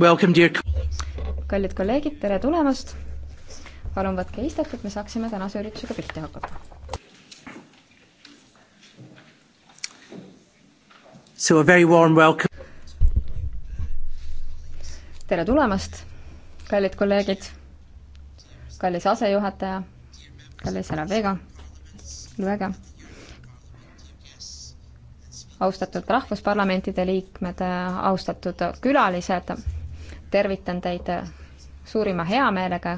Welcome, dear kallid kolleegid, tere tulemast! palun võtke istet, et me saaksime tänase üritusega pihta hakata. So a very warm welcome. tere tulemast, kallid kolleegid, kallis asejuhataja, kallis härra Vega, Luega austatud rahvusparlamentide liikmed, austatud külalised tervitan teid äh, suurima heameelega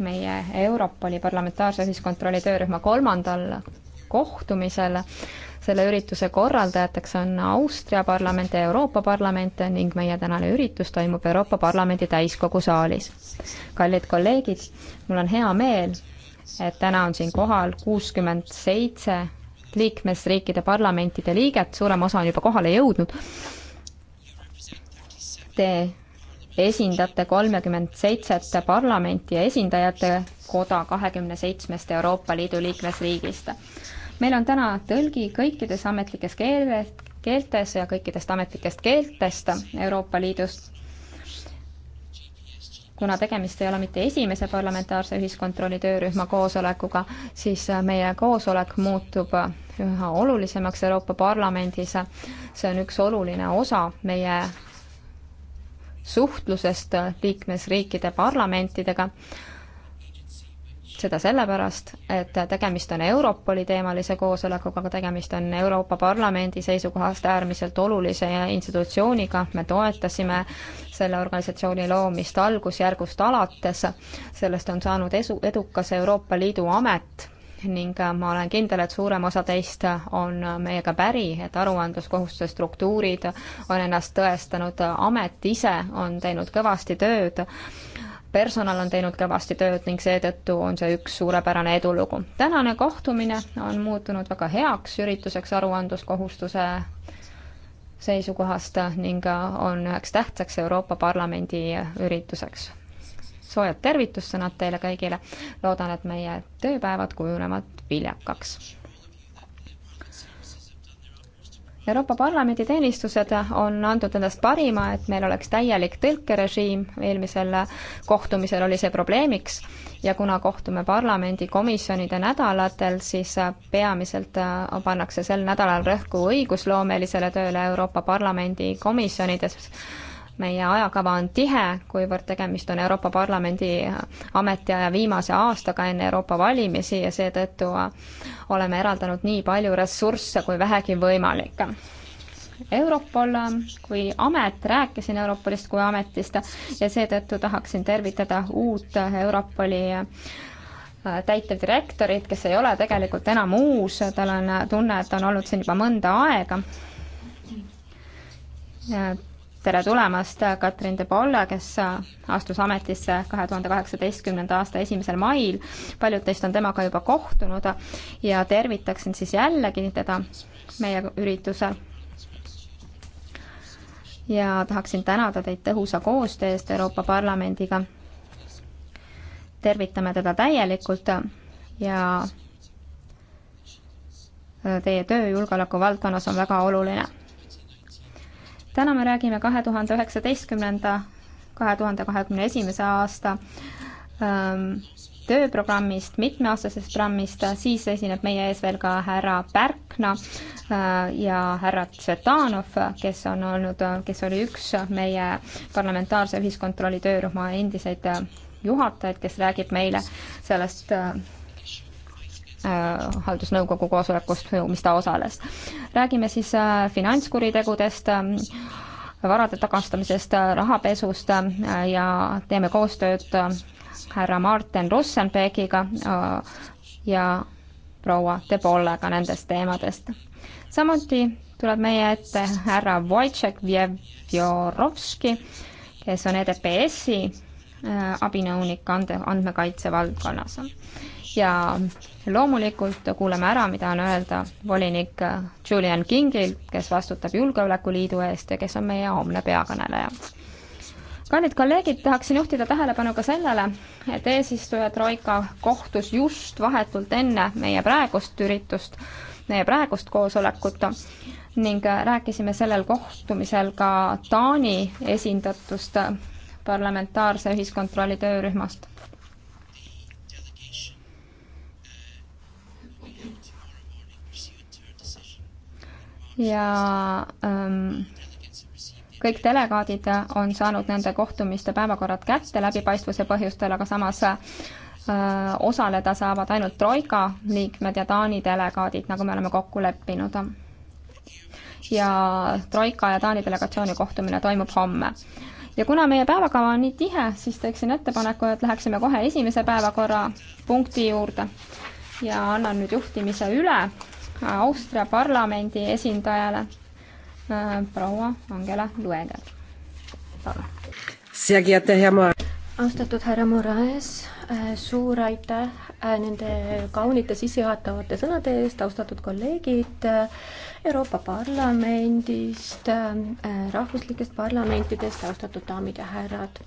meie Europoli parlamentaarse ühiskontrolli töörühma kolmandal kohtumisel. selle ürituse korraldajateks on Austria parlament ja Euroopa Parlament ning meie tänane üritus toimub Euroopa Parlamendi täiskogu saalis. kallid kolleegid, mul on hea meel, et täna on siin kohal kuuskümmend seitse liikmesriikide parlamentide liiget, suurem osa on juba kohale jõudnud. Te esindate kolmekümmend seitset parlamenti ja esindajate koda kahekümne seitsmest Euroopa Liidu liikmesriigist. meil on täna tõlgi kõikides ametlikes keeles, keeltes ja kõikidest ametlikest keeltest Euroopa Liidust. kuna tegemist ei ole mitte esimese parlamentaarse ühiskontrolli töörühma koosolekuga, siis meie koosolek muutub üha olulisemaks Euroopa Parlamendis. see on üks oluline osa meie suhtlusest liikmesriikide parlamentidega. seda sellepärast, et tegemist on Europoli teemalise koosolekuga, aga tegemist on Euroopa Parlamendi seisukohast äärmiselt olulise institutsiooniga, me toetasime selle organisatsiooni loomist algusjärgust alates, sellest on saanud esu, edukas Euroopa Liidu amet ning äh, ma olen kindel, et suurem osa teist äh, on äh, meiega päri, et aruandluskohustuse struktuurid on ennast tõestanud, amet ise on teinud kõvasti tööd, personal on teinud kõvasti tööd ning seetõttu on see üks suurepärane edulugu. tänane kohtumine on muutunud väga heaks ürituseks aruandluskohustuse seisukohast ning on üheks tähtsaks Euroopa Parlamendi ürituseks soojad tervitussõnad teile kõigile. loodan, et meie tööpäevad kujunevad viljakaks. Euroopa Parlamendi teenistused on andnud endast parima, et meil oleks täielik tõlkerežiim, eelmisel kohtumisel oli see probleemiks ja kuna kohtume parlamendi komisjonide nädalatel, siis peamiselt pannakse sel nädalal rõhku õigusloomelisele tööle Euroopa Parlamendi komisjonides meie ajakava on tihe, kuivõrd tegemist on Euroopa Parlamendi ametiaja viimase aastaga enne Euroopa valimisi ja seetõttu oleme eraldanud nii palju ressursse kui vähegi võimalik. Europol kui amet, rääkisin Europolist kui ametist ja seetõttu tahaksin tervitada uut Europoli äh, täitevdirektorit, kes ei ole tegelikult enam uus, tal on tunne, et ta on olnud siin juba mõnda aega tere tulemast Katrin de Bolle, kes astus ametisse kahe tuhande kaheksateistkümnenda aasta esimesel mail. paljud teist on temaga juba kohtunud ja tervitaksin siis jällegi teda meie üritusel. ja tahaksin tänada teid tõhusa koostöö eest Euroopa Parlamendiga. tervitame teda täielikult ja teie töö julgeoleku valdkonnas on väga oluline täna me räägime kahe tuhande üheksateistkümnenda, kahe tuhande kahekümne esimese aasta ähm, tööprogrammist, mitmeaastasest programmist, siis esineb meie ees veel ka härra Pärkna äh, ja härra Tsvetanov, kes on olnud, kes oli üks meie parlamentaarse ühiskontrolli töörühma endiseid äh, juhatajaid, kes räägib meile sellest äh, Äh, haldusnõukogu koosolekust, mis ta osales. räägime siis äh, finantskuritegudest, äh, varade tagastamisest, rahapesust ja teeme koostööd härra Martin Rossenbergiga ja proua De Pollega nendest teemadest. samuti tuleb meie ette härra Wojciech Vjevjorovski, kes on EDPS-i abinõunik ande, andmekaitse valdkonnas ja loomulikult kuulame ära, mida on öelda volinik Julian Kingil, kes vastutab Julgeolekuliidu eest ja kes on meie homne peakõneleja. kallid kolleegid, tahaksin juhtida tähelepanu ka sellele, et eesistuja Troika kohtus just vahetult enne meie praegust üritust, meie praegust koosolekut ning rääkisime sellel kohtumisel ka Taani esindatust parlamentaarse ühiskontrolli töörühmast ja ähm, kõik delegaadid on saanud nende kohtumiste päevakorrad kätte läbipaistvuse põhjustel, aga samas äh, osaleda saavad ainult Troika liikmed ja Taani delegaadid, nagu me oleme kokku leppinud. ja Troika ja Taani delegatsiooni kohtumine toimub homme ja kuna meie päevakava on nii tihe, siis teeksin ettepaneku, et läheksime kohe esimese päevakorrapunkti juurde ja annan nüüd juhtimise üle Austria parlamendi esindajale äh, proua Angela Lueger. palun. austatud härra Moraes, äh, suur aitäh äh, nende kaunite sissejuhatavate sõnade eest, austatud kolleegid Euroopa Parlamendist, rahvuslikest parlamentidest, austatud daamid ja härrad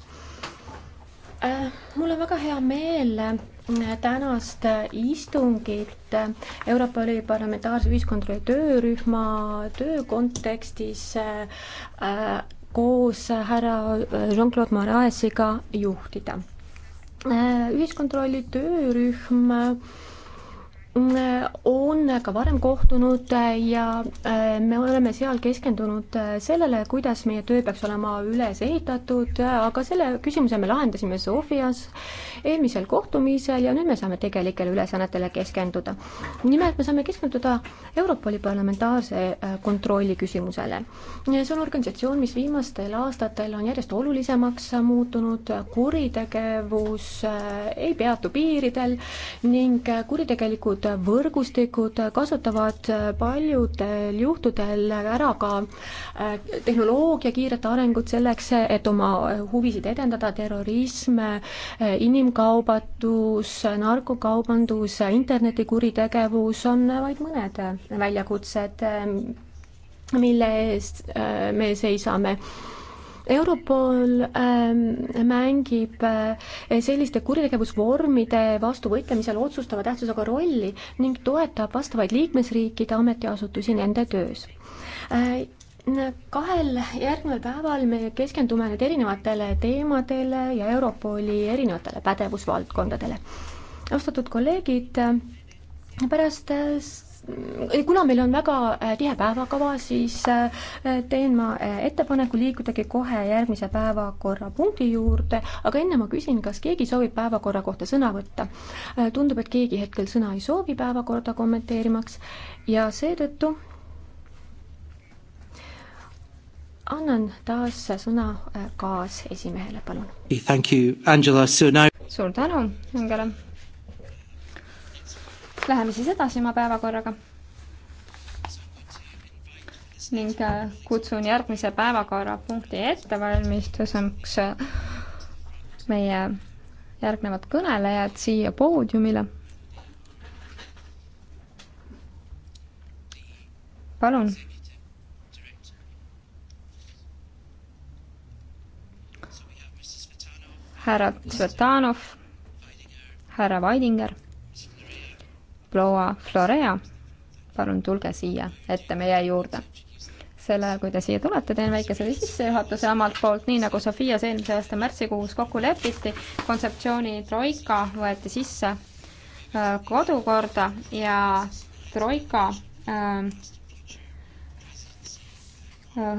Äh, mul on väga hea meel äh, tänast äh, istungit Euroopa Liidu parlamentaarse ühiskontrolli töörühma töö kontekstis koos härra Jean-Claude Moraesiga juhtida. ühiskontrolli töörühm on ka varem kohtunud ja äh, me oleme seal keskendunud äh, sellele, kuidas meie töö peaks olema üles ehitatud, äh, aga selle küsimuse me lahendasime Sofias eelmisel kohtumisel ja nüüd me saame tegelikele ülesannetele keskenduda. nimelt me saame keskenduda Europoli parlamentaarse kontrolli küsimusele. see on organisatsioon, mis viimastel aastatel on järjest olulisemaks muutunud, kuritegevus ei peatu piiridel ning kuritegelikud teatud võrgustikud kasutavad paljudel juhtudel ära ka äh, tehnoloogia kiiret arengut selleks, et oma huvisid edendada, terrorism, äh, inimkaubatus, narkokaubandus, internetikuritegevus on vaid mõned väljakutsed, äh, mille eest me seisame Europol ähm, mängib äh, selliste kuritegevusvormide vastu võitlemisel otsustava tähtsusega rolli ning toetab vastavaid liikmesriikide ametiasutusi nende töös äh, kahel järgneval päeval me keskendume nüüd erinevatele teemadele ja Europoli erinevatele pädevusvaldkondadele. austatud kolleegid, äh, pärast kuna meil on väga äh, tihe päevakava, siis äh, teen ma äh, ettepaneku liikudagi kohe järgmise päevakorrapunkti juurde, aga enne ma küsin, kas keegi soovib päevakorra kohta sõna võtta. tundub, et keegi hetkel sõna ei soovi päevakorda kommenteerimaks ja seetõttu annan taas sõna kaasesimehele, palun. Now... suur tänu, Angela. Läheme siis edasi oma päevakorraga. ning äh, kutsun järgmise päevakorrapunkti ettevalmistuseks äh, meie järgnevad kõnelejad siia poodiumile. palun. härra Tsvetanov, härra Vaidinger proua Florea, palun tulge siia ette meie juurde. sel ajal, kui te siia tulete, teen väikese sissejuhatuse omalt poolt, nii nagu Sofias eelmise aasta märtsikuus kokku lepiti, kontseptsiooni troika võeti sisse äh, kodukorda ja troika äh,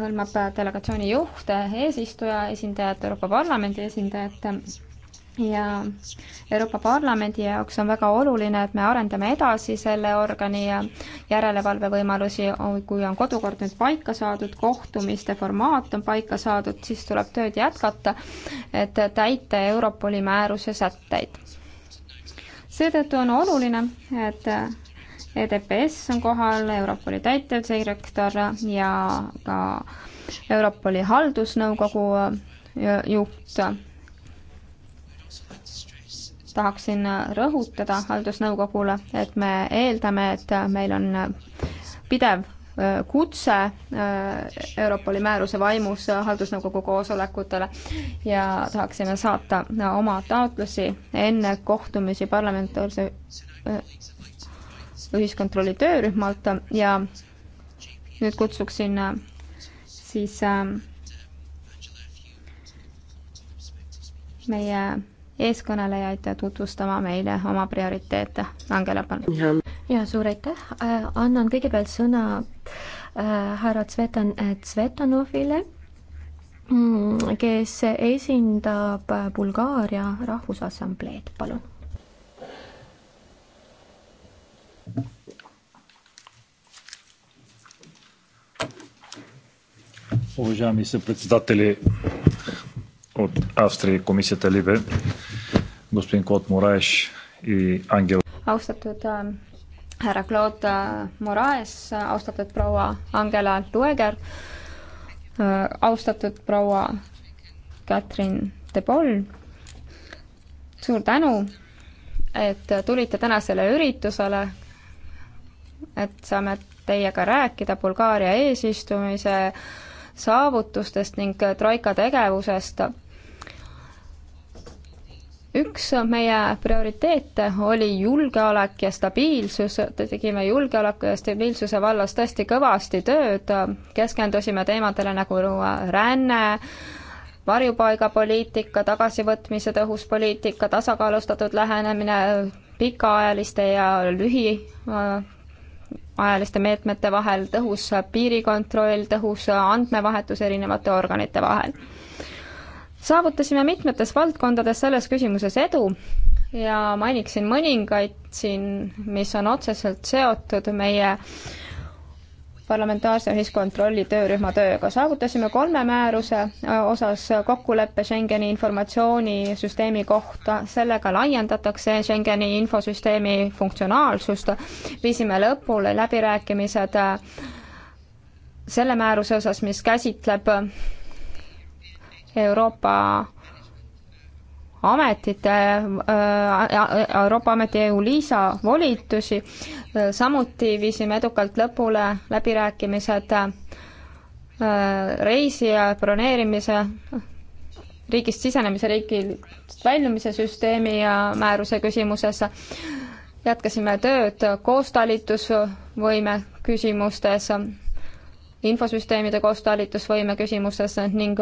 hõlmab delegatsiooni juhte, eesistuja esindajat, Euroopa Parlamendi esindajat ja Euroopa Parlamendi jaoks on väga oluline, et me arendame edasi selle organi järelevalvevõimalusi, kui on kodukord nüüd paika saadud, kohtumiste formaat on paika saadud, siis tuleb tööd jätkata, et täita Europoli määruse sätteid. seetõttu on oluline, et EDPS on kohal, Europoli täitevdirektor ja ka Europoli haldusnõukogu juht tahaksin rõhutada haldusnõukogule, et me eeldame, et meil on pidev äh, kutse äh, Europoli määruse vaimus haldusnõukogu koosolekutele ja tahaksime saata oma taotlusi enne kohtumisi parlamentaarse äh, ühiskontrolli töörühmalt ja nüüd kutsuksin siis meie eeskõnelejaid tutvustama meile oma prioriteete. Angela, palun. ja suur aitäh, äh, annan kõigepealt sõna äh, härra Tsvetan äh, Tsvetanovile, mm, kes esindab Bulgaaria Rahvusassambleed, palun. Уважаеми съпредседатели от Австрия и комисията Либе, господин Клод Мораеш и Ангел. austatud э, härra Claude Moraes, э, э, austatud proua Angela Lueger, austatud proua Katrin De Boll, suur tänu, et tulite tänasele üritusele, et saame teiega rääkida Bulgaaria eesistumise saavutustest ning Troika tegevusest üks meie prioriteete oli julgeolek ja stabiilsus, tegime julgeoleku ja stabiilsuse vallas tõesti kõvasti tööd, keskendusime teemadele nagu ränne, varjupaigapoliitika, tagasivõtmise tõhus poliitika, tasakaalustatud lähenemine, pikaajaliste ja lühiajaliste meetmete vahel, tõhus piirikontroll, tõhus andmevahetus erinevate organite vahel saavutasime mitmetes valdkondades selles küsimuses edu ja mainiksin mõningaid siin, mis on otseselt seotud meie parlamentaarse ühiskontrolli töörühma tööga. saavutasime kolme määruse äh, osas kokkuleppe Schengeni informatsioonisüsteemi kohta, sellega laiendatakse Schengeni infosüsteemi funktsionaalsust, viisime lõpule läbirääkimised äh, selle määruse osas, mis käsitleb Euroopa ametite, äh, äh, Euroopa Ameti EU liisa volitusi, samuti viisime edukalt lõpule läbirääkimised äh, reisija broneerimise riigist sisenemise, riigist väljumise süsteemi ja määruse küsimuses. jätkasime tööd koostalitusvõime küsimustes, infosüsteemide koostalitusvõime küsimustes ning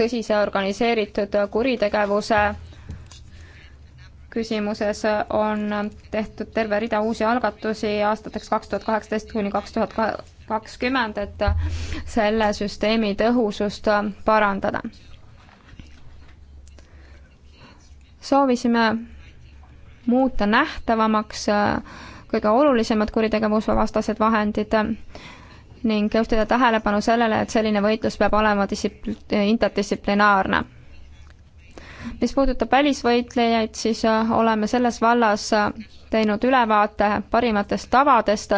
tõsise organiseeritud kuritegevuse küsimuses on tehtud terve rida uusi algatusi aastateks kaks tuhat kaheksateist kuni kaks tuhat kakskümmend, et selle süsteemi tõhusust parandada. soovisime muuta nähtavamaks kõige olulisemad kuritegevusvastased vahendid ning juhtida tähelepanu sellele, et selline võitlus peab olema distsipl-, interdistsiplinaarne. mis puudutab välisvõitlejaid, siis äh, oleme selles vallas äh, teinud ülevaate parimatest tavadest,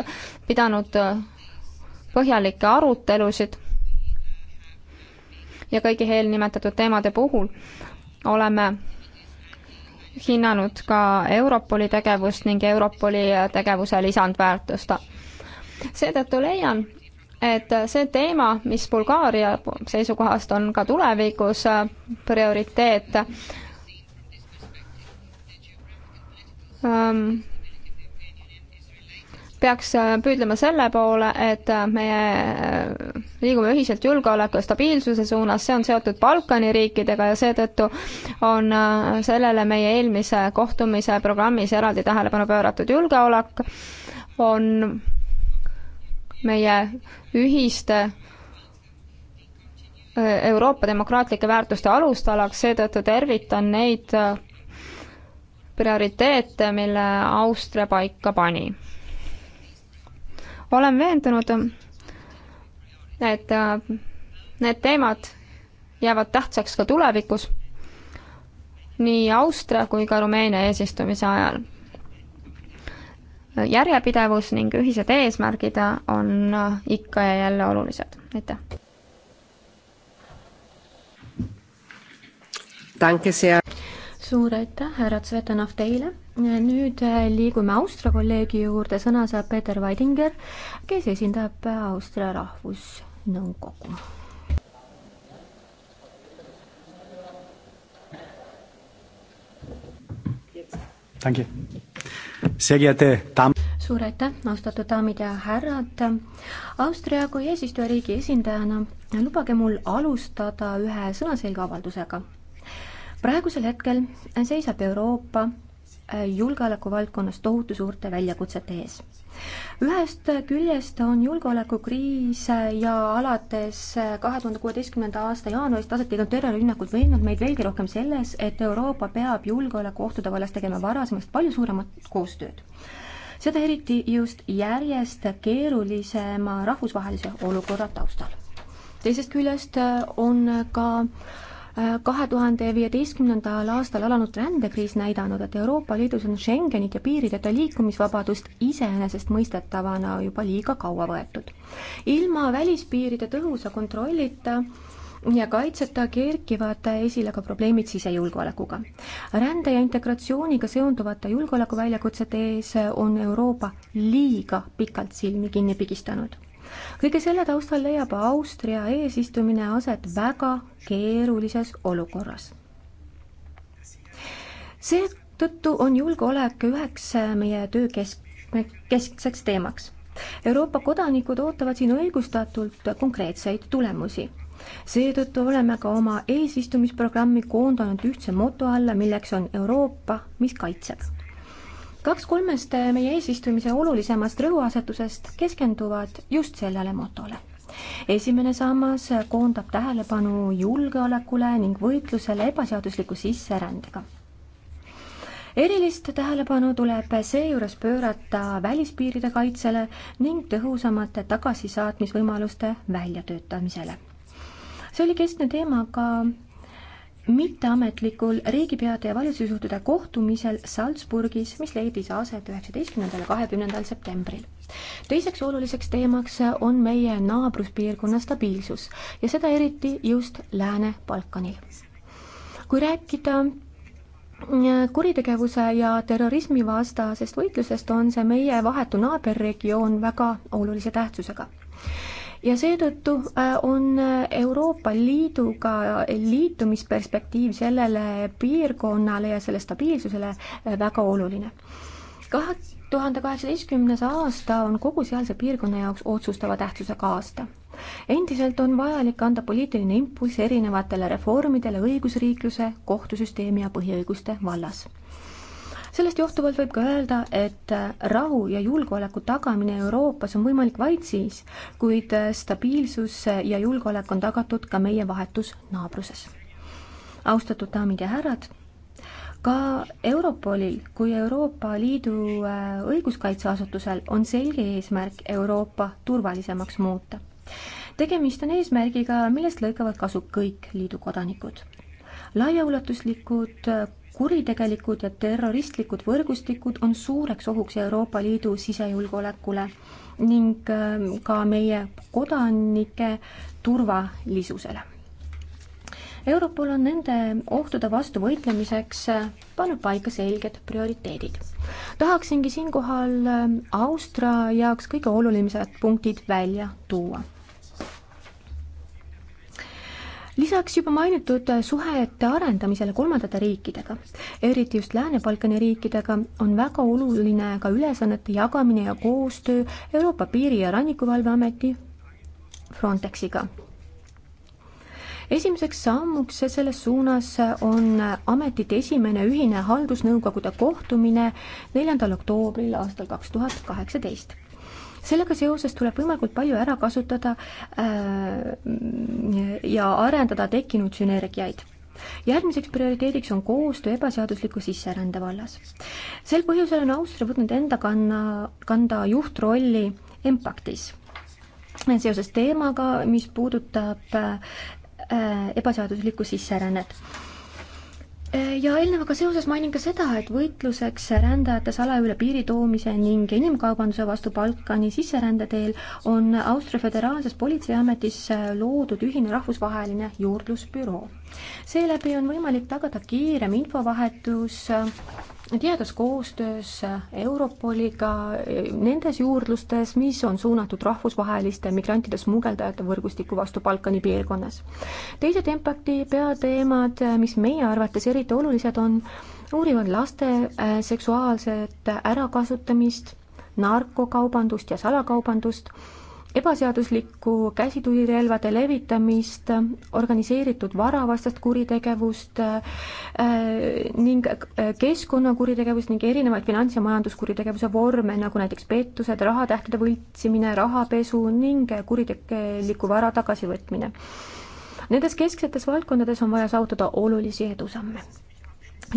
pidanud äh, põhjalikke arutelusid ja kõigi eelnimetatud teemade puhul oleme hinnanud ka Europoli tegevust ning Europoli tegevuse lisandväärtust. seetõttu leian, et see teema, mis Bulgaaria seisukohast on ka tulevikus äh, prioriteet, ähm, peaks äh, püüdlema selle poole, et äh, meie liigume ühiselt julgeoleku ja stabiilsuse suunas, see on seotud Balkani riikidega ja seetõttu on sellele meie eelmise kohtumise programmis eraldi tähelepanu pööratud. julgeolek on meie ühiste äh, Euroopa demokraatlike väärtuste alustalaks, seetõttu tervitan neid äh, prioriteete, mille Austria paika pani. olen veendunud, et äh, need teemad jäävad tähtsaks ka tulevikus, nii Austria kui ka Rumeenia eesistumise ajal järjepidevus ning ühised eesmärgid on ikka ja jälle olulised. aitäh! suur aitäh, härra Tsvetanov teile. nüüd liigume Austria kolleegi juurde, sõna saab Peeter Weidinger, kes esindab Austria Rahvusnõukogu. Danke suur aitäh, austatud daamid ja härrad. Austria kui eesistujariigi esindajana lubage mul alustada ühe sõnaselge avaldusega. praegusel hetkel seisab Euroopa Äh, julgeolekuvaldkonnas tohutu suurte väljakutsete ees. ühest küljest on julgeolekukriis äh, ja alates äh, kahe tuhande kuueteistkümnenda aasta jaanuarist aset leidnud terrorirünnakud veennud meid veelgi rohkem selles, et Euroopa peab julgeolekuohtude vallas tegema varasemast palju suuremat koostööd seda eriti just järjest keerulisema rahvusvahelise olukorra taustal. teisest küljest on ka äh, kahe tuhande viieteistkümnendal aastal alanud rändekriis näidanud, et Euroopa Liidus on Schengenit ja piirideta liikumisvabadust iseenesestmõistetavana juba liiga kaua võetud. ilma välispiiride tõhusa kontrollita ja kaitseta kerkivad esile ka probleemid sisejulgeolekuga. rände ja integratsiooniga seonduvate julgeolekuväljakutsete ees on Euroopa liiga pikalt silmi kinni pigistanud kõige selle taustal leiab Austria eesistumine aset väga keerulises olukorras. seetõttu on julgeolek üheks meie töö kesk, keskseks teemaks. Euroopa kodanikud ootavad siin õigustatult konkreetseid tulemusi seetõttu oleme ka oma eesistumisprogrammi koondanud ühtse moto alla, milleks on Euroopa, mis kaitseb kaks kolmest äh, meie eesistumise olulisemast rõhuasetusest keskenduvad just sellele motole. esimene sammas koondab tähelepanu julgeolekule ning võitlusele ebaseadusliku sisserändega erilist tähelepanu tuleb seejuures pöörata välispiiride kaitsele ning tõhusamate tagasisaatmisvõimaluste väljatöötamisele. see oli keskne teema ka mitteametlikul riigipeade ja valitsusjuhtide kohtumisel Salzburgis, mis leidis aset üheksateistkümnendal ja kahekümnendal septembril. teiseks oluliseks teemaks on meie naabruspiirkonna stabiilsus ja seda eriti just Lääne-Balkanil. kui rääkida äh, kuritegevuse ja terrorismi vastasest võitlusest, on see meie vahetu naaberregioon väga olulise tähtsusega ja seetõttu äh, on äh, Euroopa Liiduga liitumisperspektiiv sellele piirkonnale ja selle stabiilsusele äh, väga oluline. kahe tuhande kaheksateistkümnes aasta on kogu sealse piirkonna jaoks otsustava tähtsusega aasta endiselt on vajalik anda poliitiline impulss erinevatele reformidele õigusriikluse, kohtusüsteemi ja põhiõiguste vallas sellest johtuvalt võib ka öelda, et äh, rahu ja julgeoleku tagamine Euroopas on võimalik vaid siis, kuid äh, stabiilsus äh, ja julgeolek on tagatud ka meie vahetus naabruses. austatud daamid ja härrad ka Europolil kui Euroopa Liidu õiguskaitseasutusel on selge eesmärk Euroopa turvalisemaks muuta. tegemist on eesmärgiga, millest lõikavad kasu kõik liidu kodanikud. laiaulatuslikud kuritegelikud ja terroristlikud võrgustikud on suureks ohuks Euroopa Liidu sisejulgeolekule ning ähm, ka meie kodanike turvalisusele. Europol on nende ohtude vastu võitlemiseks äh, pannud paika selged prioriteedid. tahaksingi siinkohal ähm, Austria jaoks kõige olulisemad punktid välja tuua lisaks juba mainitud suhete arendamisele kolmandate riikidega, eriti just Lääne-Balkani riikidega, on väga oluline ka ülesannete jagamine ja koostöö Euroopa Piiri- ja Rannikuvalveameti Frontexiga. esimeseks sammuks selles suunas on ametite esimene ühine haldusnõukogude kohtumine neljandal oktoobril aastal kaks tuhat kaheksateist sellega seoses tuleb võimalikult palju ära kasutada äh, ja arendada tekkinud sünergiaid järgmiseks prioriteediks on koostöö ebaseadusliku sisserände vallas. sel põhjusel on Austria võtnud enda kanna, kanda juhtrolli Impactis seoses teemaga, mis puudutab äh, ebaseaduslikku sisserännet ja eelnevaga seoses mainin ka seda, et võitluseks rändajate salaüle piiri toomise ning inimkaubanduse vastu Balkani sisserände teel on Austria Föderaalses Politseiametis loodud ühine rahvusvaheline juurdlusbüroo. seeläbi on võimalik tagada kiirem infovahetus tihedas koostöös Europoliga e, nendes juurdlustes, mis on suunatud rahvusvaheliste migrantide smugeldajate võrgustiku vastu Balkani piirkonnas. teised impakti peateemad, mis meie arvates eriti olulised on, uurivad laste e, seksuaalset ärakasutamist, narkokaubandust ja salakaubandust ebaseaduslikku käsitulirelvade levitamist, organiseeritud varavastast kuritegevust äh, ning äh, keskkonnakuritegevust ning erinevaid finants- ja majanduskuritegevuse vorme, nagu näiteks pettused, rahatähtede võltsimine, rahapesu ning kuritegeliku vara tagasivõtmine. Nendes kesksetes valdkondades on vaja saavutada olulisi edusamme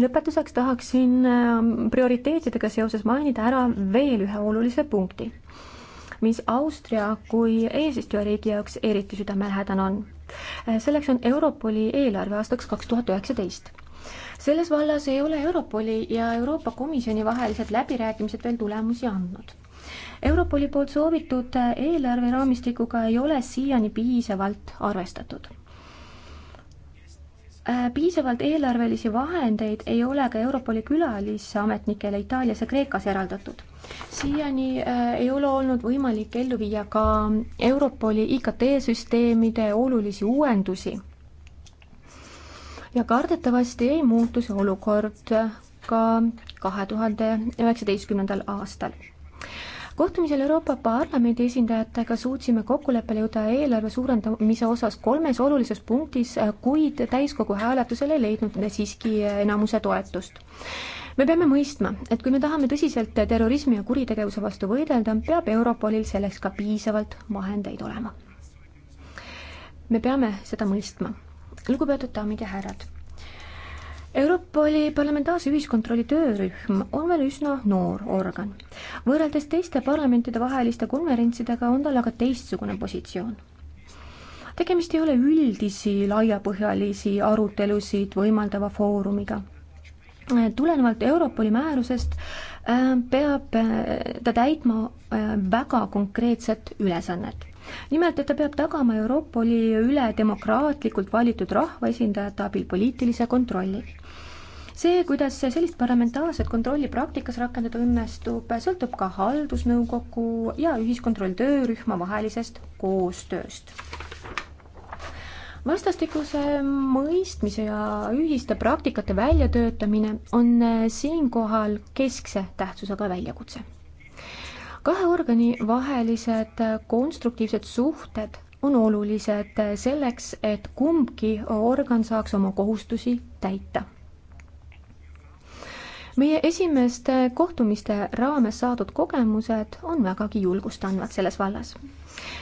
lõpetuseks tahaksin ähm, prioriteetidega seoses mainida ära veel ühe olulise punkti mis Austria kui eesistujariigi jaoks eriti südamelähedane on. selleks on Europoli eelarve aastaks kaks tuhat üheksateist selles vallas ei ole Europoli ja Euroopa Komisjoni vahelised läbirääkimised veel tulemusi andnud. Europoli poolt soovitud eelarveraamistikuga ei ole siiani piisavalt arvestatud. piisavalt eelarvelisi vahendeid ei ole ka Europoli külalisametnikele Itaalias ja Kreekas eraldatud siiani äh, ei ole olnud võimalik ellu viia ka Europoli IKT-süsteemide olulisi uuendusi. ja kardetavasti ei muutu see olukord äh, ka kahe tuhande üheksateistkümnendal aastal kohtumisel Euroopa Parlamendi esindajatega suutsime kokkuleppele jõuda eelarve suurendamise osas kolmes olulises punktis, äh, kuid täiskogu hääletusel ei leidnud siiski enamuse toetust me peame mõistma, et kui me tahame tõsiselt terrorismi ja kuritegevuse vastu võidelda, peab Europolil selleks ka piisavalt vahendeid olema. me peame seda mõistma. lugupeetud daamid ja härrad, Europoli parlamentaarse ühiskontrolli töörühm on veel üsna noor organ. võrreldes teiste parlamentidevaheliste konverentsidega on tal aga teistsugune positsioon tegemist ei ole üldisi laiapõhjalisi arutelusid võimaldava foorumiga tulenevalt Europoli määrusest äh, peab äh, ta täitma äh, väga konkreetset ülesannet. nimelt, et ta peab tagama Europoli üle demokraatlikult valitud rahvaesindajate abil poliitilise kontrolli see, kuidas sellist parlamentaarset kontrolli praktikas rakendada õnnestub, sõltub ka haldusnõukogu ja ühiskontroll töörühma vahelisest koostööst vastastikuse mõistmise ja ühiste praktikate väljatöötamine on eh, siinkohal keskse tähtsusega väljakutse. kahe organi vahelised eh, konstruktiivsed suhted on olulised eh, selleks, et kumbki organ saaks oma kohustusi täita. meie esimeste kohtumiste raames saadud kogemused on vägagi julgustandvad selles vallas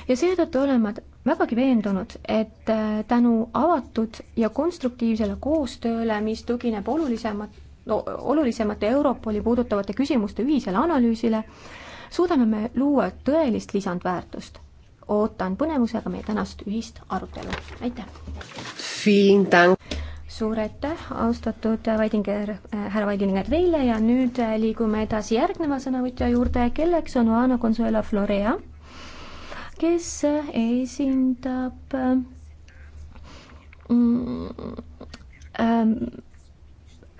ja seetõttu olen ma vägagi veendunud, et äh, tänu avatud ja konstruktiivsele koostööle, mis tugineb olulisemat, olulisemate Europoli puudutavate küsimuste ühisele analüüsile, suudame me luua tõelist lisandväärtust. ootan põnevusega meie tänast ühist arutelu, aitäh! suur aitäh, austatud Vaidinger, äh, härra Vaidinger teile ja nüüd äh, liigume edasi järgneva sõnavõtja juurde, kelleks on Juana Consuelo Florea kes esindab mm, ähm,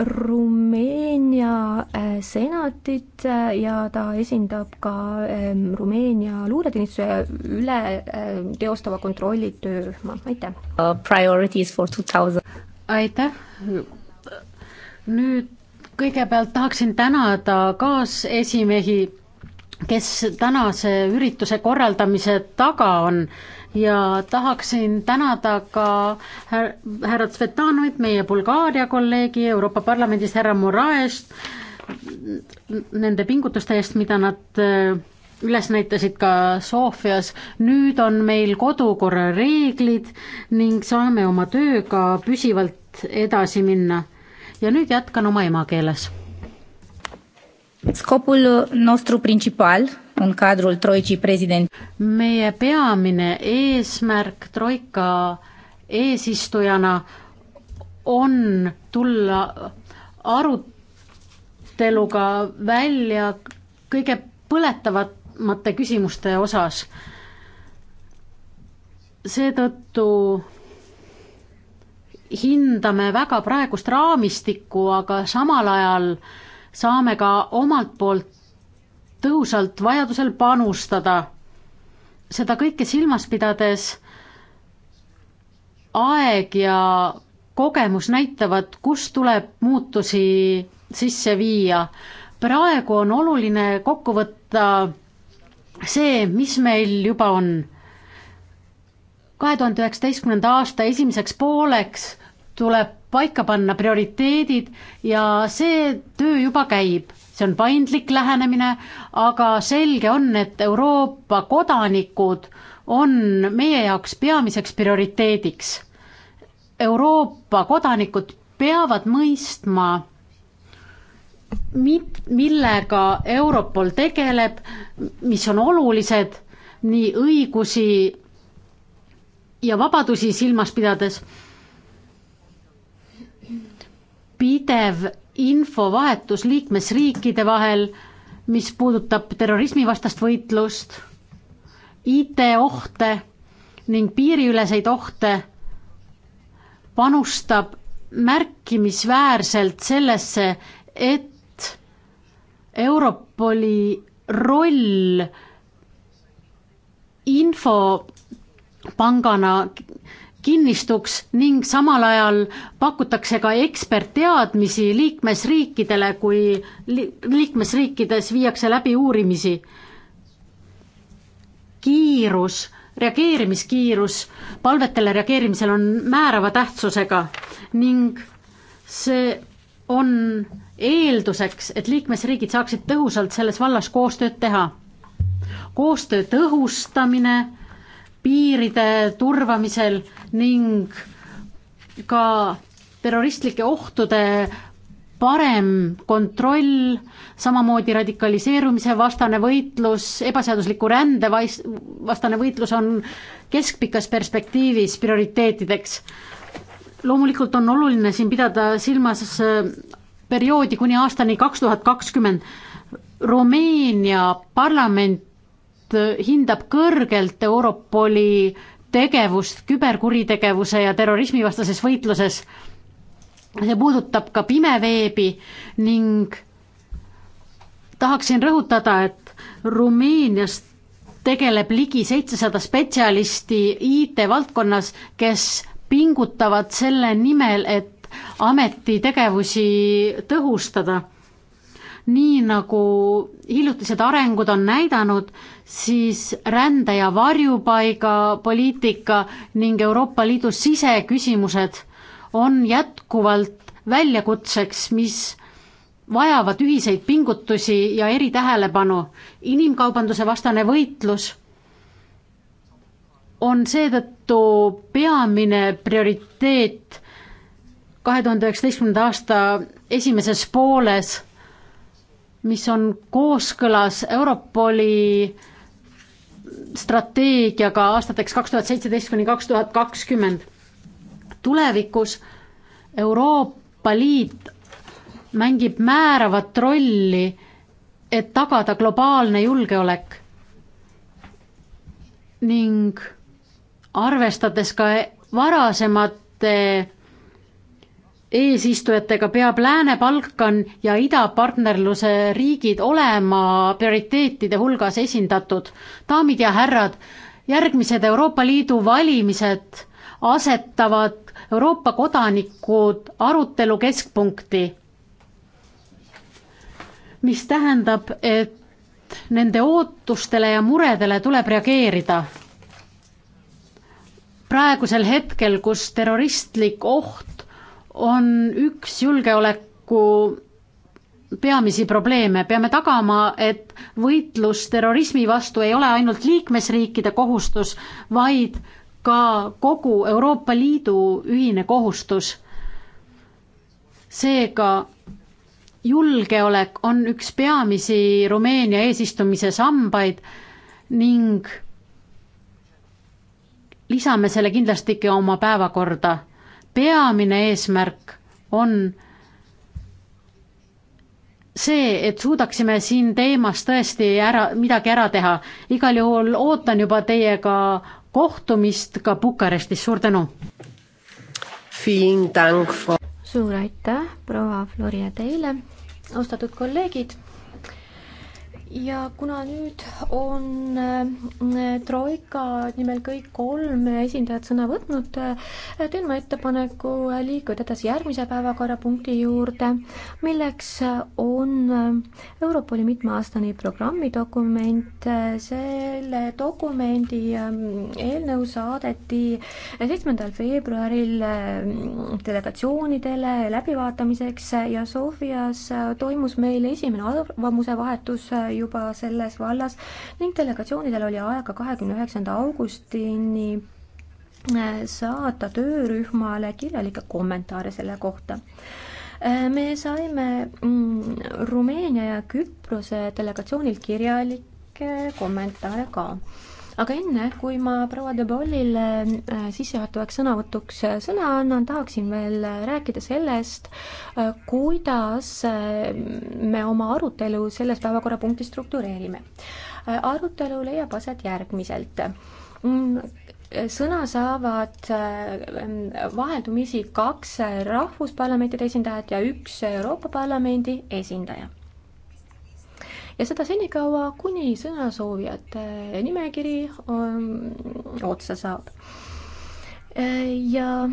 Rumeenia äh, senatit äh, ja ta esindab ka ähm, Rumeenia luureteenistuse üle äh, teostava kontrolli töörühma, aitäh uh,. Priorities for two thousand. aitäh. nüüd kõigepealt tahaksin tänada kaasesimehi kes tänase ürituse korraldamise taga on ja tahaksin tänada ka härra Tsvetanovit, meie Bulgaaria kolleegi Euroopa Parlamendis, härra Moraest, nende pingutuste eest, mida nad äh, üles näitasid ka Sofias. nüüd on meil kodukorra reeglid ning saame oma tööga püsivalt edasi minna. ja nüüd jätkan oma emakeeles Scopul nostru principal în cadrul troicii president. meie peamine eesmärk troika eesistujana on tulla aruteluga välja kõige põletavamate küsimuste osas. seetõttu hindame väga praegust raamistikku, aga samal ajal äh, saame ka omalt poolt tõhusalt vajadusel panustada. seda kõike silmas pidades aeg ja kogemus näitavad, kus tuleb muutusi sisse viia. praegu on oluline kokku võtta see, mis meil juba on. kahe tuhande üheksateistkümnenda aasta esimeseks pooleks tuleb paika panna prioriteedid ja see töö juba käib. see on paindlik lähenemine, aga selge on, et Euroopa kodanikud on meie jaoks peamiseks prioriteediks. Euroopa kodanikud peavad mõistma, mit-, millega Europol tegeleb, mis on olulised, nii õigusi ja vabadusi silmas pidades pidev infovahetus liikmesriikide vahel, mis puudutab terrorismivastast võitlust, IT-ohte ning piiriüleseid ohte, panustab märkimisväärselt sellesse, et Europoli roll infopangana kinnistuks ning samal ajal pakutakse ka ekspertteadmisi liikmesriikidele, kui liikmesriikides viiakse läbi uurimisi. kiirus, reageerimiskiirus palvetele reageerimisel on määrava tähtsusega ning see on eelduseks, et liikmesriigid saaksid tõhusalt selles vallas koostööd teha. koostöö tõhustamine piiride turvamisel ning ka terroristlike ohtude parem kontroll, samamoodi radikaliseerumise vastane võitlus, ebaseadusliku rände vastane võitlus on keskpikas perspektiivis prioriteetideks. loomulikult on oluline siin pidada silmas äh, perioodi kuni aastani kaks tuhat kakskümmend. Rumeenia parlament Äh, hindab kõrgelt Europoli tegevust küberkuritegevuse ja terrorismivastases võitluses. see puudutab ka pimeveebi ning tahaksin rõhutada, et Rumeenias tegeleb ligi seitsesada spetsialisti IT-valdkonnas, kes pingutavad selle nimel, et ameti tegevusi tõhustada nii nagu hiljutised arengud on näidanud, siis rände- ja varjupaigapoliitika ning Euroopa Liidu siseküsimused on jätkuvalt väljakutseks, mis vajavad ühiseid pingutusi ja eritähelepanu. inimkaubanduse vastane võitlus on seetõttu peamine prioriteet kahe tuhande üheksateistkümnenda aasta esimeses pooles mis on kooskõlas Europoli strateegiaga aastateks kaks tuhat seitseteist kuni kaks tuhat kakskümmend. tulevikus Euroopa Liit mängib määravat rolli, et tagada globaalne julgeolek ning arvestades ka varasemate eesistujatega peab Lääne-Balkan ja idapartnerluse riigid olema prioriteetide hulgas esindatud. daamid ja härrad, järgmised Euroopa Liidu valimised asetavad Euroopa kodanikud arutelu keskpunkti, mis tähendab, et nende ootustele ja muredele tuleb reageerida. praegusel hetkel, kus terroristlik oht on üks julgeoleku peamisi probleeme, peame tagama, et võitlus terrorismi vastu ei ole ainult liikmesriikide kohustus, vaid ka kogu Euroopa Liidu ühine kohustus. seega julgeolek on üks peamisi Rumeenia eesistumise sambaid ning lisame selle kindlasti oma päevakorda peamine eesmärk on see, et suudaksime siin teemas tõesti ära, midagi ära teha. igal juhul ootan juba teiega kohtumist ka Bukarestis, suur tänu! suur aitäh, proua Floria, teile, austatud kolleegid! ja kuna nüüd on äh, Troika nimel kõik kolm esindajat sõna võtnud, äh, teen ma ettepaneku äh, liikuda edasi järgmise päevakorrapunkti juurde, milleks on Europoli mitmeaastane programmidokument. selle dokumendi ähm, eelnõu saadeti seitsmendal veebruaril delegatsioonidele läbivaatamiseks ja Sofias toimus meil esimene arvamuse vahetus ju juba selles vallas ning delegatsioonidel oli aega kahekümne üheksanda augustini äh, saata töörühmale kirjalikke kommentaare selle kohta äh, me saime mm, Rumeenia ja Küprose delegatsioonilt kirjalikke kommentaare ka aga enne, kui ma proua de Bollile äh, sissejuhatavaks sõnavõtuks äh, sõna annan, tahaksin veel äh, rääkida sellest, kuidas me oma arutelu selles päevakorrapunktis struktureerime. arutelu leiab aset järgmiselt mm, sõna saavad mm, vaheldumisi kaks rahvusparlamentide esindajat ja üks Euroopa Parlamendi esindaja ja seda senikaua, kuni sõnasoovijate nimekiri ähm, otsa saab. Äh, ja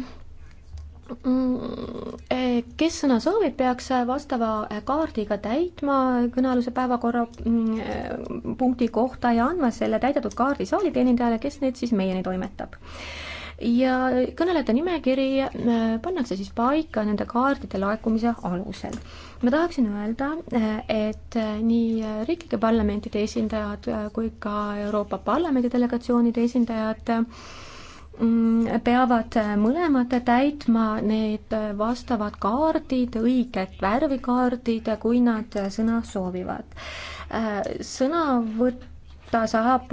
mm, äh, kes sõna soovib, peaks vastava kaardiga täitma kõnealuse päevakorra mm, äh, punkti kohta ja andma selle täidetud kaardi saaliteenindajale, kes need siis meieni toimetab ja kõnelejate nimekiri äh, pannakse siis paika nende kaartide laekumise alusel. ma tahaksin öelda, äh, et äh, nii riiklike parlamentide esindajad kui ka Euroopa Parlamendi delegatsioonide esindajad mm, peavad mõlemad täitma need vastavad kaardid, õiged värvikaardid, kui nad sõna soovivad. sõna võtta saab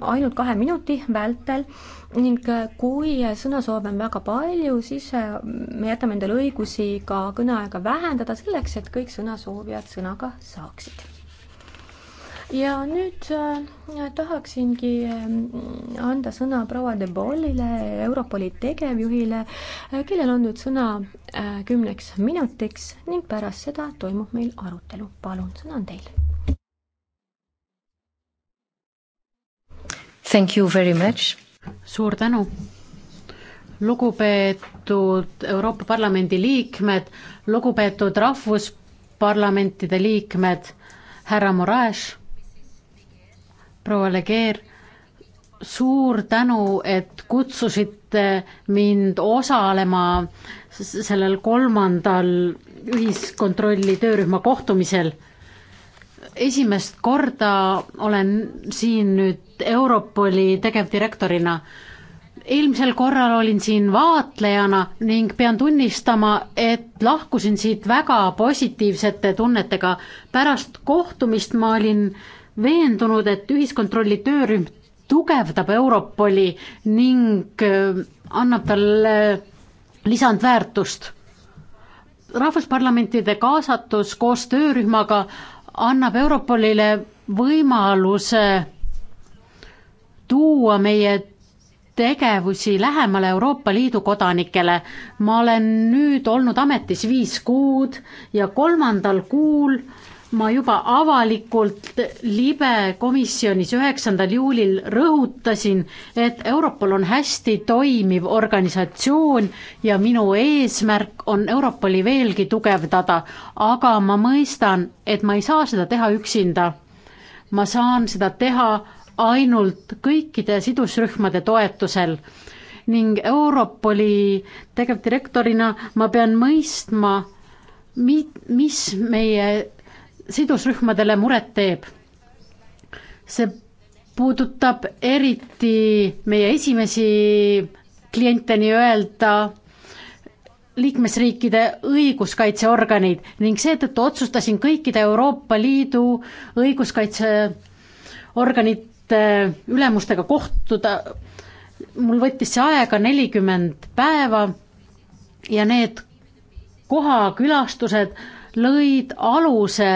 ainult kahe minuti vältel ning äh, kui sõnasoove on väga palju, siis äh, me jätame endale õigusi ka kõneaega vähendada selleks, et kõik sõnasoovijad sõna ka saaksid. ja nüüd äh, tahaksingi äh, anda sõna proua De Bollile, Europoli tegevjuhile äh,, kellel on nüüd sõna äh, kümneks minutiks ning pärast seda toimub meil arutelu. palun, sõna on teil. Thank you very much suur tänu. lugupeetud Euroopa Parlamendi liikmed, lugupeetud rahvusparlamentide liikmed, härra Moraes, proua Legeer, suur tänu, et kutsusite mind osalema sellel kolmandal ühiskontrolli töörühma kohtumisel esimest korda olen siin nüüd Europoli tegevdirektorina. eelmisel korral olin siin vaatlejana ning pean tunnistama, et lahkusin siit väga positiivsete tunnetega. pärast kohtumist ma olin veendunud, et ühiskontrolli töörühm tugevdab Europoli ning äh, annab talle lisandväärtust. rahvusparlamentide kaasatus koos töörühmaga annab Europolile võimaluse tuua meie tegevusi lähemale Euroopa Liidu kodanikele. ma olen nüüd olnud ametis viis kuud ja kolmandal kuul äh, ma juba avalikult libe komisjonis üheksandal juulil rõhutasin, et Europol on hästi toimiv organisatsioon ja minu eesmärk on Europoli veelgi tugevdada, aga ma mõistan, et ma ei saa seda teha üksinda. ma saan seda teha ainult kõikide sidusrühmade toetusel ning Europoli tegevdirektorina ma pean mõistma, mi-, mis meie sidusrühmadele muret teeb. see puudutab eriti meie esimesi kliente nii-öelda liikmesriikide õiguskaitseorganid ning seetõttu otsustasin kõikide Euroopa Liidu õiguskaitseorganite ülemustega kohtuda. mul võttis see aega nelikümmend päeva ja need kohakülastused lõid aluse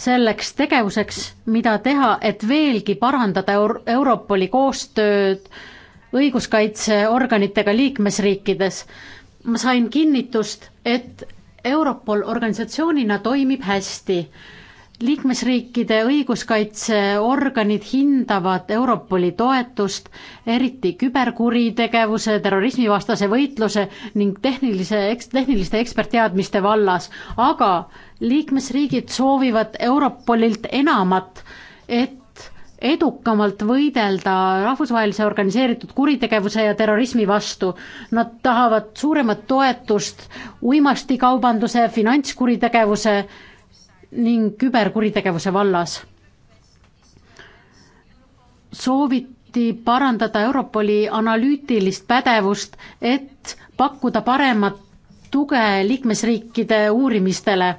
selleks tegevuseks, mida teha, et veelgi parandada Euro Europoli koostööd õiguskaitseorganitega liikmesriikides. ma sain kinnitust, et Europol organisatsioonina toimib hästi liikmesriikide õiguskaitseorganid hindavad Europoli toetust, eriti küberkuritegevuse, terrorismivastase võitluse ning tehnilise, tehniliste ekspertteadmiste vallas, aga liikmesriigid soovivad Europolilt enamat, et edukamalt võidelda rahvusvahelise organiseeritud kuritegevuse ja terrorismi vastu. Nad tahavad suuremat toetust uimastikaubanduse, finantskuritegevuse ning küberkuritegevuse vallas. sooviti parandada Europoli analüütilist pädevust, et pakkuda paremat tuge liikmesriikide uurimistele.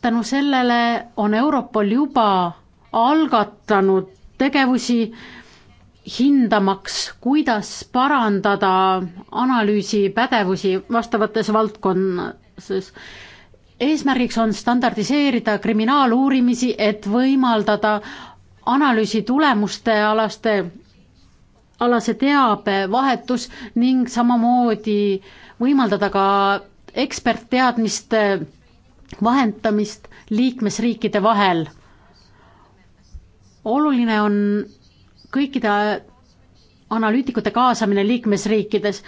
tänu sellele on Europol juba algatanud tegevusi, hindamaks, kuidas parandada analüüsipädevusi vastavates valdkondades eesmärgiks on standardiseerida kriminaaluurimisi, et võimaldada analüüsi tulemuste alaste, alase teabe vahetus ning samamoodi võimaldada ka ekspertteadmiste vahendamist liikmesriikide vahel. oluline on kõikide analüütikute kaasamine liikmesriikides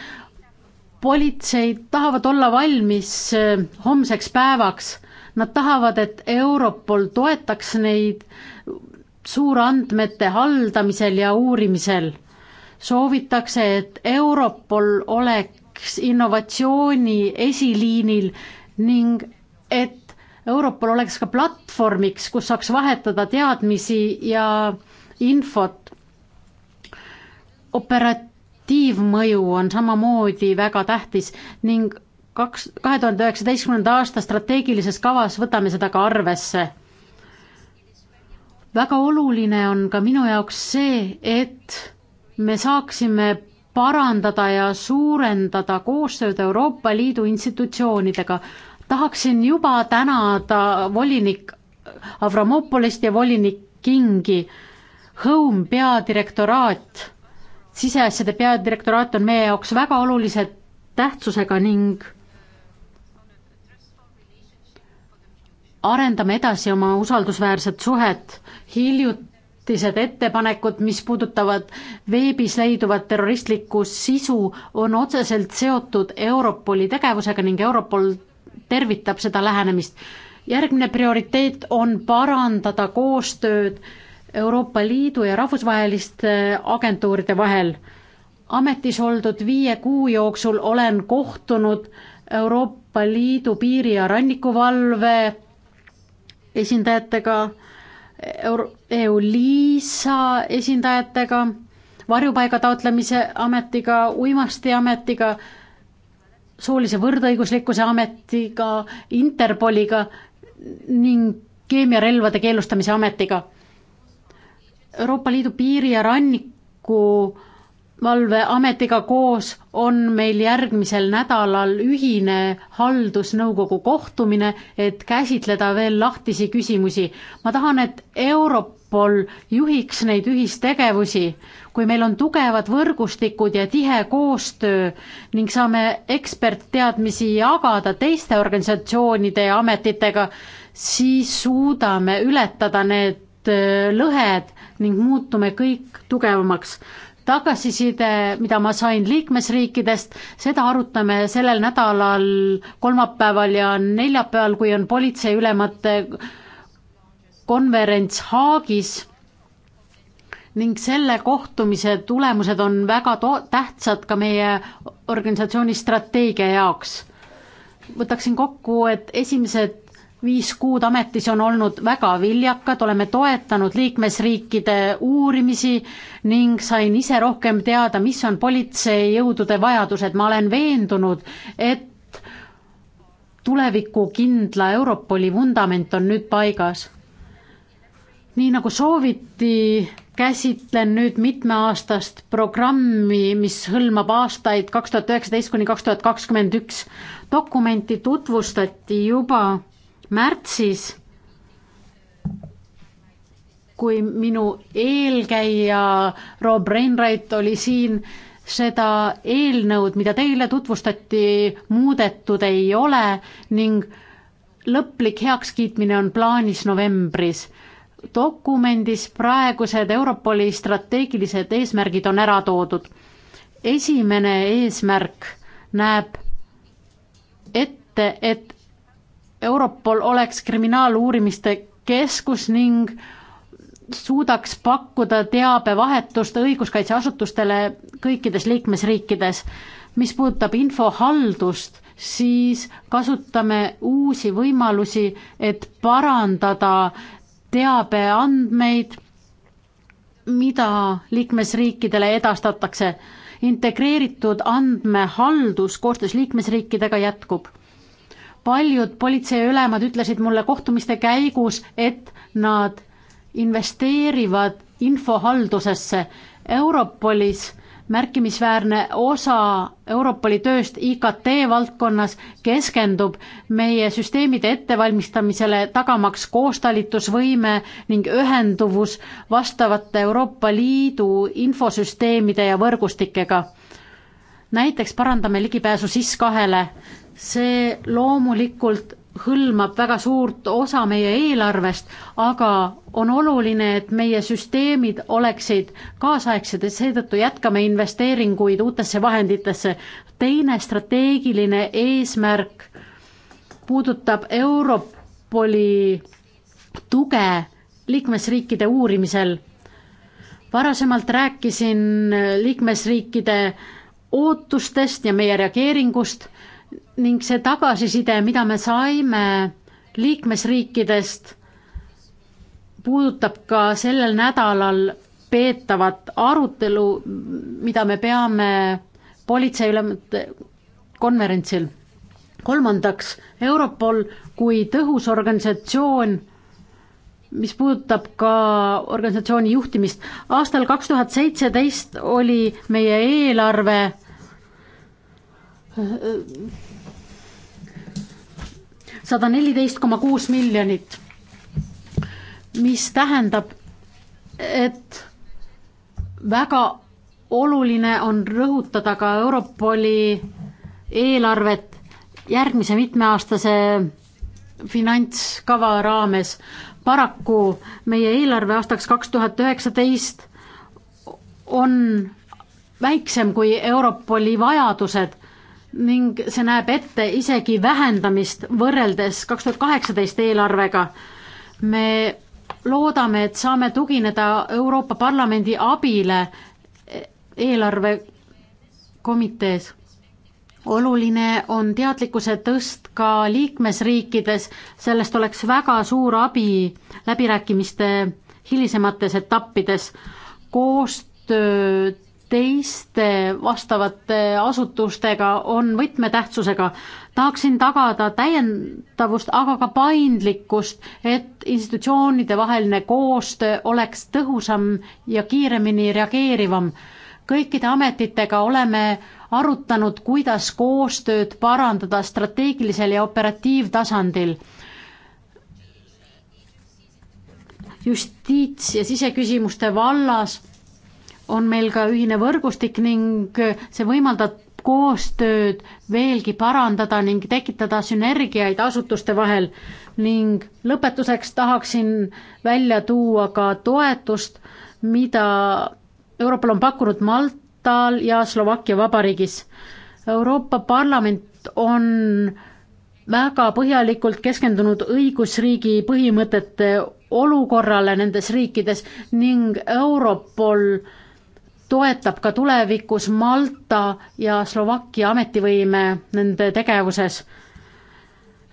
politseid tahavad olla valmis äh, homseks päevaks. Nad tahavad, et Europol toetaks neid suurandmete haldamisel ja uurimisel. soovitakse, et Europol oleks innovatsiooni esiliinil ning et Europol oleks ka platvormiks, kus saaks vahetada teadmisi ja infot. operat-, positiivmõju on samamoodi väga tähtis ning kaks, kahe tuhande üheksateistkümnenda aasta strateegilises kavas võtame seda ka arvesse. väga oluline on ka minu jaoks see, et me saaksime parandada ja suurendada koostööd Euroopa Liidu institutsioonidega. tahaksin juba tänada volinik Avramopolist ja volinik Kingi, Home peadirektoraat siseasjade peadirektoraat on meie jaoks väga olulise tähtsusega ning arendame edasi oma usaldusväärset suhet. hiljutised ettepanekud, mis puudutavad veebis leiduvat terroristlikku sisu, on otseselt seotud Europoli tegevusega ning Europol tervitab seda lähenemist. järgmine prioriteet on parandada koostööd Euroopa Liidu ja rahvusvaheliste äh, agentuuride vahel. ametis oldud viie kuu jooksul olen kohtunud Euroopa Liidu piiri- ja rannikuvalve esindajatega, Euro-, EU-LISA esindajatega, varjupaiga taotlemise ametiga, uimastiametiga, soolise võrdõiguslikkuse ametiga, Interpoliga ning keemiarelvade keelustamise ametiga Euroopa Liidu piiri ja ranniku valveametiga koos on meil järgmisel nädalal ühine haldusnõukogu kohtumine, et käsitleda veel lahtisi küsimusi. ma tahan, et Europol juhiks neid ühistegevusi, kui meil on tugevad võrgustikud ja tihe koostöö ning saame ekspertteadmisi jagada teiste organisatsioonide ja ametitega, siis suudame ületada need Äh, lõhed ning muutume kõik tugevamaks. tagasiside, mida ma sain liikmesriikidest, seda arutame sellel nädalal kolmapäeval ja neljapäeval, kui on politseiülemate konverents Haagis ning selle kohtumise tulemused on väga to-, tähtsad ka meie organisatsiooni strateegia jaoks. võtaksin kokku, et esimesed viis kuud ametis on olnud väga viljakad, oleme toetanud liikmesriikide uurimisi ning sain ise rohkem teada, mis on politseijõudude vajadused, ma olen veendunud, et tulevikukindla Europoli vundament on nüüd paigas. nii nagu sooviti, käsitlen nüüd mitmeaastast programmi, mis hõlmab aastaid kaks tuhat üheksateist kuni kaks tuhat kakskümmend üks. dokumenti tutvustati juba märtsis, kui minu eelkäija Rob Reinreit oli siin, seda eelnõud, mida teile tutvustati, muudetud ei ole ning lõplik heakskiitmine on plaanis novembris. dokumendis praegused Europoli strateegilised eesmärgid on ära toodud. esimene eesmärk näeb ette, et Europol oleks kriminaaluurimiste keskus ning suudaks pakkuda teabevahetust õiguskaitseasutustele kõikides liikmesriikides. mis puudutab infohaldust, siis kasutame uusi võimalusi, et parandada teabeandmeid, mida liikmesriikidele edastatakse. integreeritud andmehaldus koostöös liikmesriikidega jätkub paljud politseiülemad ütlesid mulle kohtumiste käigus, et nad investeerivad infohaldusesse. Europolis märkimisväärne osa Europoli tööst IKT valdkonnas keskendub meie süsteemide ettevalmistamisele, tagamaks koostalitusvõime ning ühenduvus vastavate Euroopa Liidu infosüsteemide ja võrgustikega. näiteks parandame ligipääsu SIS kahele see loomulikult hõlmab väga suurt osa meie eelarvest, aga on oluline, et meie süsteemid oleksid kaasaegsed ja seetõttu jätkame investeeringuid uutesse vahenditesse. teine strateegiline eesmärk puudutab Europoli tuge liikmesriikide uurimisel. varasemalt rääkisin liikmesriikide ootustest ja meie reageeringust ning see tagasiside, mida me saime liikmesriikidest, puudutab ka sellel nädalal peetavat arutelu, mida me peame politseiülemate konverentsil. kolmandaks, Europol kui tõhus organisatsioon, mis puudutab ka organisatsiooni juhtimist. aastal kaks tuhat seitseteist oli meie eelarve sada neliteist koma kuus miljonit, mis tähendab, et väga oluline on rõhutada ka Europoli eelarvet järgmise mitmeaastase finantskava raames. paraku meie eelarve aastaks kaks tuhat üheksateist on väiksem kui Europoli vajadused ning see näeb ette isegi vähendamist võrreldes kaks tuhat kaheksateist eelarvega. me loodame, et saame tugineda Euroopa Parlamendi abile eelarvekomitees. oluline on teadlikkuse tõst ka liikmesriikides, sellest oleks väga suur abi läbirääkimiste hilisemates etappides. koostöö teiste vastavate asutustega on võtmetähtsusega. tahaksin tagada täiendavust, aga ka paindlikkust, et institutsioonide vaheline koostöö oleks tõhusam ja kiiremini reageerivam. kõikide ametitega oleme arutanud, kuidas koostööd parandada strateegilisel ja operatiivtasandil justiits- ja siseküsimuste vallas on meil ka ühine võrgustik ning see võimaldab koostööd veelgi parandada ning tekitada sünergiaid asutuste vahel ning lõpetuseks tahaksin välja tuua ka toetust, mida Euroopal on pakkunud Maltal ja Slovakkia Vabariigis. Euroopa Parlament on väga põhjalikult keskendunud õigusriigi põhimõtete olukorrale nendes riikides ning Europol äh, toetab ka tulevikus Malta ja Slovakkia ametivõime nende tegevuses,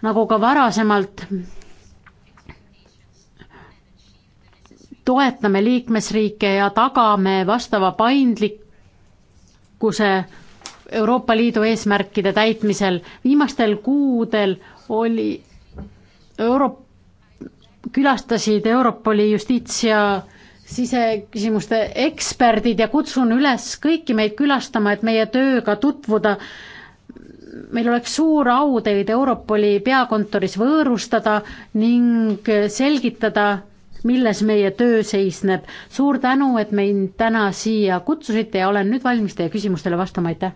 nagu ka varasemalt toetame liikmesriike ja tagame vastava paindlikkuse Euroopa Liidu eesmärkide täitmisel. viimastel kuudel oli Euro-, külastasid Europoli justiits- ja siseküsimuste eksperdid ja kutsun üles kõiki meid külastama, et meie tööga tutvuda. meil oleks suur au teid Europoli peakontoris võõrustada ning selgitada, milles meie töö seisneb. suur tänu, et mind täna siia kutsusite ja olen nüüd valmis teie küsimustele vastama, aitäh!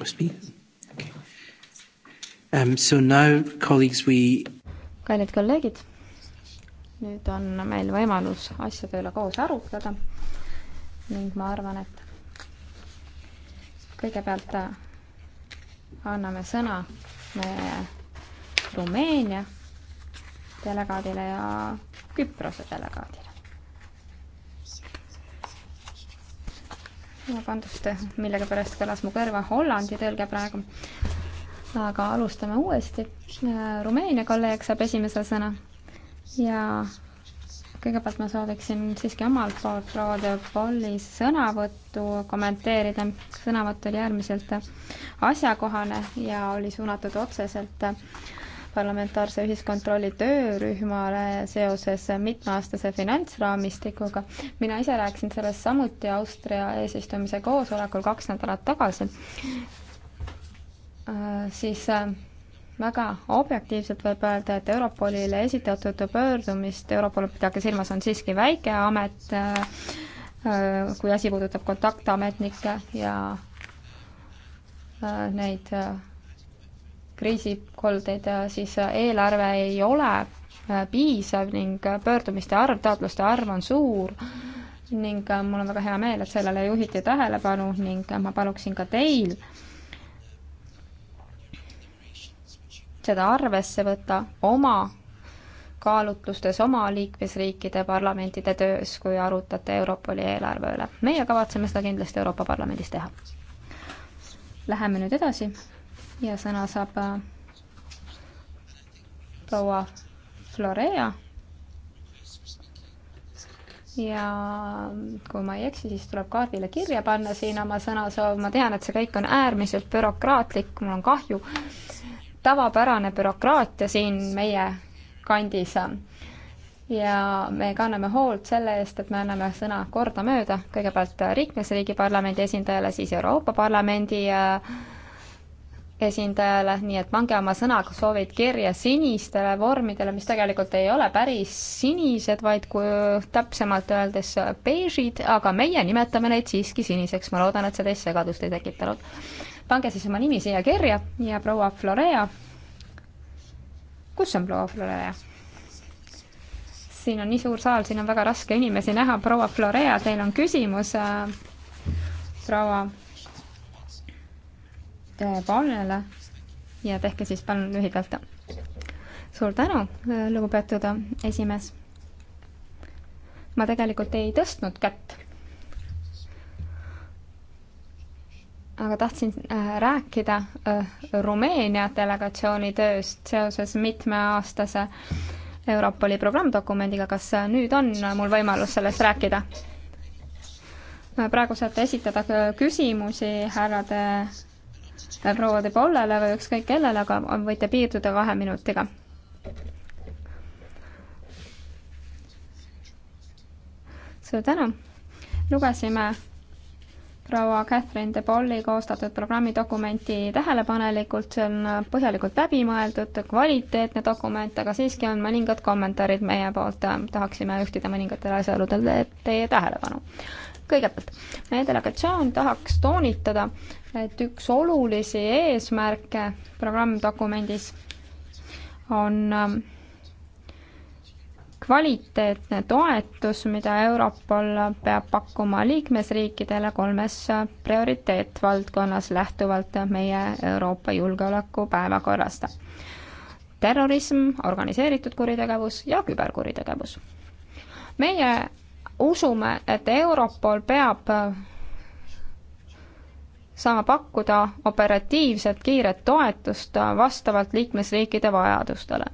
okay. um,. We... kallid kolleegid, nüüd on meil võimalus asjade üle koos arutleda ning ma arvan, et kõigepealt äh, anname sõna meie Rumeenia delegaadile ja Küprose delegaadile. vabandust, millegipärast kõlas mu kõrva Hollandi tõlge praegu. aga alustame uuesti. Rumeenia kolleeg saab esimese sõna ja kõigepealt ma sooviksin siiski omalt poolt Claude Polli sõnavõttu kommenteerida. sõnavõtt oli äärmiselt asjakohane ja oli suunatud otseselt äh, parlamentaarse ühiskontrolli töörühmale seoses mitmeaastase finantsraamistikuga. mina ise rääkisin sellest samuti Austria eesistumise koosolekul kaks nädalat tagasi. Äh, siis äh, väga objektiivselt võib öelda, et Europolile esitatud pöördumist, Europol, pidage silmas, on siiski väike amet, äh, kui asi puudutab kontaktametnikke ja neid kriisikoldeid, äh, siis äh, eelarve ei ole äh, piisav ning pöördumiste arv, taotluste arv on suur ning mul on väga hea meel, et sellele juhiti tähelepanu ning ma paluksin ka teil seda arvesse võtta oma kaalutlustes oma liikmesriikide parlamentide töös, kui arutate Europoli eelarve üle. meie kavatseme seda kindlasti Euroopa Parlamendis teha. Läheme nüüd edasi ja sõna saab äh, proua Florea. ja kui ma ei eksi, siis tuleb kaardile kirja panna siin oma sõnasoov, ma tean, et see kõik on äärmiselt bürokraatlik, mul on kahju. tavapärane bürokraatia siin meie kandis ja me kanname hoolt selle eest, et me anname sõna kordamööda, kõigepealt liikmesriigi parlamendi esindajale, siis Euroopa Parlamendi äh, esindajale, nii et pange oma sõnaga soovid kirja sinistele vormidele, mis tegelikult ei ole päris sinised, vaid kui täpsemalt öeldes beežid, aga meie nimetame neid siiski siniseks, ma loodan, et see teist segadust ei tekitanud. pange siis oma nimi siia kirja ja proua Florea, kus on proua Florea? siin on nii suur saal, siin on väga raske inimesi näha, proua Florea, teil on küsimus, äh, proua Äh, Palnele ja tehke siis palun lühidalt. suur tänu, äh, lugupeetud äh, esimees. ma tegelikult ei tõstnud kätt. aga tahtsin rääkida Rumeenia delegatsiooni tööst seoses mitmeaastase Europoli programmdokumendiga, kas nüüd on mul võimalus sellest rääkida? praegu saate esitada küsimusi härrade proua De Pollele või ükskõik kellele, aga võite piirduda kahe minutiga. suur tänu. lugesime proua Catherine De Polli koostatud programmidokumenti tähelepanelikult, see on põhjalikult läbimõeldud, kvaliteetne dokument, aga siiski on mõningad kommentaarid meie poolt, tahaksime juhtida mõningatele asjaoludele teie tähelepanu kõigepealt, meie delegatsioon tahaks toonitada, et üks olulisi eesmärke programmdokumendis on ähm, kvaliteetne toetus, mida Europol peab pakkuma liikmesriikidele kolmes äh, prioriteetvaldkonnas lähtuvalt meie Euroopa julgeoleku päevakorrast. terrorism, organiseeritud kuritegevus ja küberkuritegevus. meie usume, et Europol peab äh, saama pakkuda operatiivset kiiret toetust äh, vastavalt liikmesriikide vajadustele.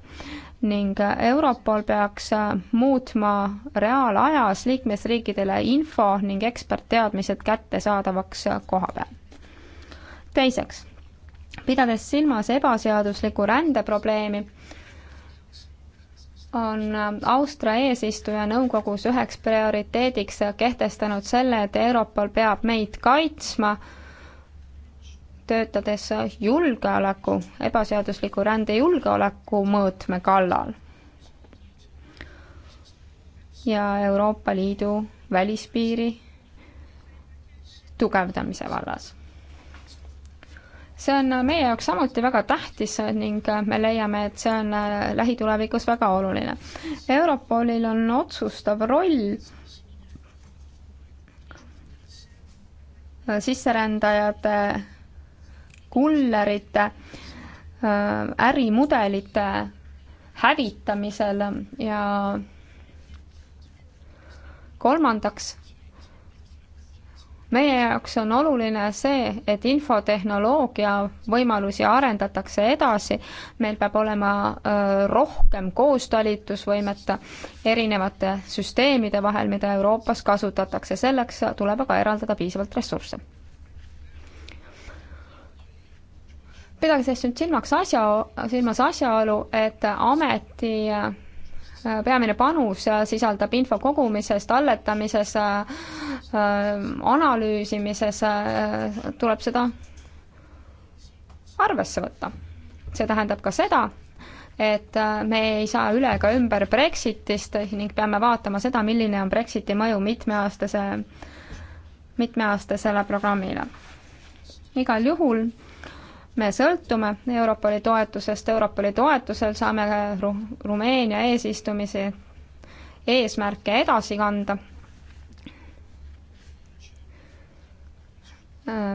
ning äh, Europol peaks muutma reaalajas liikmesriikidele info ning ekspertteadmised kättesaadavaks koha peal. teiseks, pidades silmas ebaseaduslikku rändeprobleemi, on Austria eesistuja nõukogus üheks prioriteediks kehtestanud selle, et Europol peab meid kaitsma, töötades julgeoleku, ebaseadusliku rände julgeoleku mõõtme kallal. ja Euroopa Liidu välispiiri tugevdamise vallas see on äh, meie jaoks samuti väga tähtis ning äh, me leiame, et see on äh, lähitulevikus väga oluline. Europolil on otsustav roll sisserändajate kullerite ärimudelite hävitamisel ja kolmandaks meie jaoks on oluline see, et infotehnoloogia võimalusi arendatakse edasi, meil peab olema rohkem koostalitusvõimet erinevate süsteemide vahel, mida Euroopas kasutatakse, selleks tuleb aga eraldada piisavalt ressursse. pidage siis nüüd silmaks asja, silmas asjaolu, et ameti peamine panus sisaldab info kogumises, talletamises, äh, analüüsimises, äh, tuleb seda arvesse võtta. see tähendab ka seda, et äh, me ei saa üle ega ümber Brexitist ning peame vaatama seda, milline on Brexiti mõju mitmeaastase, mitmeaastasele programmile. igal juhul me sõltume Euroopa Liidu toetusest, Euroopa Liidu toetusel saame Ru-, Rumeenia eesistumise eesmärke edasi kanda.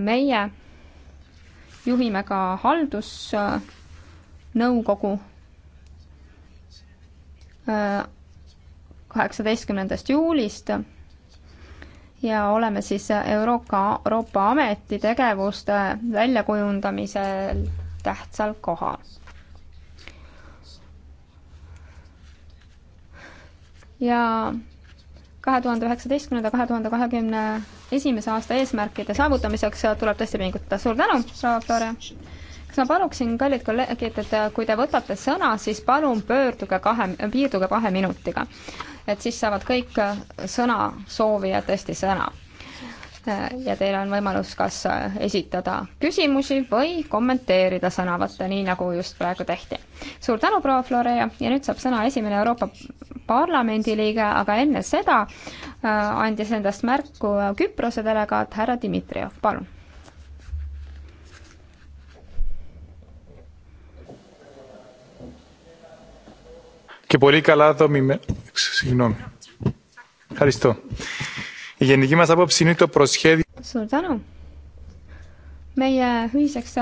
meie juhime ka haldusnõukogu kaheksateistkümnendast juulist ja oleme siis Euroopa, Euroopa Ameti tegevuste väljakujundamisel tähtsal kohal. ja kahe tuhande üheksateistkümnenda, kahe tuhande kahekümne esimese aasta eesmärkide saavutamiseks tuleb tõesti pingutada. suur tänu, proua Flora! kas ma paluksin, kallid kolleegid, et kui te võtate sõna, siis palun pöörduge kahe, piirduge kahe minutiga et siis saavad kõik sõna soovijad tõesti sõna. ja teil on võimalus kas esitada küsimusi või kommenteerida sõnavõtte, nii nagu just praegu tehti. suur tänu, proua Florea, ja nüüd saab sõna esimene Euroopa Parlamendi liige, aga enne seda äh, andis endast märku Küprose delegaat härra Dmitrijev, palun και πολύ καλά δομημένο. Συγγνώμη. Ευχαριστώ. Η γενική μας άποψη είναι το προσχέδιο... Suur tänu. Meie ühiseks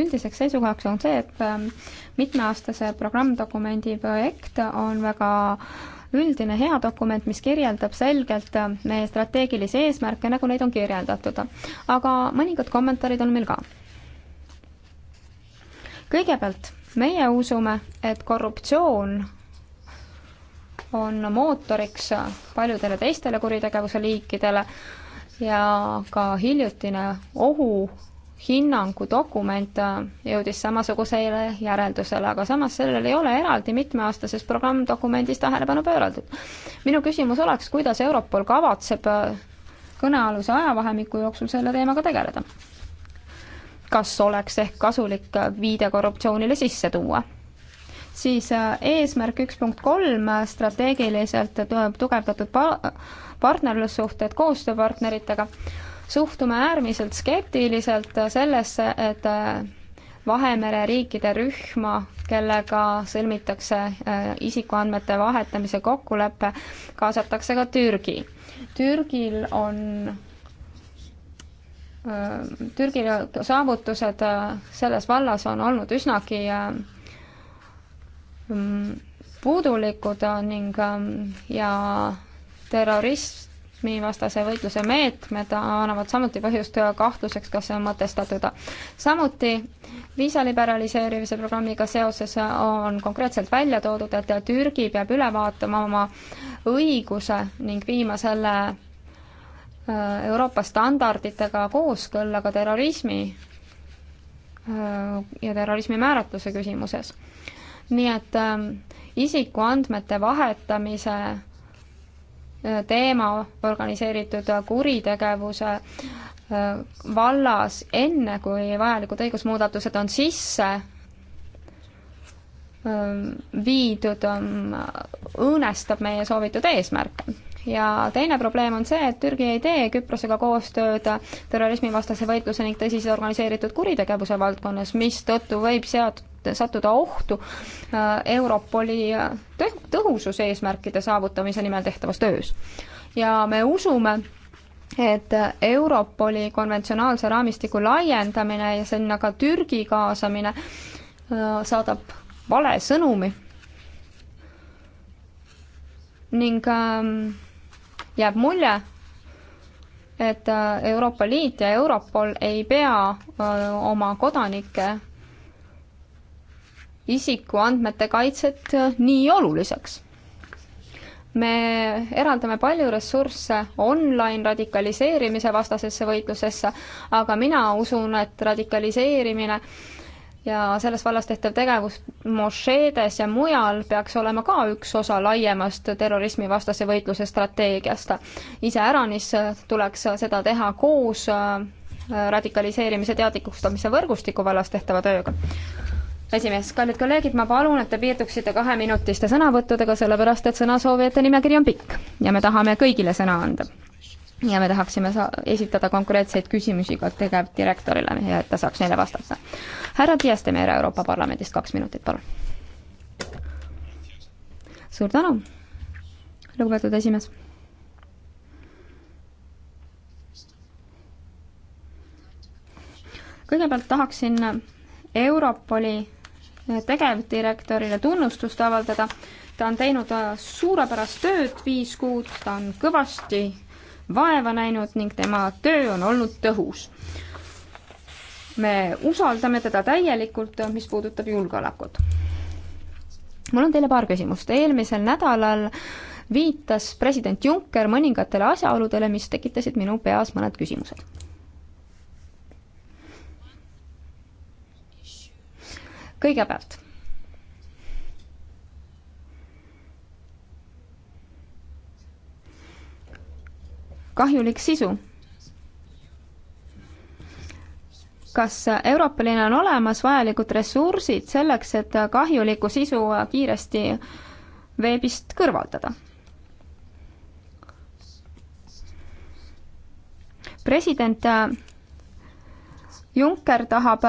üldiseks seisukohaks on see, et ähm, mitmeaastase programmdokumendi projekt on väga üldine hea dokument, mis kirjeldab selgelt ähm, meie strateegilisi eesmärke, nagu neid on kirjeldatud. aga mõningad kommentaarid on meil ka. kõigepealt, meie usume, et korruptsioon on mootoriks paljudele teistele kuritegevuse liikidele ja ka hiljutine ohuhinnangu dokument jõudis samasugusele järeldusele, aga samas sellel ei ole eraldi mitmeaastases programmdokumendis tähelepanu pööratud. minu küsimus oleks, kuidas Europol kavatseb kõnealuse ajavahemiku jooksul selle teemaga tegeleda? kas oleks ehk kasulik viide korruptsioonile sisse tuua? siis äh, eesmärk üks punkt kolm, äh, strateegiliselt tugevdatud pa-, partnerlussuhted koostööpartneritega, suhtume äärmiselt skeptiliselt äh, sellesse, et Vahemere riikide rühma, kellega sõlmitakse isikuandmete vahetamise kokkulepe, kaasatakse ka Türgi. Türgil on Türgi saavutused selles vallas on olnud üsnagi Mm, puudulikud äh, ning ähm, ja terrorismivastase võitluse meetmed äh, annavad samuti põhjust äh, kahtluseks, kas see on mõtestatud. samuti viisa liberaliseerimise programmiga seoses on konkreetselt välja toodud, et Türgi peab üle vaatama oma õiguse ning viima selle Euroopa standarditega kooskõlla ka terrorismi ja terrorismi määratluse küsimuses nii et ähm, isikuandmete vahetamise äh, teema organiseeritud äh, kuritegevuse äh, vallas enne, kui vajalikud õigusmuudatused on sisse ähm, viidud, ähm, õõnestab meie soovitud eesmärke. ja teine probleem on see, et Türgi ei tee Küprosega koostööd terrorismivastase võitluse ning tõsise organiseeritud kuritegevuse valdkonnas, mistõttu võib sealt sattuda ohtu äh, Europoli äh, tõhususe eesmärkide saavutamise nimel tehtavas töös. ja me usume, et Europoli konventsionaalse raamistiku laiendamine ja sinna ka Türgi kaasamine äh, saadab vale sõnumi ning ähm, jääb mulje, et Euroopa Liit ja Europol ei pea oma kodanikke isikuandmete kaitset äh, nii oluliseks. me eraldame palju ressursse online radikaliseerimise vastasesse võitlusesse, aga mina usun, et radikaliseerimine ja selles vallas tehtav tegevus mošeedes ja mujal peaks olema ka üks osa laiemast terrorismivastase võitluse strateegiast. iseäranis äh, tuleks seda teha koos äh, radikaliseerimise teadlikustamise võrgustiku vallas tehtava tööga esimees, kallid kolleegid, ma palun, et te piirduksite kaheminutiste sõnavõttudega, sellepärast et sõnasoovijate nimekiri on pikk ja me tahame kõigile sõna anda. ja me tahaksime sa-, esitada konkreetseid küsimusi ka tegevdirektorile ja et ta saaks neile vastata. härra Diestemere Euroopa Parlamendist, kaks minutit, palun. suur tänu, lugupeetud esimees kõigepealt tahaksin Europoli tegevdirektorile tunnustust avaldada. ta on teinud äh, suurepärast tööd viis kuud, ta on kõvasti vaeva näinud ning tema töö on olnud tõhus. me usaldame teda täielikult, äh, mis puudutab julgeolekut. mul on teile paar küsimust. eelmisel nädalal viitas president Juncker mõningatele asjaoludele, mis tekitasid minu peas mõned küsimused kõigepealt kahjulik sisu. kas Europolil on olemas vajalikud ressursid selleks, et kahjulikku sisu kiiresti veebist kõrvaldada? president Juncker tahab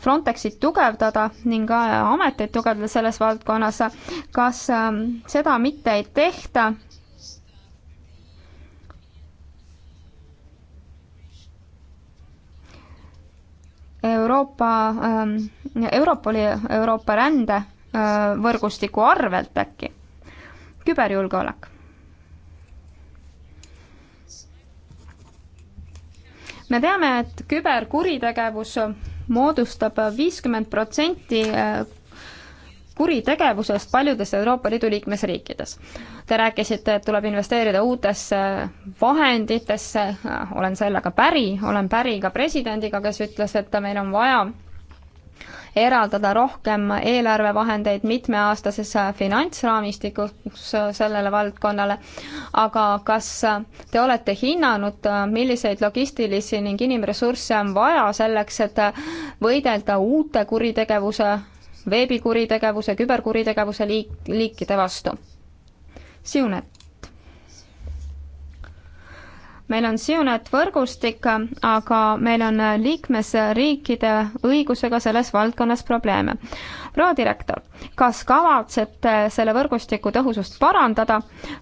Frontexit tugevdada ning ameteid tugevdada selles valdkonnas, kas ähm, seda mitte ei tehta? Euroopa, ähm, Europoli, Euroopa rändevõrgustiku äh, arvelt äkki, küberjulgeolek me teame, et küberkuritegevus moodustab viiskümmend protsenti äh, kuritegevusest paljudes Euroopa Liidu liikmesriikides. Te rääkisite, et tuleb investeerida uutesse vahenditesse, olen sellega päri, olen päri ka presidendiga, kes ütles, et meil on vaja eraldada rohkem eelarvevahendeid mitmeaastases finantsraamistikuks sellele valdkonnale, aga kas te olete hinnanud, milliseid logistilisi ning inimressursse on vaja selleks, et võidelda uute kuritegevuse, veebikuritegevuse, küberkuritegevuse liik-, liikide vastu? Siunet meil on Sionet võrgustik, aga meil on liikmesriikide õigusega selles valdkonnas probleeme. proua direktor, kas kavatsete selle võrgustiku tõhusust parandada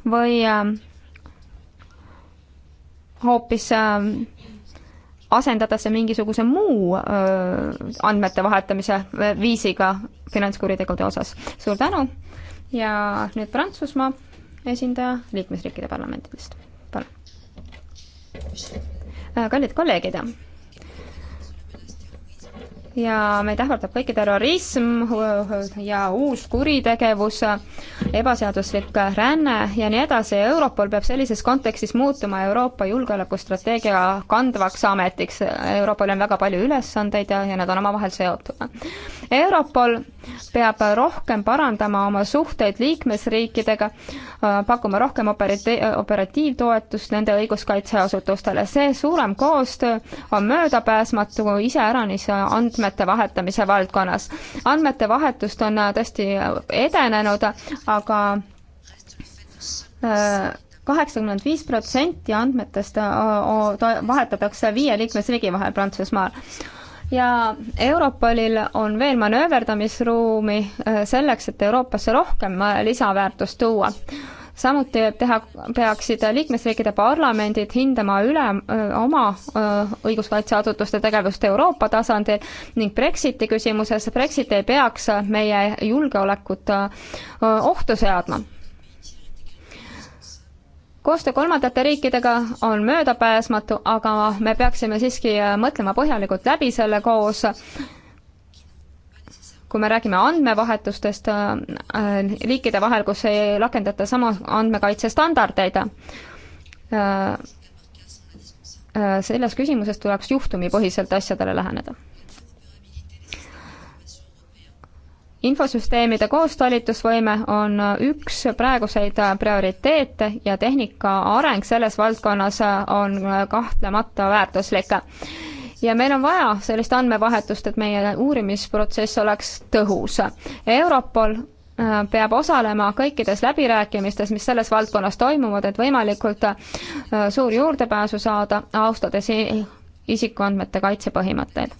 või äh, hoopis äh, asendada see mingisuguse muu öö, äh, andmete vahetamise viisiga finantskuritegude osas. suur tänu ja nüüd Prantsusmaa esindaja liikmesriikide parlamentidest Äh, kallid kolleegid ja meid ähvardab kõiki terrorism ja uus kuritegevus, ebaseaduslik ränne ja nii edasi. Europol peab sellises kontekstis muutuma Euroopa julgeolekustrateegia kandvaks ametiks. Europolil on väga palju ülesandeid ja, ja nad on omavahel seotud. Europol peab rohkem parandama oma suhteid liikmesriikidega, pakkuma rohkem operati-, operatiivtoetust nende õiguskaitseasutustele. see suurem koostöö on möödapääsmatu iseäranis andmete vahetamise valdkonnas. andmete vahetust on tõesti edenenud, aga äh, kaheksakümmend viis protsenti andmetest äh, vahetatakse viie liikmesriigi vahel Prantsusmaal ja Europolil on veel manööverdamisruumi äh, selleks, et Euroopasse rohkem äh, lisaväärtust tuua. samuti teha, peaksid liikmesriikide parlamendid hindama üle öö, äh, oma õiguskaitseasutuste tegevust Euroopa tasandil ning Brexiti küsimuses, Brexit ei peaks meie julgeolekut öö, ohtu seadma koostöö kolmandate riikidega on möödapääsmatu, aga me peaksime siiski äh, mõtlema põhjalikult läbi selle koos. kui me räägime andmevahetustest äh, riikide vahel, kus ei rakendata sama andmekaitsestandardeid, äh, selles küsimuses tuleks juhtumipõhiselt asjadele läheneda infosüsteemide koostalitusvõime on üks praeguseid prioriteete ja tehnika areng selles valdkonnas on kahtlemata väärtuslik. ja meil on vaja sellist andmevahetust, et meie uurimisprotsess oleks tõhus. Europol äh, peab osalema kõikides läbirääkimistes, mis selles valdkonnas toimuvad, et võimalikult äh, suur juurdepääsu saada, austades isikuandmete kaitse põhimõtteid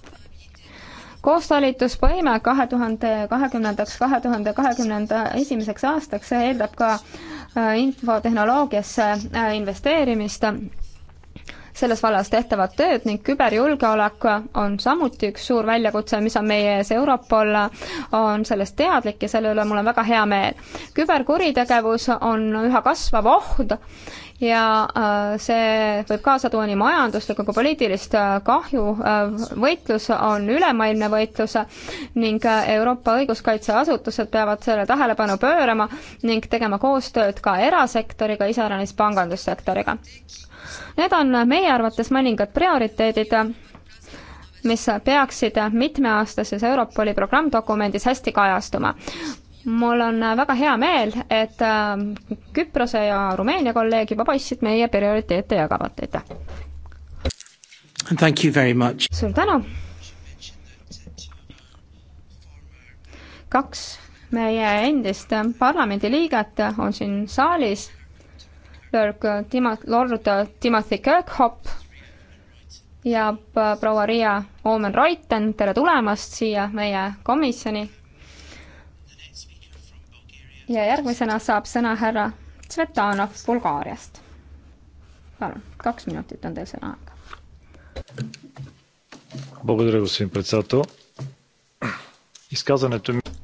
koostalitusvõime kahe tuhande kahekümnendaks, kahe tuhande kahekümnenda esimeseks aastaks, see eeldab ka äh, infotehnoloogiasse äh, investeerimist, selles vallas tehtavat tööd ning küberjulgeolek on samuti üks suur väljakutse, mis on meie ees, Europol on sellest teadlik ja selle üle mul on väga hea meel. küberkuritegevus on üha kasvav oht ja äh, see võib kaasa tuua nii majanduslikku kui poliitilist äh, kahju. Äh, võitlus on ülemaailmne võitlus ning Euroopa õiguskaitseasutused peavad selle tähelepanu pöörama ning tegema koostööd ka erasektoriga, iseäranis pangandussektoriga. Need on meie arvates mõningad prioriteedid mis peaksid mitmeaastases Europoli programmdokumendis hästi kajastuma mul on äh, väga hea meel, et äh, Küprose ja Rumeenia kolleeg juba paistsid meie prioriteete jagavat, aitäh! suur tänu! kaks meie endist parlamendiliiget on siin saalis, Lord Timot-, Lord Timothy Kirkhope ja proua Riia Oomen-Reuten, tere tulemast siia meie komisjoni ja järgmisena saab sõna härra Tsvetanov Bulgaariast. palun, kaks minutit on teil sõna aega.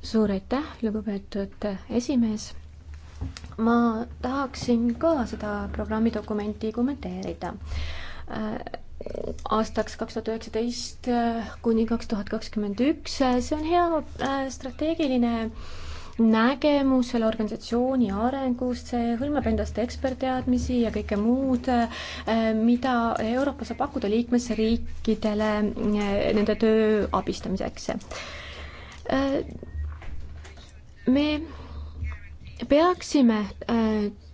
suur aitäh, lugupeetud esimees. ma tahaksin ka seda programmi dokumenti kommenteerida äh, aastaks kaks tuhat üheksateist äh, kuni kaks tuhat kakskümmend üks, äh, see on hea strateegiline äh, nägemus selle organisatsiooni arengust, see hõlmab endast ekspertteadmisi ja kõike muud, eh, mida Euroopa saab pakkuda liikmesriikidele eh, nende töö abistamiseks. Eh, me peaksime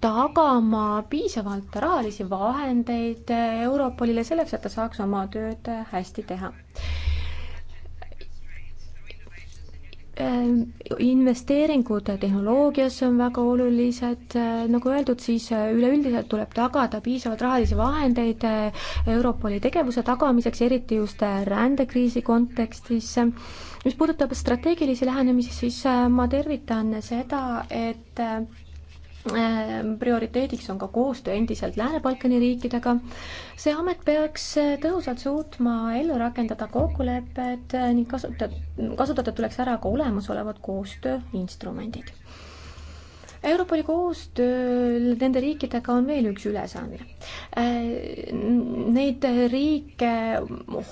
tagama piisavalt rahalisi vahendeid Europolile selleks, et ta saaks oma tööd hästi teha Ähm, investeeringud tehnoloogiasse on väga olulised, äh, nagu öeldud, siis äh, üleüldiselt tuleb tagada piisavalt rahalisi vahendeid äh, Europoli tegevuse tagamiseks, eriti just rändekriisi kontekstis. mis puudutab strateegilisi lähenemisi, siis ma tervitan seda, et Ehm, prioriteediks on ka koostöö endiselt Lääne-Balkani riikidega. see amet peaks eh, tõhusalt suutma ellu rakendada kokkulepped eh, ning kasutada, kasutada tuleks ära ka olemasolevad koostööinstrumendid. Europoli koostööl nende riikidega on veel üks ülesanne. Ehm, neid riike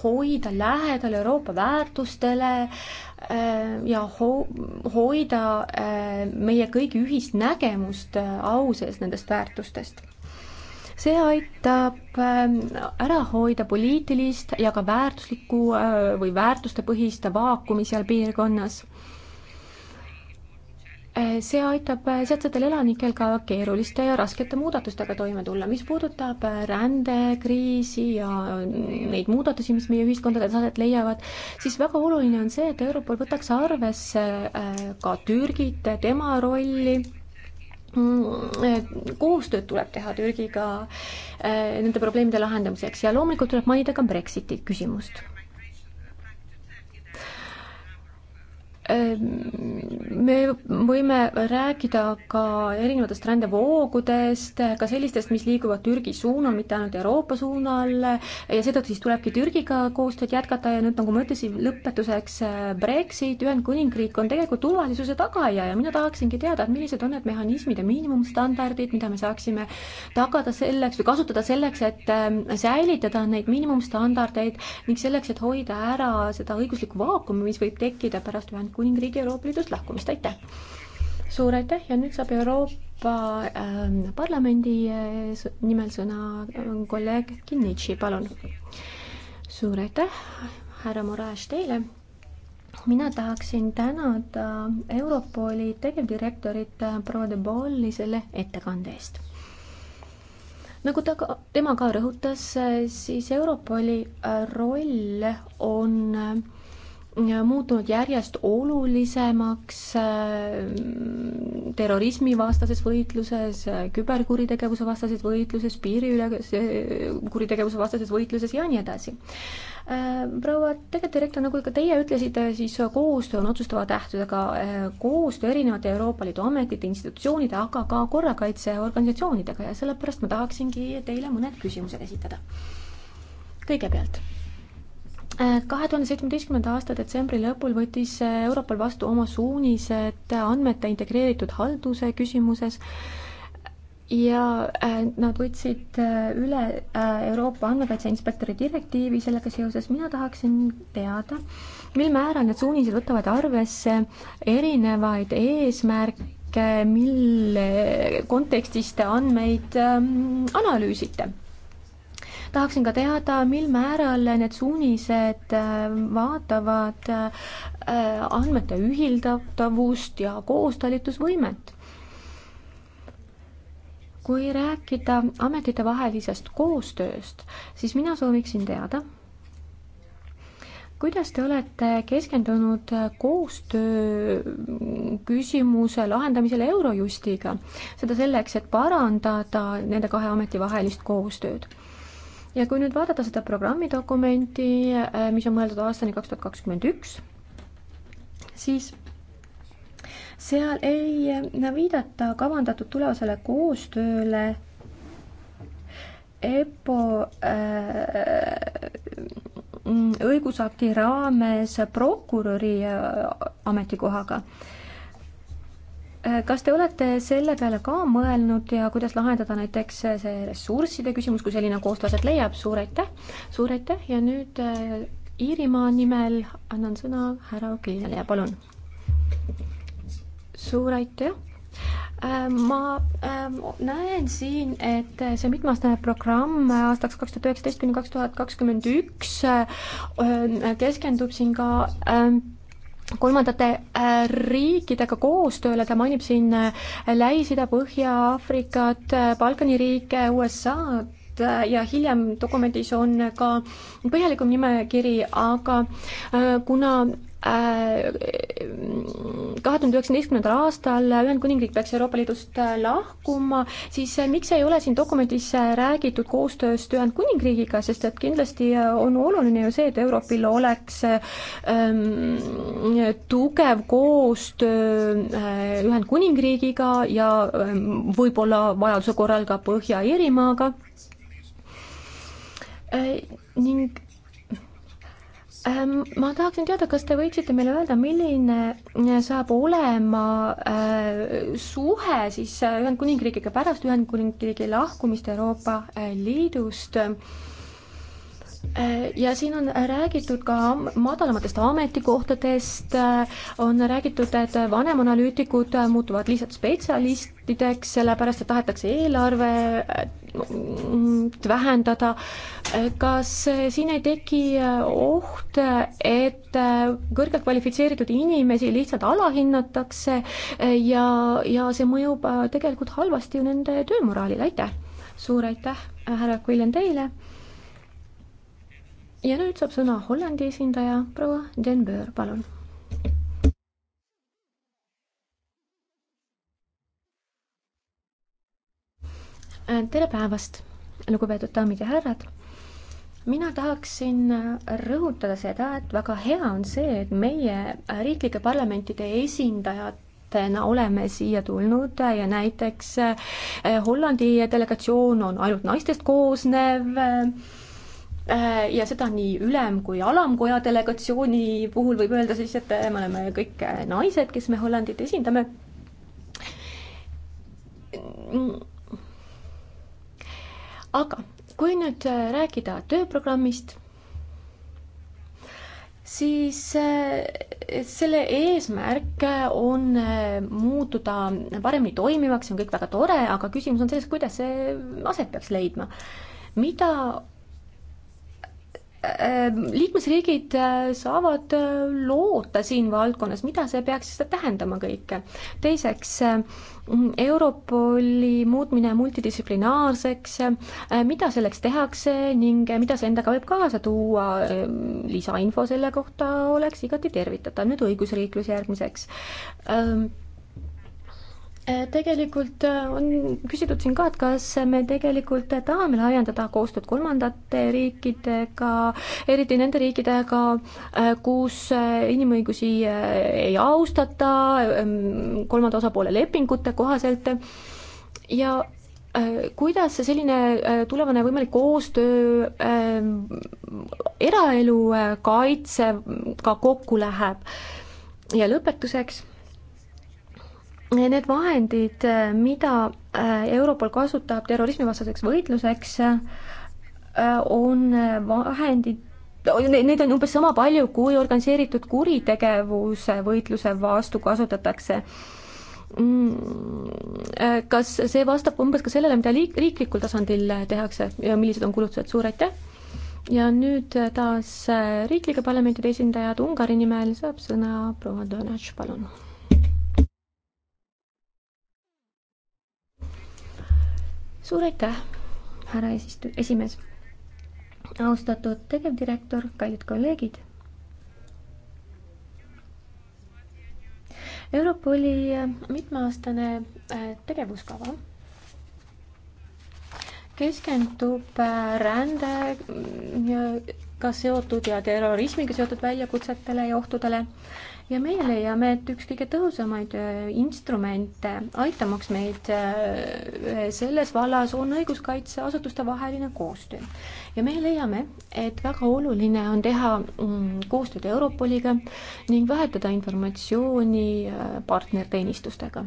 hoida lähedal Euroopa väärtustele, Äh, ja ho-, hoida äh, meie kõigi ühist nägemust äh, au sees nendest väärtustest. see aitab ära hoida poliitilist ja ka väärtuslikku või väärtustepõhist vaakumi seal piirkonnas Eh, see aitab eh, sealsetel elanikel ka keeruliste ja raskete muudatustega toime tulla. mis puudutab eh, rändekriisi ja mm, neid muudatusi, mis meie ühiskondades aset leiavad, siis väga oluline on see, et Europol võtaks arvesse ka Türgit, tema rolli mm, koostööd tuleb teha Türgiga nende probleemide lahendamiseks ja loomulikult tuleb mainida ka Brexiti küsimust Ehm, me võime rääkida ka erinevatest rändevoogudest, ka sellistest, mis liiguvad Türgi suunal, mitte ainult Euroopa suunal ja seetõttu siis tulebki Türgiga koostööd jätkata ja nüüd, nagu ma ütlesin, lõpetuseks eh, Brexit, Ühendkuningriik on tegelikult turvalisuse tagaja ja mina tahaksingi teada, et millised on need mehhanismid ja miinimumstandardid, mida me saaksime tagada selleks või kasutada selleks, et eh, säilitada neid miinimumstandardeid ning selleks, et hoida ära seda õiguslikku vaakumi, mis võib tekkida pärast Ühendkuningriigi Ühendkuningriigi Euroopa Liidust lahkumist, aitäh! suur aitäh ja nüüd saab Euroopa ähm, Parlamendi äh, nimel sõna ähm, kolleeg Kinnitši, palun. suur aitäh, härra Moraes, teile. mina tahaksin tänada Europoli tegevdirektorit äh, proua de Bolli selle ettekande eest nagu ta ka, tema ka rõhutas, äh, siis Europoli äh, roll on muutunud järjest olulisemaks äh, terrorismivastases võitluses, äh, küberkuritegevuse vastases võitluses, piiriülese äh, kuritegevuse vastases võitluses ja nii edasi. proua tegevdirektor, nagu ka teie ütlesite, siis koostöö on otsustava tähtsusega, koostöö erinevate Euroopa Liidu ametite, institutsioonide, aga ka korrakaitseorganisatsioonidega ja sellepärast ma tahaksingi teile mõned küsimused esitada. kõigepealt Äh, kahe tuhande seitsmeteistkümnenda aasta detsembri lõpul võttis äh, Europol vastu oma suunised andmete integreeritud halduse küsimuses ja äh, nad võtsid üle Euroopa andmekaitse inspektori direktiivi sellega seoses. mina tahaksin teada, mil määral need suunised võtavad arvesse erinevaid eesmärke, mille kontekstis te andmeid ähm, analüüsite tahaksin ka teada, mil määral need suunised äh, vaatavad äh, andmete ühildatavust ja koostalitusvõimet. kui rääkida ametitevahelisest koostööst, siis mina sooviksin teada, kuidas te olete keskendunud koostöö küsimuse lahendamisele Eurojustiga, seda selleks, et parandada nende kahe ameti vahelist koostööd? ja kui nüüd vaadata seda programmidokumenti, äh, mis on mõeldud aastani kaks tuhat kakskümmend üks, siis seal ei äh, viidata kavandatud tulevasele koostööle EPPO äh, õigusakti raames prokuröri äh, ametikohaga äh, Äh, kas te olete selle peale ka mõelnud ja kuidas lahendada näiteks äh, see ressursside küsimus, kui selline koostöö aset leiab, suur aitäh, suur aitäh ja nüüd äh, Iirimaa nimel annan sõna härra Kilnele ja palun. suur aitäh ma näen siin, et see mitmeaastane programm aastaks kaks tuhat üheksateist kuni kaks tuhat kakskümmend üks keskendub siin ka ähm, kolmandate äh, riikidega koostööle, ta mainib siin äh, Lähis-Ida, Põhja-Aafrikat, äh, Balkani riike, USA-d, ja hiljem dokumendis on ka põhjalikum nimekiri, aga kuna kahe tuhande üheksateistkümnendal aastal Ühendkuningriik peaks Euroopa Liidust äh, lahkuma, siis äh, miks ei ole siin dokumendis äh, räägitud koostööst Ühendkuningriigiga, sest et kindlasti on oluline ju see, et Europil oleks ähm, tugev koostöö Ühendkuningriigiga ja ähm, võib-olla vajaduse korral ka Põhja-Iirimaaga äh, ning Ähm, ma tahaksin teada, kas te võiksite meile öelda, milline äh, saab olema äh, suhe siis äh, Ühendkuningriigiga pärast Ühendkuningriigi lahkumist Euroopa Liidust Äh, ja siin on räägitud ka madalamatest ametikohtadest, äh, on räägitud, et vanemanalüütikud äh, muutuvad lihtsalt spetsialistideks, sellepärast et tahetakse eelarvet vähendada. kas siin ei teki oht, et kõrgelt kvalifitseeritud inimesi lihtsalt alahinnatakse ja, ja see mõjub tegelikult halvasti nende töömoraalile, aitäh! suur aitäh, härra Quillen, teile! ja nüüd saab sõna Hollandi esindaja proua Den Böör, palun. tere päevast, lugupeetud daamid ja härrad mina tahaksin rõhutada seda, et väga hea on see, et meie riiklike parlamentide esindajad oleme siia tulnud ja näiteks Hollandi delegatsioon on ainult naistest koosnev Äh, ja seda nii ülem- kui alamkoja delegatsiooni puhul võib öelda siis, et äh, me oleme kõik äh, naised, kes me Hollandit esindame. aga kui nüüd rääkida tööprogrammist, siis selle eesmärk on muutuda paremini toimivaks, see on kõik väga tore, aga küsimus on selles, kuidas see aset peaks leidma. mida Ehm, liikmesriigid äh, saavad äh, loota siin valdkonnas, mida see peaks seda tähendama kõike. teiseks, äh, Europoli muutmine multidistsiplinaarseks, mida selleks tehakse ning mida see endaga võib kaasa tuua, ehm, lisainfo selle kohta oleks igati tervitatav, nüüd õigusriiklus järgmiseks ehm, Äh, tegelikult äh, on küsitud siin ka, et kas me tegelikult tahame laiendada koostööd kolmandate riikidega, eriti nende riikidega, äh, kus inimõigusi ei austata ähm, kolmanda osapoole lepingute kohaselt ja kuidas selline tulevane võimalik koostöö ähm, eraelu kaitsega ka kokku läheb? ja lõpetuseks need vahendid, äh, mida äh, Europol kasutab terrorismivastaseks võitluseks, äh, on vahendid, neid on umbes sama palju, kui organiseeritud kuritegevuse võitluse vastu kasutatakse. Mm, kas see vastab umbes ka sellele, mida liik-, riiklikul tasandil tehakse ja millised on kulutused, suur aitäh! ja nüüd taas riiklike parlamentide esindajad Ungari nimel saab sõna proua Donatš, palun suur aitäh, härra esistu-, esimees. austatud tegevdirektor, kallid kolleegid. Europoli mitmeaastane äh, tegevuskava keskendub äh, rändega mm, seotud ja terrorismiga seotud väljakutsetele ja ohtudele ja meie leiame, et üks kõige tõhusamaid äh, instrumente, aitamaks meid äh, selles vallas, on õiguskaitseasutuste vaheline koostöö. ja meie leiame, et väga oluline on teha mm, koostööd Europoliga ning vahetada informatsiooni äh, partnerteenistustega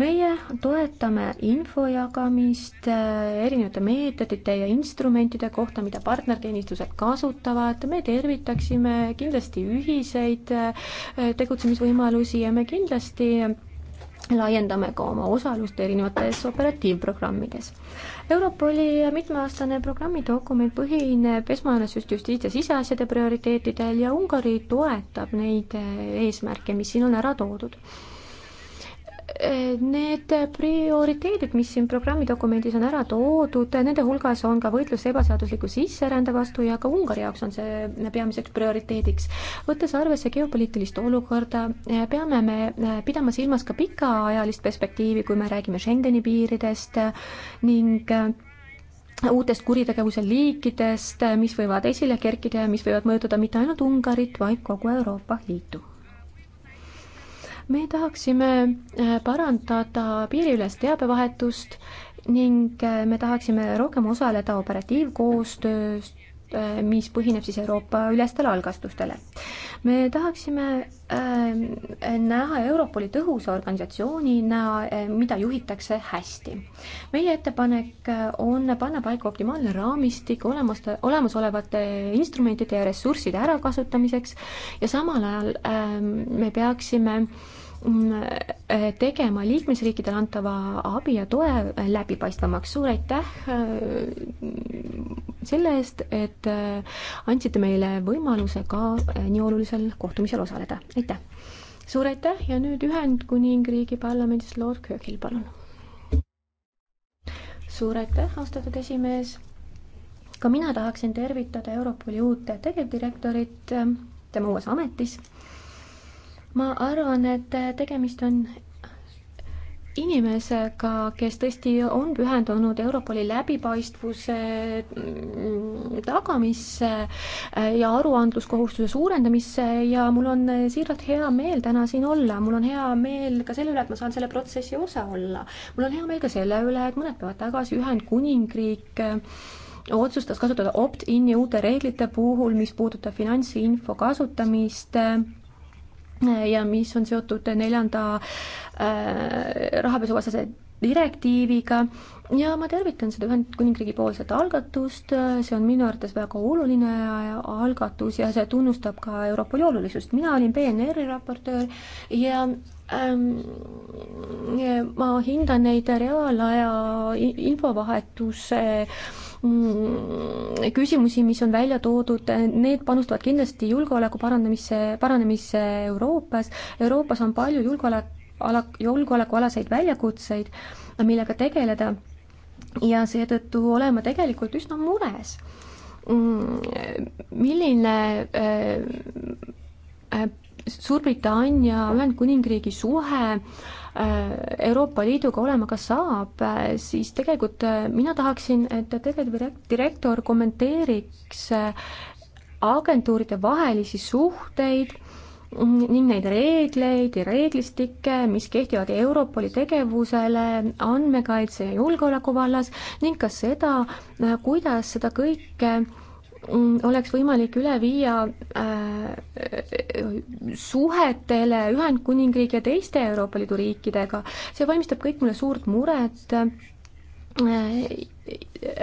meie toetame info jagamist äh, erinevate meetodite ja instrumentide kohta, mida partnerteenistused kasutavad, me tervitaksime kindlasti ühiseid äh, tegutsemisvõimalusi ja me kindlasti laiendame ka oma osalust erinevates operatiivprogrammides. Europoli mitmeaastane programmidokument põhineb esmajoonesest justiits- ja siseasjade prioriteetidel ja Ungari toetab neid äh, eesmärke, mis siin on ära toodud Need prioriteedid, mis siin programmi dokumendis on ära toodud, nende hulgas on ka võitlus ebaseadusliku sisserände vastu ja ka Ungari jaoks on see peamiseks prioriteediks. võttes arvesse geopoliitilist olukorda, peame me pidama silmas ka pikaajalist perspektiivi, kui me räägime Schengeni piiridest ning uutest kuritegevuse liikidest, mis võivad esile kerkida ja mis võivad mõjutada mitte ainult Ungarit, vaid kogu Euroopa Liitu me tahaksime äh, parandada piiriülest teabevahetust ning äh, me tahaksime rohkem osaleda operatiivkoostööst, äh, mis põhineb siis Euroopa ülestele algastustele. me tahaksime äh, näha Europoli tõhusa organisatsioonina, mida juhitakse hästi. meie ettepanek on panna paika optimaalne raamistik olemas, olemasolevate instrumentide ja ressursside ärakasutamiseks ja samal ajal äh, me peaksime äh, Mm, äh, tegema liikmesriikidele antava abi ja toe läbipaistvamaks. suur aitäh äh, selle eest, et äh, andsite meile võimaluse ka nii olulisel kohtumisel osaleda. aitäh! suur aitäh ja nüüd Ühendkuningriigi parlamendis Lord Kirkil, palun! suur aitäh, austatud esimees! ka mina tahaksin tervitada Europoli uut tegevdirektorit tema uues ametis ma arvan, et tegemist on inimesega, kes tõesti on pühendunud Europoli läbipaistvuse mm, tagamisse ja aruandluskohustuse suurendamisse ja mul on siiralt hea meel täna siin olla, mul on hea meel ka selle üle, et ma saan selle protsessi osa olla. mul on hea meel ka selle üle, et mõned päevad tagasi Ühendkuningriik otsustas kasutada opt-in'i uute reeglite puhul, mis puudutab finantsinfo kasutamist ja mis on seotud neljanda äh, rahapesuvastase direktiiviga ja ma tervitan seda Ühendkuningriigi poolset algatust, see on minu arvates väga oluline algatus ja see tunnustab ka Europoli olulisust. mina olin BNR-i raportöör ja ähm, ma hindan neid reaalaja infovahetuse äh, Mm, küsimusi, mis on välja toodud, need panustavad kindlasti julgeoleku parandamisse, paranemisse Euroopas. Euroopas on palju julgeolek, ala, julgeolekualaseid väljakutseid, millega tegeleda ja seetõttu olen ma tegelikult üsna mures. Mm, milline äh, äh, Suurbritannia Ühendkuningriigi suhe äh, Äh, Euroopa Liiduga olema ka saab, äh, siis tegelikult äh, mina tahaksin, et tegevdirektor kommenteeriks agentuuride vahelisi suhteid mm, ning neid reegleid ja reeglistikke, mis kehtivad Europoli tegevusele andmekaitse ja julgeoleku vallas ning ka seda, kuidas seda kõike Mm, oleks võimalik üle viia äh, suhetele Ühendkuningriigi ja teiste Euroopa Liidu riikidega. see valmistab kõik mulle suurt muret äh,.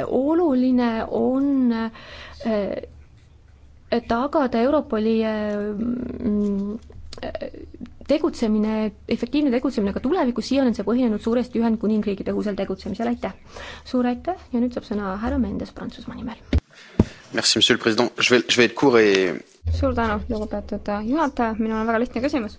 oluline on äh, tagada Europoli äh, mm, tegutsemine, efektiivne tegutsemine ka tulevikus, siiani on see põhinenud suuresti Ühendkuningriigi tõhusal tegutsemisel, aitäh! suur aitäh ja nüüd saab sõna härra Mendes Prantsusmaa nimel Merci, monsieur le president, je vais, je vais être court et. suur tänu, lugupeetud juhataja, minul on väga lihtne küsimus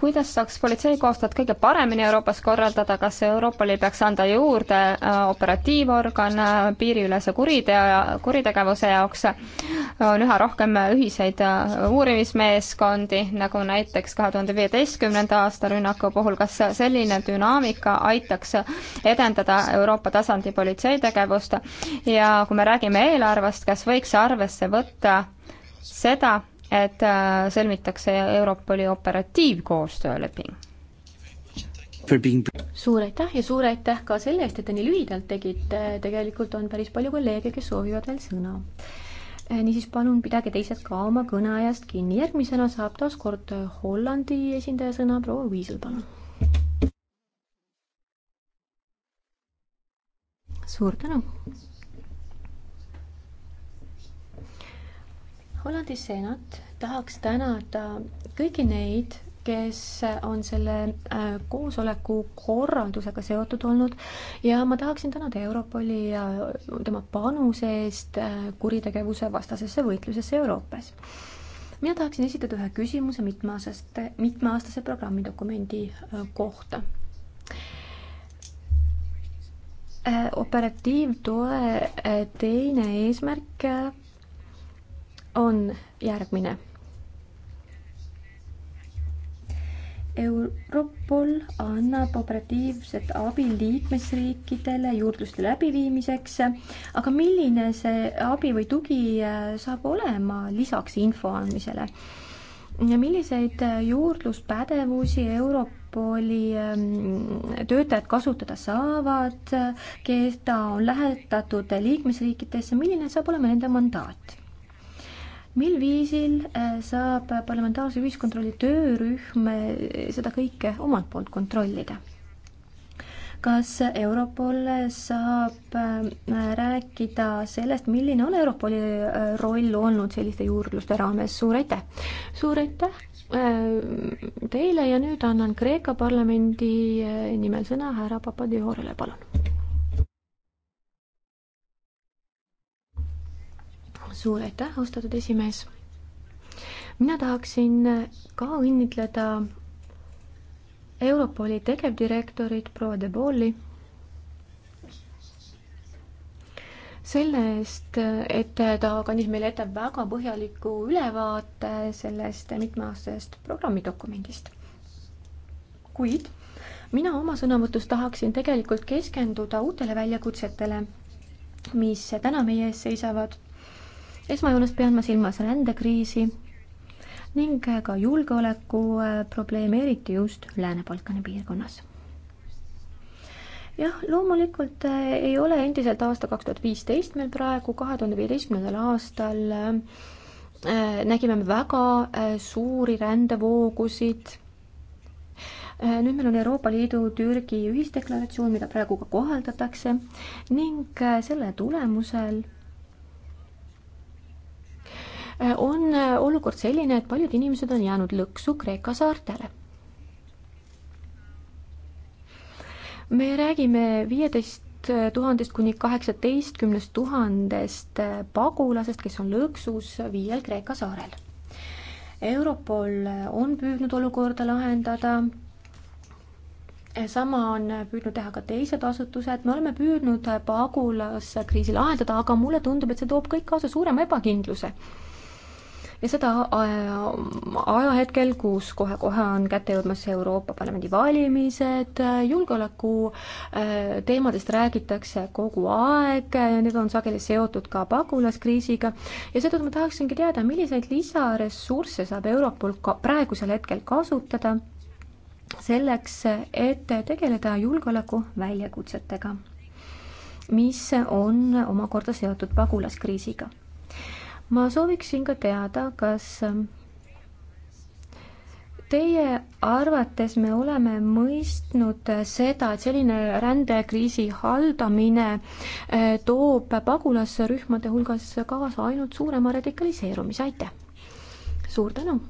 kuidas saaks politseikoostööd kõige paremini Euroopas korraldada, kas Euroopale peaks anda juurde äh, operatiivorgan äh, piiriülese kuriteo, kuritegevuse jaoks, on üha rohkem ühiseid äh, uurimismeeskondi, nagu näiteks kahe tuhande viieteistkümnenda aasta rünnaku puhul, kas selline dünaamika aitaks edendada Euroopa tasandi politseitegevust ja kui me räägime eelarvest, kas võiks arvesse võtta seda, et äh, sõlmitakse Europoli operatiivkoostööleping. suur aitäh ja suur aitäh ka selle eest, et te nii lühidalt tegite, tegelikult on päris palju kolleege, kes soovivad veel sõna. Äh, niisiis, palun pidage teised ka oma kõneajast kinni, järgmisena saab taas kord äh, Hollandi esindaja sõna, proua Viisel, palun. suur tänu Hollandi senat tahaks tänada kõiki neid, kes on selle äh, koosoleku korraldusega seotud olnud ja ma tahaksin tänada Europoli ja tema panuse eest äh, kuritegevuse vastasesse võitlusesse Euroopas mina tahaksin esitada ühe küsimuse mitmeaastaste, mitmeaastase programmidokumendi äh, kohta. operatiivtoe teine eesmärk on järgmine. Europol annab operatiivset abi liikmesriikidele juurdluste läbiviimiseks, aga milline see abi või tugi äh, saab olema lisaks info andmisele? ja milliseid äh, juurdluspädevusi Europoli ähm, töötajad kasutada saavad, äh, keda on lähetatud liikmesriikidesse, milline saab olema nende mandaat? mil viisil äh, saab parlamentaarse ühiskontrolli töörühm äh, seda kõike omalt poolt kontrollida? kas Europol saab äh, rääkida sellest, milline on Europoli roll olnud selliste juurdluste raames, suur aitäh! suur aitäh teile ja nüüd annan Kreeka parlamendi nimel sõna härra Papadiorile, palun! suur aitäh, austatud esimees. mina tahaksin ka õnnitleda Europoli tegevdirektorit proua De Bolli selle eest, et ta kandis meile ette väga põhjaliku ülevaate sellest mitmeaastasest programmidokumendist. kuid mina oma sõnavõtus tahaksin tegelikult keskenduda uutele väljakutsetele, mis täna meie ees seisavad esmajoones pean ma silmas rändekriisi ning ka julgeoleku äh, probleeme, eriti just Lääne-Balkani piirkonnas jah, loomulikult äh, ei ole endiselt aasta kaks tuhat viisteist meil praegu, kahe tuhande viieteistkümnendal aastal äh, nägime me väga suuri rändevoogusid. nüüd meil on Euroopa Liidu Türgi ühisdeklaratsioon, mida praegu ka kohaldatakse ning selle tulemusel Äh, on äh, olukord selline, et paljud inimesed on jäänud lõksu Kreeka saartele. me räägime viieteist äh, tuhandest kuni kaheksateistkümnest tuhandest pagulasest, kes on lõksus viiel Kreeka saarel. Europol on püüdnud olukorda lahendada, sama on püüdnud teha ka teised asutused, me oleme püüdnud pagulaskriisi lahendada, aga mulle tundub, et see toob kõik kaasa suurema ebakindluse ja seda äh, ajahetkel, kus kohe-kohe on kätte jõudmas Euroopa Parlamendi valimised, äh, julgeoleku äh, teemadest räägitakse kogu aeg, need on sageli seotud ka pagulaskriisiga ja seetõttu ma tahaksingi teada, milliseid lisaressursse saab Europol ka praegusel hetkel kasutada selleks, et tegeleda julgeoleku väljakutsetega, mis on omakorda seotud pagulaskriisiga ma sooviksin ka teada, kas ähm, teie arvates me oleme mõistnud äh, seda, et selline rändekriisi haldamine äh, toob pagulasrühmade hulgas kaasa ainult suurema radikaliseerumise, aitäh! suur tänu!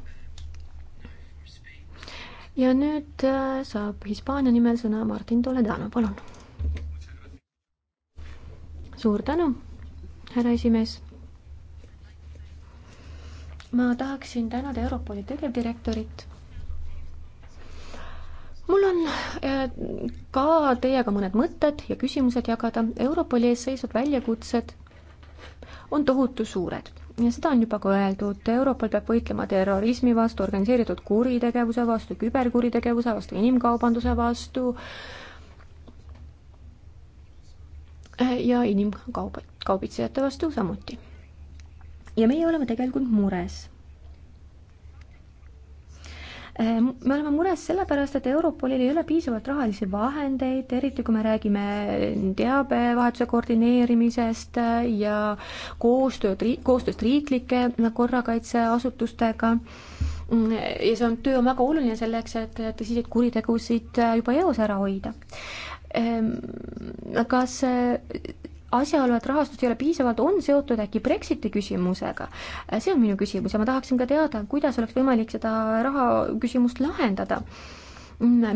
ja nüüd äh, saab Hispaania nimel sõna Martin Toledano, palun! suur tänu, härra esimees ma tahaksin tänada Europoli tegevdirektorit. mul on äh, ka teiega mõned mõtted ja küsimused jagada. Europoli ees seisvad väljakutsed on tohutu suured ja seda on juba ka öeldud, Europol peab võitlema terrorismi vastu, organiseeritud kuritegevuse vastu, küberkuritegevuse vastu, inimkaubanduse vastu äh, ja inimkauba, kaubitsejate vastu samuti ja meie oleme tegelikult mures äh, me oleme mures sellepärast, et Europolil ei ole piisavalt rahalisi vahendeid, eriti kui me räägime teabevahetuse koordineerimisest äh, ja koostööd, koostööst riiklike korrakaitseasutustega. Mm, ja see on, töö on väga oluline selleks, et tõsiseid kuritegusid äh, juba eos ära hoida. kas asjaolu, et rahastust ei ole piisavalt, on seotud äkki Brexiti küsimusega? see on minu küsimus ja ma tahaksin ka teada, kuidas oleks võimalik seda raha küsimust lahendada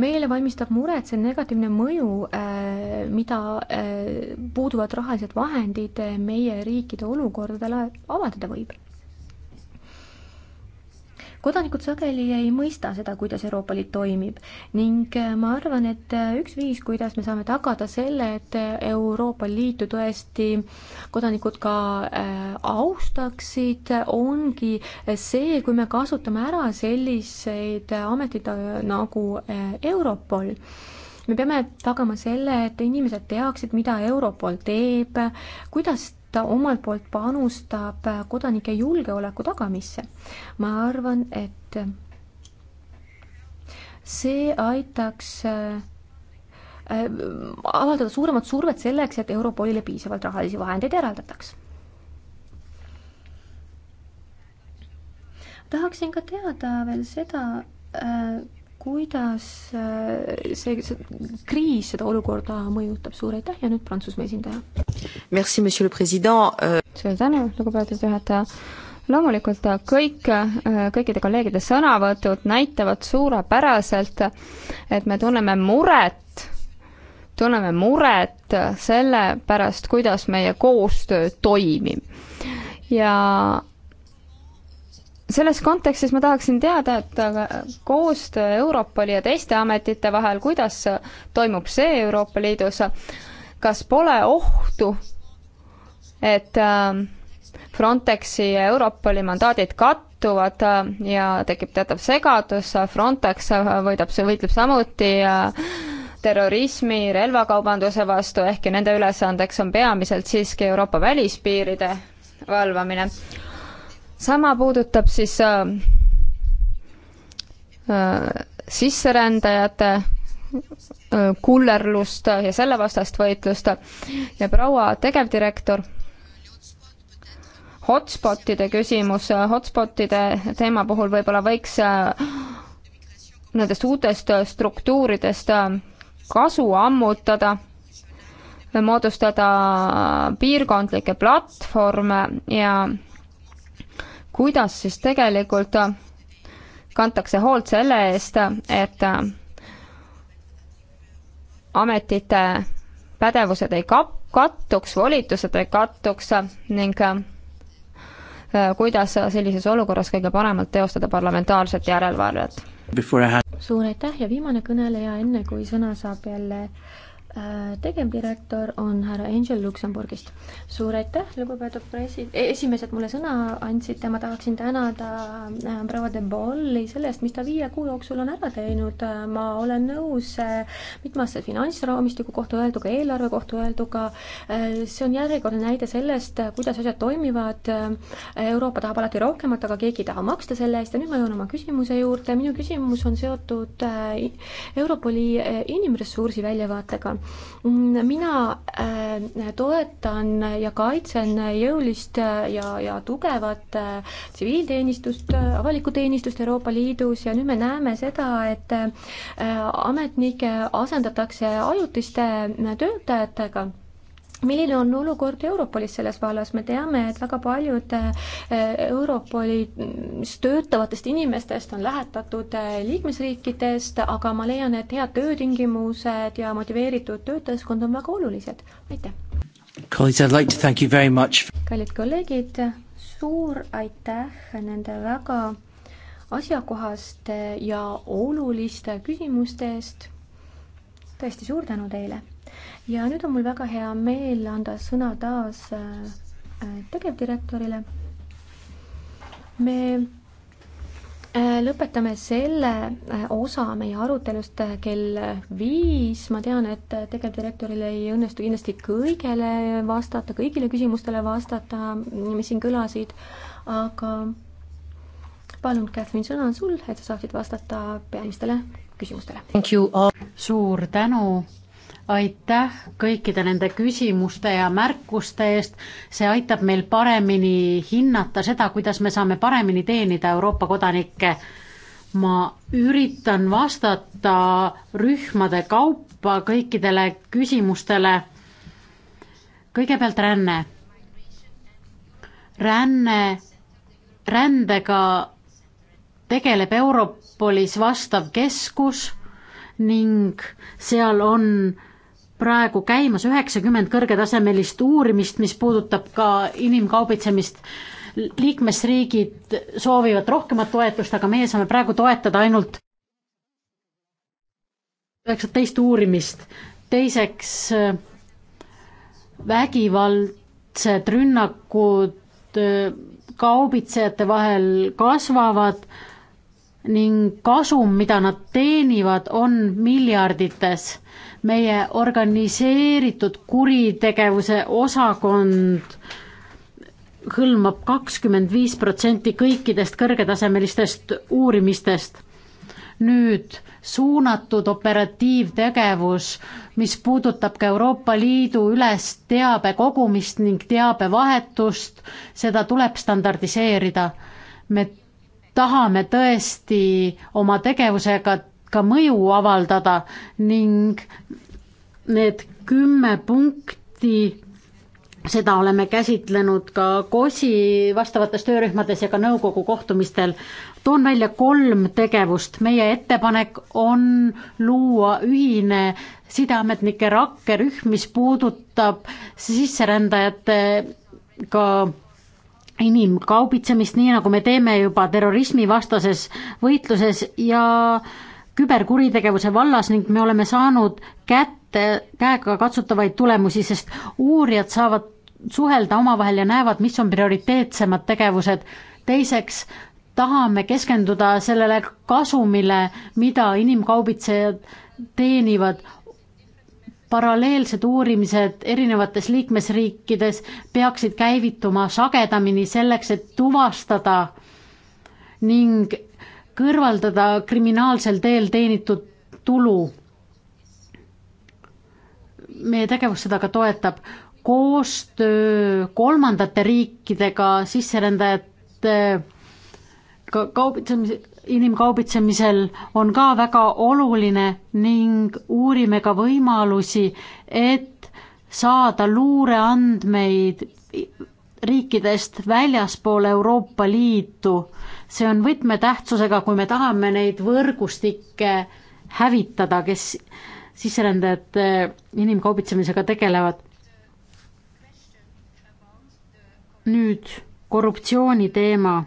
meile valmistab muret see negatiivne mõju, äh, mida äh, puuduvad rahalised vahendid meie riikide olukordadele avaldada võib kodanikud sageli ei mõista seda, kuidas Euroopa Liit toimib ning äh, ma arvan, et äh, üks viis, kuidas me saame tagada selle, et äh, Euroopa Liitu tõesti kodanikud ka austaksid, ongi see, kui me kasutame ära selliseid ameteid nagu Europol me peame tagama selle, et inimesed teaksid, mida Europol teeb, kuidas ta omalt poolt panustab äh, kodanike julgeoleku tagamisse. ma arvan, et see aitaks äh, äh, avaldada suuremat survet selleks, et Europolile piisavalt rahalisi vahendeid eraldataks. tahaksin ka teada veel seda, kuidas äh, see, see kriis seda olukorda mõjutab, suur aitäh ja nüüd Prantsusmaa esindaja. Merci, monsieur le president. Äh, suur tänu, lugupeetud juhataja. loomulikult kõik, äh, kõikide kolleegide sõnavõtud näitavad suurepäraselt, et me tunneme muret, tunneme muret selle pärast, kuidas meie koostöö toimib. ja selles kontekstis ma tahaksin teada, et koostöö Europoli ja teiste ametite vahel, kuidas toimub see Euroopa Liidus, kas pole ohtu, et äh, Frontexi ja Europoli mandaadid kattuvad äh, ja tekib teatav segadus, Frontex äh, võidab, võitleb samuti terrorismi, relvakaubanduse vastu, ehkki nende ülesandeks on peamiselt siiski Euroopa välispiiride valvamine sama puudutab siis äh, äh, sisserändajate äh, kullerlust ja sellevastast võitlust ja proua tegevdirektor hotspotide küsimus, hotspotide teema puhul võib-olla võiks äh, nendest uutest struktuuridest äh, kasu ammutada, moodustada piirkondlikke platvorme ja kuidas siis tegelikult äh, kantakse hoolt selle eest, et äh, ametite pädevused ei kap-, kattuks, volitused ei kattuks äh, ning kuidas sellises olukorras kõige paremalt teostada parlamentaarset järelevalvet. suur aitäh ja viimane kõneleja, enne kui sõna saab jälle Äh, tegevdirektor on härra Angel Luksemburgist. suur aitäh, lugupeetud presi-, e-, esimees, et mulle sõna andsite, ma tahaksin tänada äh, proua de Bolli selle eest, mis ta viie kuu jooksul on ära teinud. Äh, ma olen nõus mitmesse finantsraamistiku kohta öelduga, eelarve kohta öelduga. see on järjekordne näide sellest, kuidas asjad toimivad. Euroopa tahab alati rohkemat, aga keegi ei taha maksta selle eest ja nüüd ma jõuan oma küsimuse juurde. minu küsimus on seotud Europoli inimressursi väljavaatega mina äh, toetan ja kaitsen jõulist ja, ja tugevat äh, tsiviilteenistust, äh, avalikku teenistust Euroopa Liidus ja nüüd me näeme seda, et ametnikke asendatakse ajutiste töötajatega milline on olukord Europolis selles vallas, me teame, et väga paljud äh, Europolis töötavatest inimestest on lähetatud äh, liikmesriikidest, aga ma leian, et head töötingimused ja motiveeritud töötajaskond on väga olulised, aitäh! kallid kolleegid, suur aitäh nende väga asjakohaste ja oluliste küsimuste eest, tõesti suur tänu teile! ja nüüd on mul väga hea meel anda sõna taas äh, äh, tegevdirektorile. me äh, lõpetame selle osa meie arutelust kell viis. ma tean, et tegevdirektoril ei õnnestu kindlasti kõigele vastata, kõigile küsimustele vastata, mis siin kõlasid, aga palun, Catherine, sõna on sul, et sa saaksid vastata peamistele küsimustele. suur tänu aitäh kõikide nende küsimuste ja märkuste eest, see aitab meil paremini hinnata seda, kuidas me saame paremini teenida Euroopa kodanikke. ma üritan vastata rühmade kaupa kõikidele küsimustele. kõigepealt ränne. ränne, rändega tegeleb Europolis vastav keskus ning seal on praegu käimas üheksakümmend kõrgetasemelist uurimist, mis puudutab ka inimkaubitsemist. liikmesriigid soovivad rohkemat toetust, aga meie saame praegu toetada ainult üheksateist uurimist. teiseks vägivaldsed rünnakud kaubitsejate vahel kasvavad ning kasum, mida nad teenivad, on miljardites meie organiseeritud kuritegevuse osakond hõlmab kakskümmend viis protsenti kõikidest kõrgetasemelistest uurimistest. nüüd suunatud operatiivtegevus, mis puudutab ka Euroopa Liidu üles teabe kogumist ning teabevahetust, seda tuleb standardiseerida. me tahame tõesti oma tegevusega ka mõju avaldada ning need kümme punkti, seda oleme käsitlenud ka COSI vastavates töörühmades ja ka nõukogu kohtumistel. toon välja kolm tegevust, meie ettepanek on luua ühine sideametnike rakkerühm, mis puudutab sisserändajatega inimkaubitsemist, nii nagu me teeme juba terrorismivastases võitluses ja äh, küberkuritegevuse vallas ning me oleme saanud kätte käegakatsutavaid tulemusi, sest uurijad saavad suhelda omavahel ja näevad, mis on prioriteetsemad tegevused. teiseks tahame keskenduda sellele kasumile, mida inimkaubitsejad teenivad. paralleelsed uurimised erinevates liikmesriikides peaksid käivituma sagedamini selleks, et tuvastada ning kõrvaldada kriminaalsel teel teenitud tulu. meie tegevus seda ka toetab. koostöö kolmandate riikidega sisserändajate ka kaubitsemise, inimkaubitsemisel on ka väga oluline ning uurime ka võimalusi, et saada luureandmeid riikidest väljaspool Euroopa Liitu. see on võtmetähtsusega, kui me tahame neid võrgustikke hävitada, kes sisserändajate inimkaubitsemisega tegelevad. nüüd korruptsiooni teema.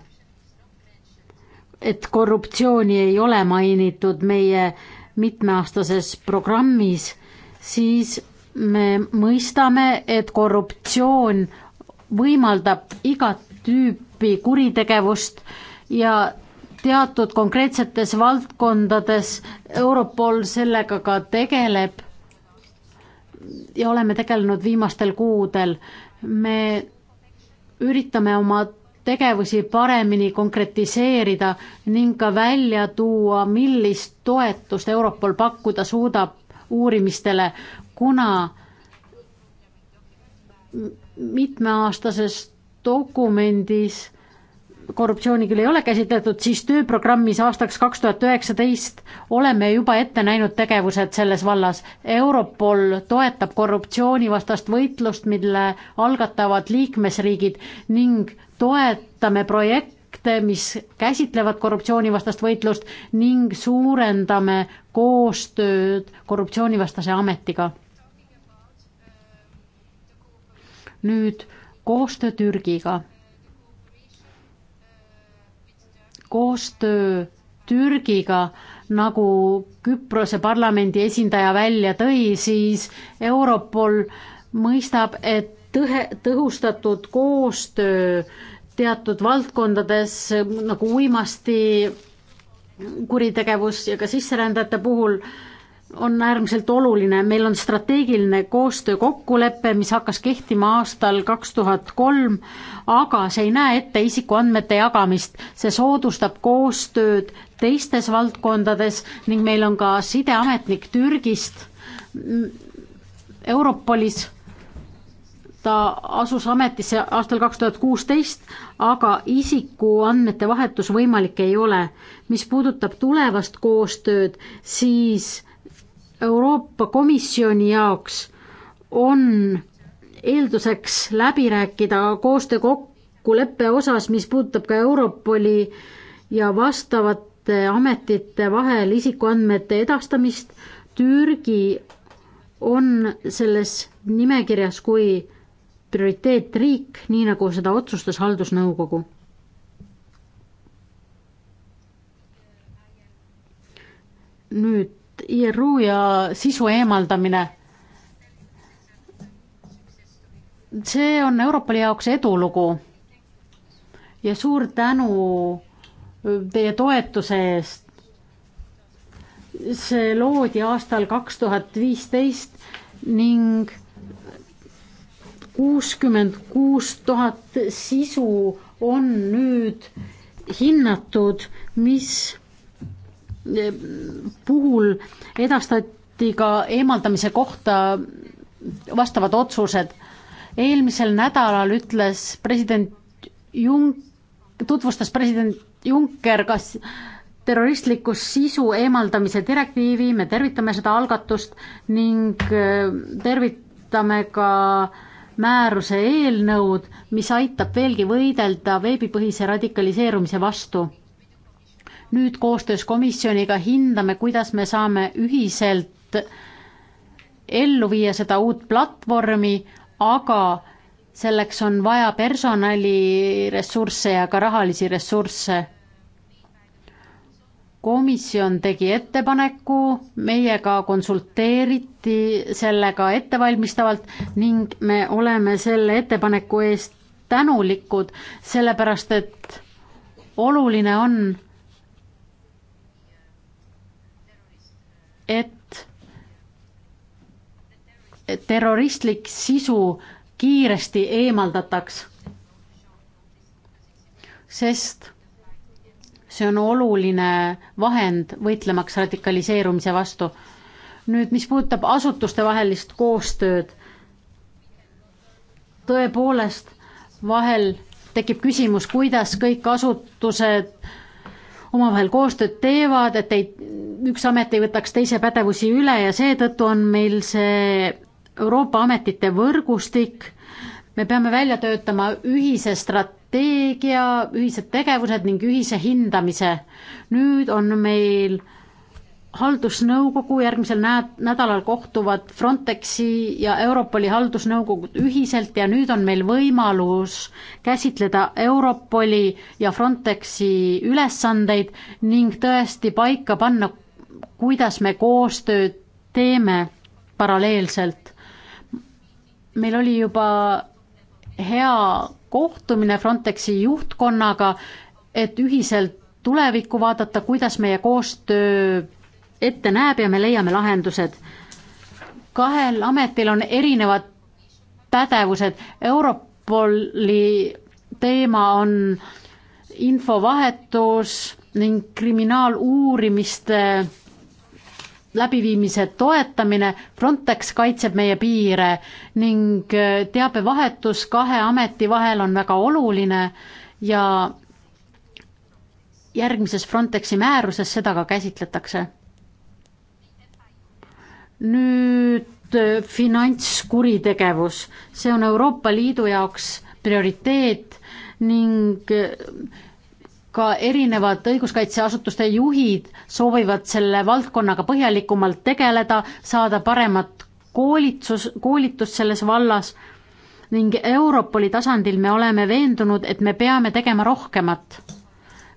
et korruptsiooni ei ole mainitud meie mitmeaastases programmis, siis me mõistame, et korruptsioon võimaldab igat tüüpi kuritegevust ja teatud konkreetsetes valdkondades Europol sellega ka tegeleb ja oleme tegelenud viimastel kuudel. me üritame oma tegevusi paremini konkretiseerida ning ka välja tuua, millist toetust Europol pakkuda suudab uurimistele, kuna mitmeaastases dokumendis korruptsiooni küll ei ole käsitletud, siis tööprogrammis aastaks kaks tuhat üheksateist oleme juba ette näinud tegevused selles vallas. Europol toetab korruptsioonivastast võitlust, mille algatavad liikmesriigid ning toetame projekte, mis käsitlevad korruptsioonivastast võitlust ning suurendame koostööd korruptsioonivastase ametiga nüüd koostöö Türgiga. koostöö Türgiga, nagu Küprose parlamendi esindaja välja tõi, siis Europol mõistab, et tõhe, tõhustatud koostöö teatud valdkondades nagu uimasti kuritegevus ja ka sisserändajate puhul äh, on äärmiselt oluline, meil on strateegiline koostöökokkulepe, mis hakkas kehtima aastal kaks tuhat kolm, aga see ei näe ette isikuandmete jagamist, see soodustab koostööd teistes valdkondades ning meil on ka sideametnik Türgist Europolis, ta asus ametisse aastal kaks tuhat kuusteist, aga isikuandmete vahetus võimalik ei ole. mis puudutab tulevast koostööd, siis Euroopa Komisjoni jaoks on eelduseks läbi rääkida koostöö kokkuleppe osas, mis puudutab ka Europoli ja vastavate ametite vahel isikuandmete edastamist. Türgi on selles nimekirjas kui prioriteetriik, nii nagu seda otsustas haldusnõukogu. nüüd seotud IRU ja sisu eemaldamine. see on Europoli jaoks edulugu. ja suur tänu teie toetuse eest. see loodi aastal kaks tuhat viisteist ning kuuskümmend kuus tuhat sisu on nüüd hinnatud, mis puhul edastati ka eemaldamise kohta vastavad otsused. eelmisel nädalal ütles president Jun-, tutvustas president Juncker, kas terroristliku sisu eemaldamise direktiivi, me tervitame seda algatust ning äh, tervitame ka määruse eelnõud, mis aitab veelgi võidelda veebipõhise radikaliseerumise vastu nüüd koostöös komisjoniga hindame, kuidas me saame ühiselt ellu viia seda uut platvormi, aga selleks on vaja personaliressursse ja ka rahalisi ressursse. komisjon tegi ettepaneku, meiega konsulteeriti sellega ettevalmistavalt ning me oleme selle ettepaneku eest tänulikud, sellepärast et oluline on, et terroristlik sisu kiiresti eemaldataks. sest see on oluline vahend võitlemaks radikaliseerumise vastu. nüüd, mis puudutab asutustevahelist koostööd, tõepoolest vahel tekib küsimus, kuidas kõik asutused äh, omavahel koostööd teevad, et ei, üks amet ei võtaks teise pädevusi üle ja seetõttu on meil see Euroopa ametite võrgustik, me peame välja töötama ühise strateegia, ühised tegevused ning ühise hindamise. nüüd on meil äh, haldusnõukogu järgmisel näed, nädalal kohtuvad Frontexi ja Europoli haldusnõukogud ühiselt ja nüüd on meil võimalus käsitleda Europoli ja Frontexi ülesandeid ning tõesti paika panna, kuidas me koostööd teeme paralleelselt. meil oli juba hea kohtumine Frontexi juhtkonnaga, et ühiselt tulevikku vaadata, kuidas meie koostöö ette näeb ja me leiame lahendused. kahel ametil on erinevad pädevused, Europoli teema on infovahetus ning kriminaaluurimiste läbiviimise toetamine, Frontex kaitseb meie piire ning teabevahetus kahe ameti vahel on väga oluline ja järgmises Frontexi määruses seda ka käsitletakse nüüd äh, finantskuritegevus, see on Euroopa Liidu jaoks prioriteet ning äh, ka erinevad õiguskaitseasutuste juhid soovivad selle valdkonnaga põhjalikumalt tegeleda, saada paremat koolitsus, koolitust selles vallas ning Europoli tasandil me oleme veendunud, et me peame tegema rohkemat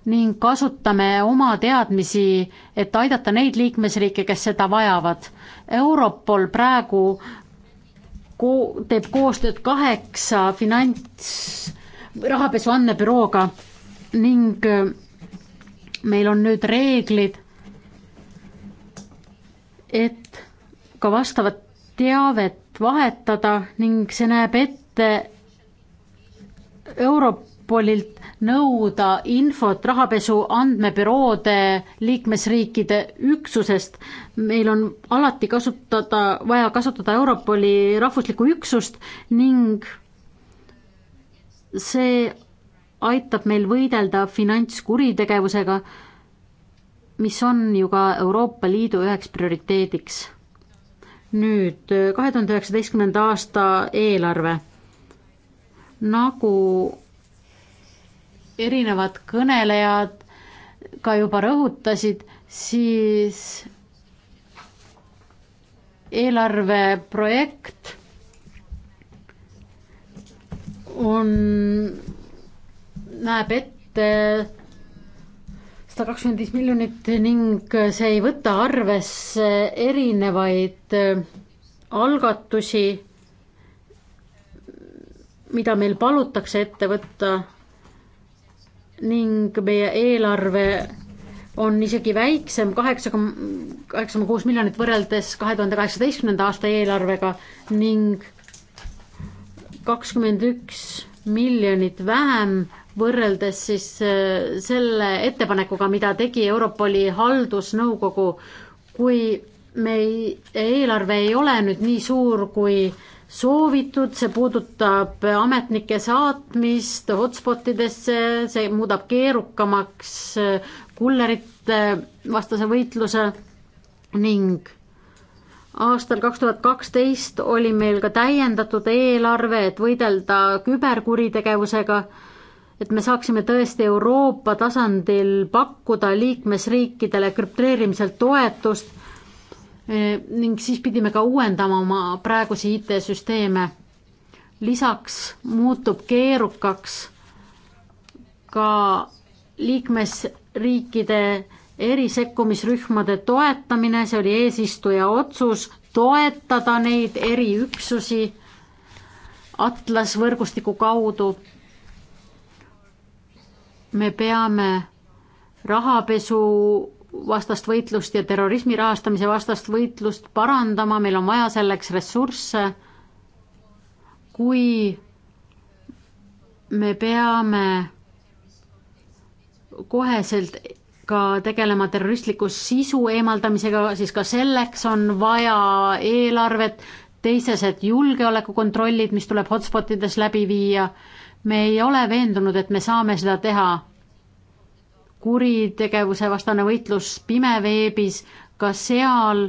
ning kasutame oma teadmisi, et aidata neid liikmesriike, kes seda vajavad. Europol praegu ko-, teeb koostööd kaheksa finants, rahapesu andmebürooga ning äh, meil on nüüd reeglid, et ka vastavat teavet vahetada ning see näeb ette Europolilt nõuda infot rahapesu andmebüroode liikmesriikide üksusest. meil on alati kasutada, vaja kasutada Europoli rahvuslikku üksust ning see aitab meil võidelda finantskuritegevusega, mis on ju ka Euroopa Liidu üheks prioriteediks. nüüd kahe tuhande üheksateistkümnenda aasta eelarve. nagu erinevad kõnelejad ka juba rõhutasid, siis eelarveprojekt on, näeb ette sada kakskümmend viis miljonit ning see ei võta arvesse erinevaid äh, algatusi, mida meil palutakse ette võtta ning meie eelarve on isegi väiksem, kaheksa koma, kaheksa koma kuus miljonit võrreldes kahe tuhande kaheksateistkümnenda aasta eelarvega ning kakskümmend üks miljonit vähem võrreldes siis äh, selle ettepanekuga, mida tegi Europoli haldusnõukogu. kui meie eelarve ei ole nüüd nii suur, kui soovitud, see puudutab ametnike saatmist hotspotidesse, see muudab keerukamaks kullerite vastase võitluse ning aastal kaks tuhat kaksteist oli meil ka täiendatud eelarve, et võidelda küberkuritegevusega, et me saaksime tõesti Euroopa tasandil pakkuda liikmesriikidele krüpteerimiselt toetust Eh, ning siis pidime ka uuendama oma praegusi IT-süsteeme. lisaks muutub keerukaks ka liikmesriikide erisekkumisrühmade toetamine, see oli eesistuja otsus toetada neid eriüksusi Atlas võrgustiku kaudu. me peame rahapesu vastast võitlust ja terrorismi rahastamise vastast võitlust parandama, meil on vaja selleks ressursse. kui me peame koheselt ka tegelema terroristliku sisu eemaldamisega, siis ka selleks on vaja eelarvet, teises, et julgeolekukontrollid, mis tuleb hotspotides läbi viia, me ei ole veendunud, et me saame seda teha kuritegevuse vastane võitlus pimeveebis, ka seal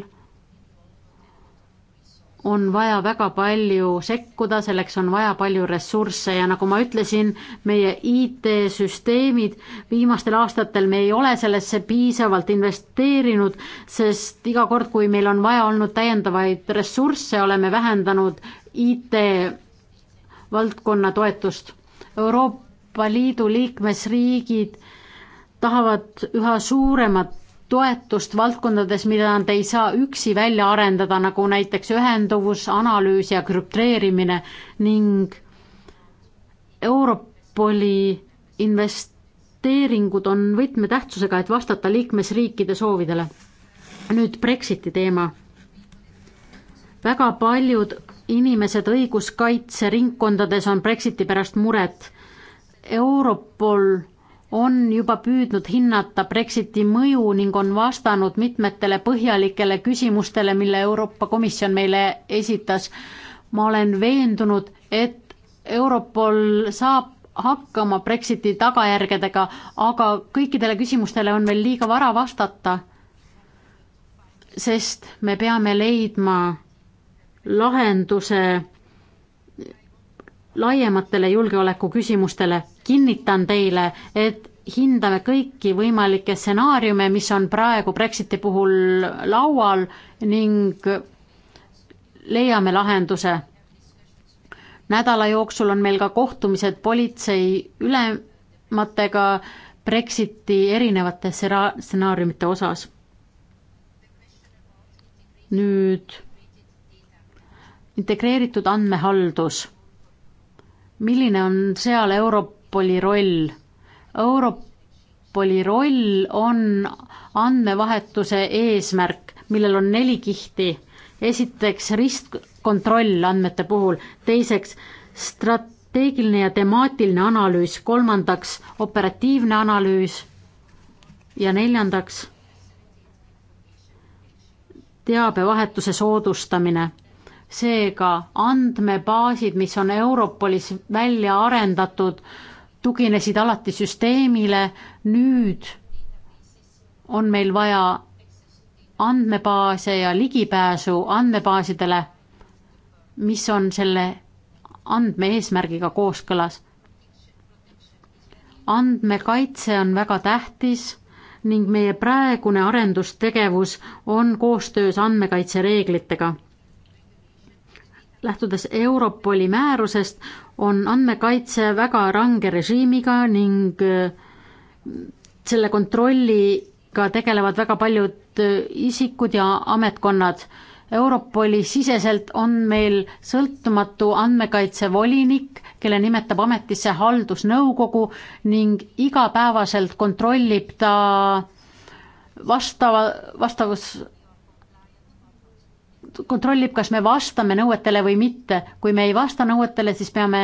on vaja väga palju sekkuda, selleks on vaja palju ressursse ja nagu ma ütlesin, meie IT-süsteemid viimastel aastatel me ei ole sellesse piisavalt investeerinud, sest iga kord, kui meil on vaja olnud täiendavaid ressursse, oleme vähendanud IT valdkonna toetust. Euroopa Liidu liikmesriigid tahavad üha suuremat toetust valdkondades, mida nad ei saa üksi välja arendada, nagu näiteks ühenduvus, analüüs ja krüpteerimine ning Europoli investeeringud on võtmetähtsusega, et vastata liikmesriikide soovidele. nüüd Brexiti teema. väga paljud inimesed õiguskaitseringkondades on Brexiti pärast muret. Europol on juba püüdnud hinnata Brexiti mõju ning on vastanud mitmetele põhjalikele küsimustele, mille Euroopa Komisjon meile esitas. ma olen veendunud, et Europol saab hakkama Brexiti tagajärgedega, aga kõikidele küsimustele on veel liiga vara vastata. sest me peame leidma lahenduse laiematele julgeolekuküsimustele kinnitan teile, et hindame kõiki võimalikke stsenaariume, mis on praegu Brexiti puhul laual ning leiame lahenduse. nädala jooksul on meil ka kohtumised politsei ülematega Brexiti erinevate stsenaariumite osas. nüüd integreeritud andmehaldus. milline on seal Euroopa Europoli roll. Europoli roll on andmevahetuse eesmärk, millel on neli kihti. esiteks ristkontroll andmete puhul, teiseks strateegiline ja temaatiline analüüs, kolmandaks operatiivne analüüs ja neljandaks teabevahetuse soodustamine seega andmebaasid, mis on Europolis välja arendatud, tuginesid alati süsteemile, nüüd on meil vaja andmebaase ja ligipääsu andmebaasidele, mis on selle andme eesmärgiga kooskõlas. andmekaitse on väga tähtis ning meie praegune arendustegevus on koostöös andmekaitsereeglitega lähtudes Europoli määrusest, on andmekaitse väga range režiimiga ning äh, selle kontrolliga tegelevad väga paljud äh, isikud ja ametkonnad. Europoli siseselt on meil sõltumatu andmekaitsevolinik, kelle nimetab ametisse haldusnõukogu ning igapäevaselt kontrollib ta vastava, vastavus kontrollib, kas me vastame nõuetele või mitte. kui me ei vasta nõuetele, siis peame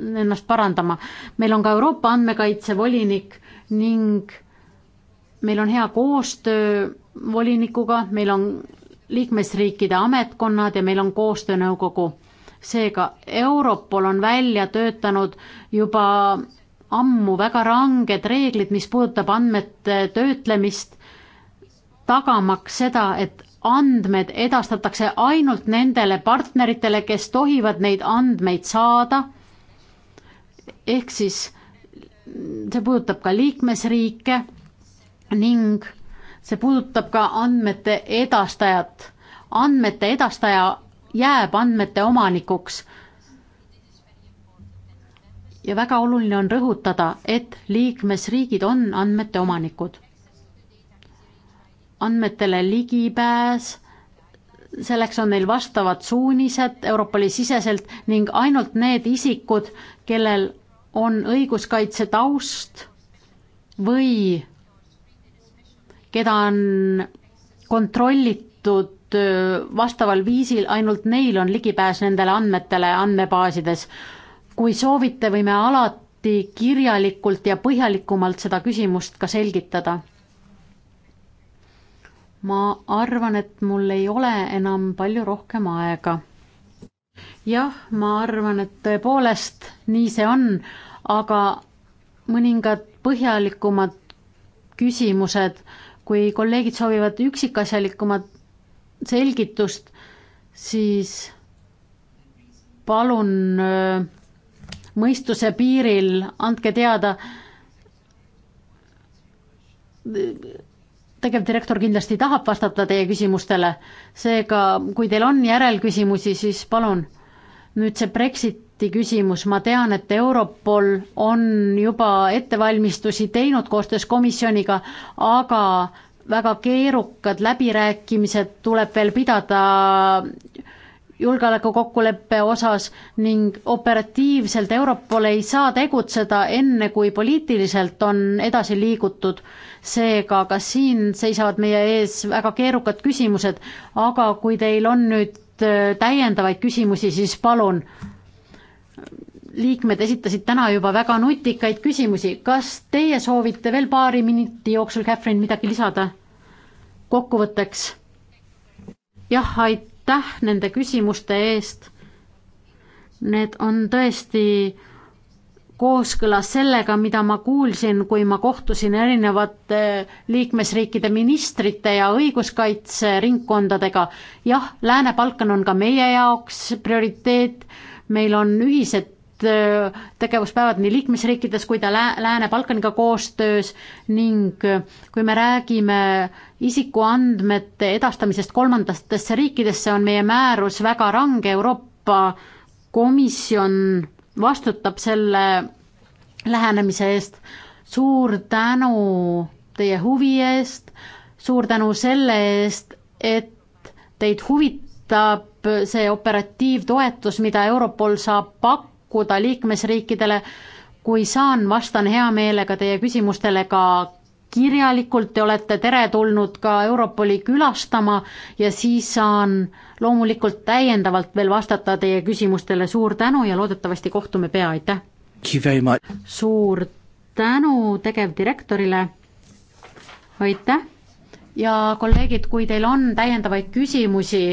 ennast parandama. meil on ka Euroopa andmekaitsevolinik ning meil on hea koostöö volinikuga, meil on liikmesriikide ametkonnad ja meil on koostöönõukogu. seega Europol on välja töötanud juba ammu väga ranged reeglid, mis puudutab andmete töötlemist, tagamaks seda, et andmed edastatakse ainult nendele partneritele, kes tohivad neid andmeid saada. ehk siis see puudutab ka liikmesriike ning see puudutab ka andmete edastajat. andmete edastaja jääb andmete omanikuks. ja väga oluline on rõhutada, et liikmesriigid on andmete omanikud andmetele ligipääs, selleks on neil vastavad suunised Euroopa Liidu siseselt ning ainult need isikud, kellel on õiguskaitse taust või keda on kontrollitud äh, vastaval viisil, ainult neil on ligipääs nendele andmetele andmebaasides. kui soovite, võime alati kirjalikult ja põhjalikumalt seda küsimust ka selgitada ma arvan, et mul ei ole enam palju rohkem aega. jah, ma arvan, et tõepoolest nii see on, aga mõningad põhjalikumad küsimused, kui kolleegid soovivad üksikasjalikumat selgitust, siis palun öö, mõistuse piiril andke teada tegevdirektor kindlasti tahab vastata teie küsimustele, seega kui teil on järelküsimusi, siis palun. nüüd see Brexiti küsimus, ma tean, et Europol on juba ettevalmistusi teinud koostöös komisjoniga, aga väga keerukad läbirääkimised tuleb veel pidada julgeolekukokkuleppe osas ning operatiivselt Europol ei saa tegutseda enne, kui poliitiliselt on edasi liigutud. seega ka siin seisavad meie ees väga keerukad küsimused, aga kui teil on nüüd äh, täiendavaid küsimusi, siis palun. liikmed esitasid täna juba väga nutikaid küsimusi, kas teie soovite veel paari minuti jooksul, Catherine, midagi lisada? kokkuvõtteks jah, aitäh aitäh nende küsimuste eest. Need on tõesti kooskõlas sellega, mida ma kuulsin, kui ma kohtusin erinevate liikmesriikide ministrite ja õiguskaitseringkondadega. jah, Lääne-Balkan on ka meie jaoks prioriteet, meil on ühised Äh, tegevuspäevad nii liikmesriikides kui ta Lääne-Balkaniga koostöös ning kui me räägime isikuandmete edastamisest kolmandatesse riikidesse, on meie määrus väga range, Euroopa Komisjon vastutab selle lähenemise eest. suur tänu teie huvi eest, suur tänu selle eest, et teid huvitab see operatiivtoetus, mida Europol saab pakkuda pakkuda liikmesriikidele. kui saan, vastan hea meelega teie küsimustele ka kirjalikult, te olete teretulnud ka Europoli külastama ja siis saan loomulikult täiendavalt veel vastata teie küsimustele, suur tänu ja loodetavasti kohtume pea, aitäh! suur tänu tegevdirektorile, aitäh! ja kolleegid, kui teil on täiendavaid küsimusi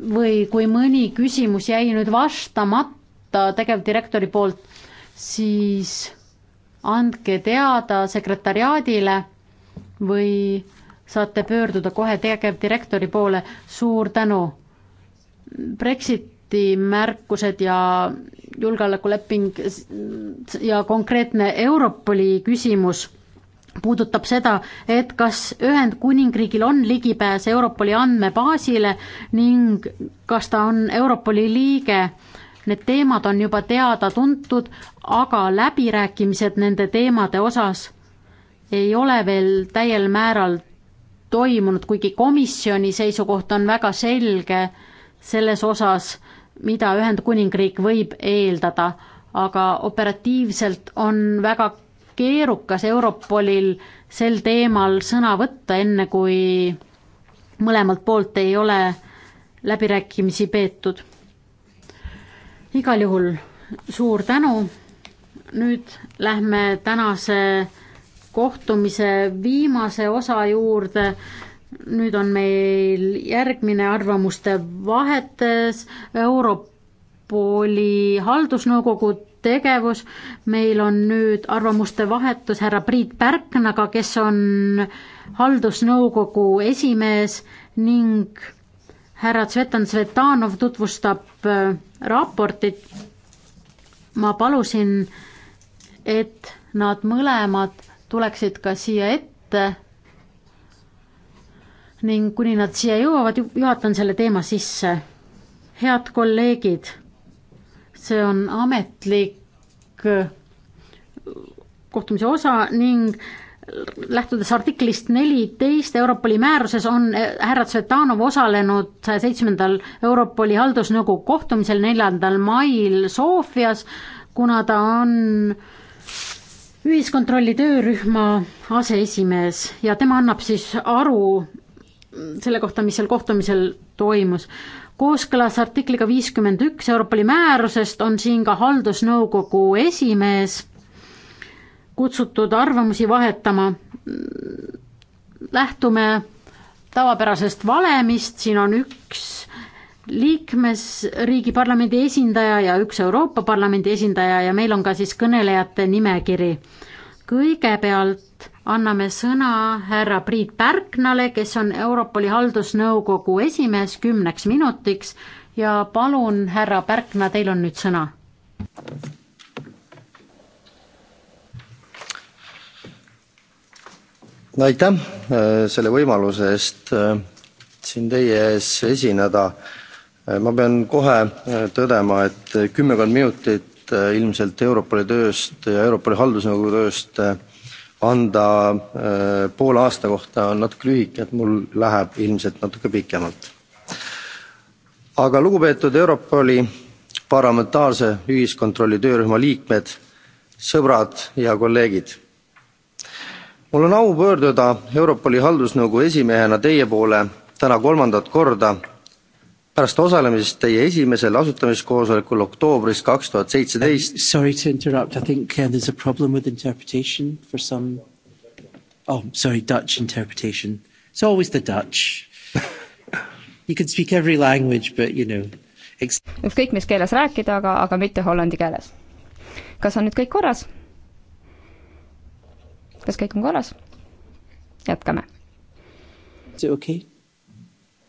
või kui mõni küsimus jäi nüüd vastamata, kuulda tegevdirektori poolt, siis andke teada sekretariaadile või saate pöörduda kohe tegevdirektori poole, suur tänu. Brexiti märkused ja julgeolekuleping ja konkreetne Europoli küsimus puudutab seda, et kas Ühendkuningriigil on ligipääs Europoli andmebaasile ning kas ta on Europoli liige Need teemad on juba teada-tuntud, aga läbirääkimised nende teemade osas ei ole veel täiel määral toimunud, kuigi komisjoni seisukoht on väga selge selles osas, mida Ühendkuningriik võib eeldada, aga operatiivselt on väga keerukas Europolil sel teemal sõna võtta, enne kui mõlemalt poolt ei ole läbirääkimisi peetud igal juhul suur tänu. nüüd lähme tänase kohtumise viimase osa juurde. nüüd on meil järgmine arvamuste vahetes Europoli haldusnõukogu tegevus. meil on nüüd arvamuste vahetus härra Priit Pärknaga, kes on haldusnõukogu esimees ning härra Tsvetan Tsvetanov tutvustab äh, raportit. ma palusin, et nad mõlemad tuleksid ka siia ette ning kuni nad siia jõuavad, juhatan selle teema sisse. head kolleegid, see on ametlik kohtumise osa ning lähtudes artiklist neliteist Europoli määruses on eh, härra Tsvetanov osalenud saja seitsmendal Europoli haldusnõukogu kohtumisel neljandal mail Sofias, kuna ta on ühiskontrolli töörühma aseesimees ja tema annab siis aru selle kohta, mis seal kohtumisel toimus. kooskõlas artikliga viiskümmend üks Europoli määrusest on siin ka haldusnõukogu esimees kutsutud arvamusi vahetama. lähtume tavapärasest valemist, siin on üks liikmesriigi parlamendi esindaja ja üks Euroopa Parlamendi esindaja ja meil on ka siis kõnelejate nimekiri. kõigepealt anname sõna härra Priit Pärknale, kes on Europoli haldusnõukogu esimees kümneks minutiks ja palun, härra Pärkna, teil on nüüd sõna. aitäh äh, selle võimaluse eest äh, siin teie ees esineda. Äh, ma pean kohe tõdema, et kümmekond minutit ilmselt Europoli tööst ja Europoli haldusnõukogu tööst anda poole aasta kohta on natuke lühike, et mul läheb ilmselt natuke pikemalt. aga lugupeetud Europoli parlamentaarse ühiskontrolli töörühma liikmed, sõbrad ja kolleegid mul on au pöörduda europoli haldusnõukogu esimehena teie poole täna kolmandat korda pärast osalemist teie esimesel asutamiskoosolekul oktoobris 2017 uh, sorry to interrupt i think uh, there's a problem with interpretation for some oh sorry dutch interpretation it's always the dutch you can speak every language but you know ükskõik mis keeles rääkida aga aga mitte hollandi keeles kas on nüüd kõik korras kas kõik on korras? jätkame. Is it okay?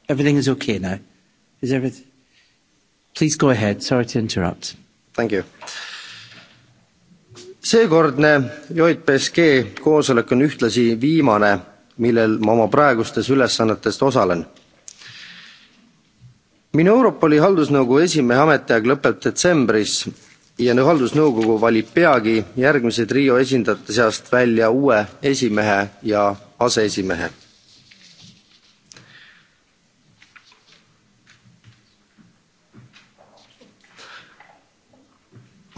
Everything is okay now? Is everything? Please go ahead, sorry to interrupt. Thank you. seekordne JPSG koosolek on ühtlasi viimane, millel ma oma praegustes ülesannetest osalen minu europoli haldusnõukogu esimehe ametiaeg lõpeb detsembris INÜ haldusnõukogu valib peagi järgmise trio esindajate seast välja uue esimehe ja aseesimehe.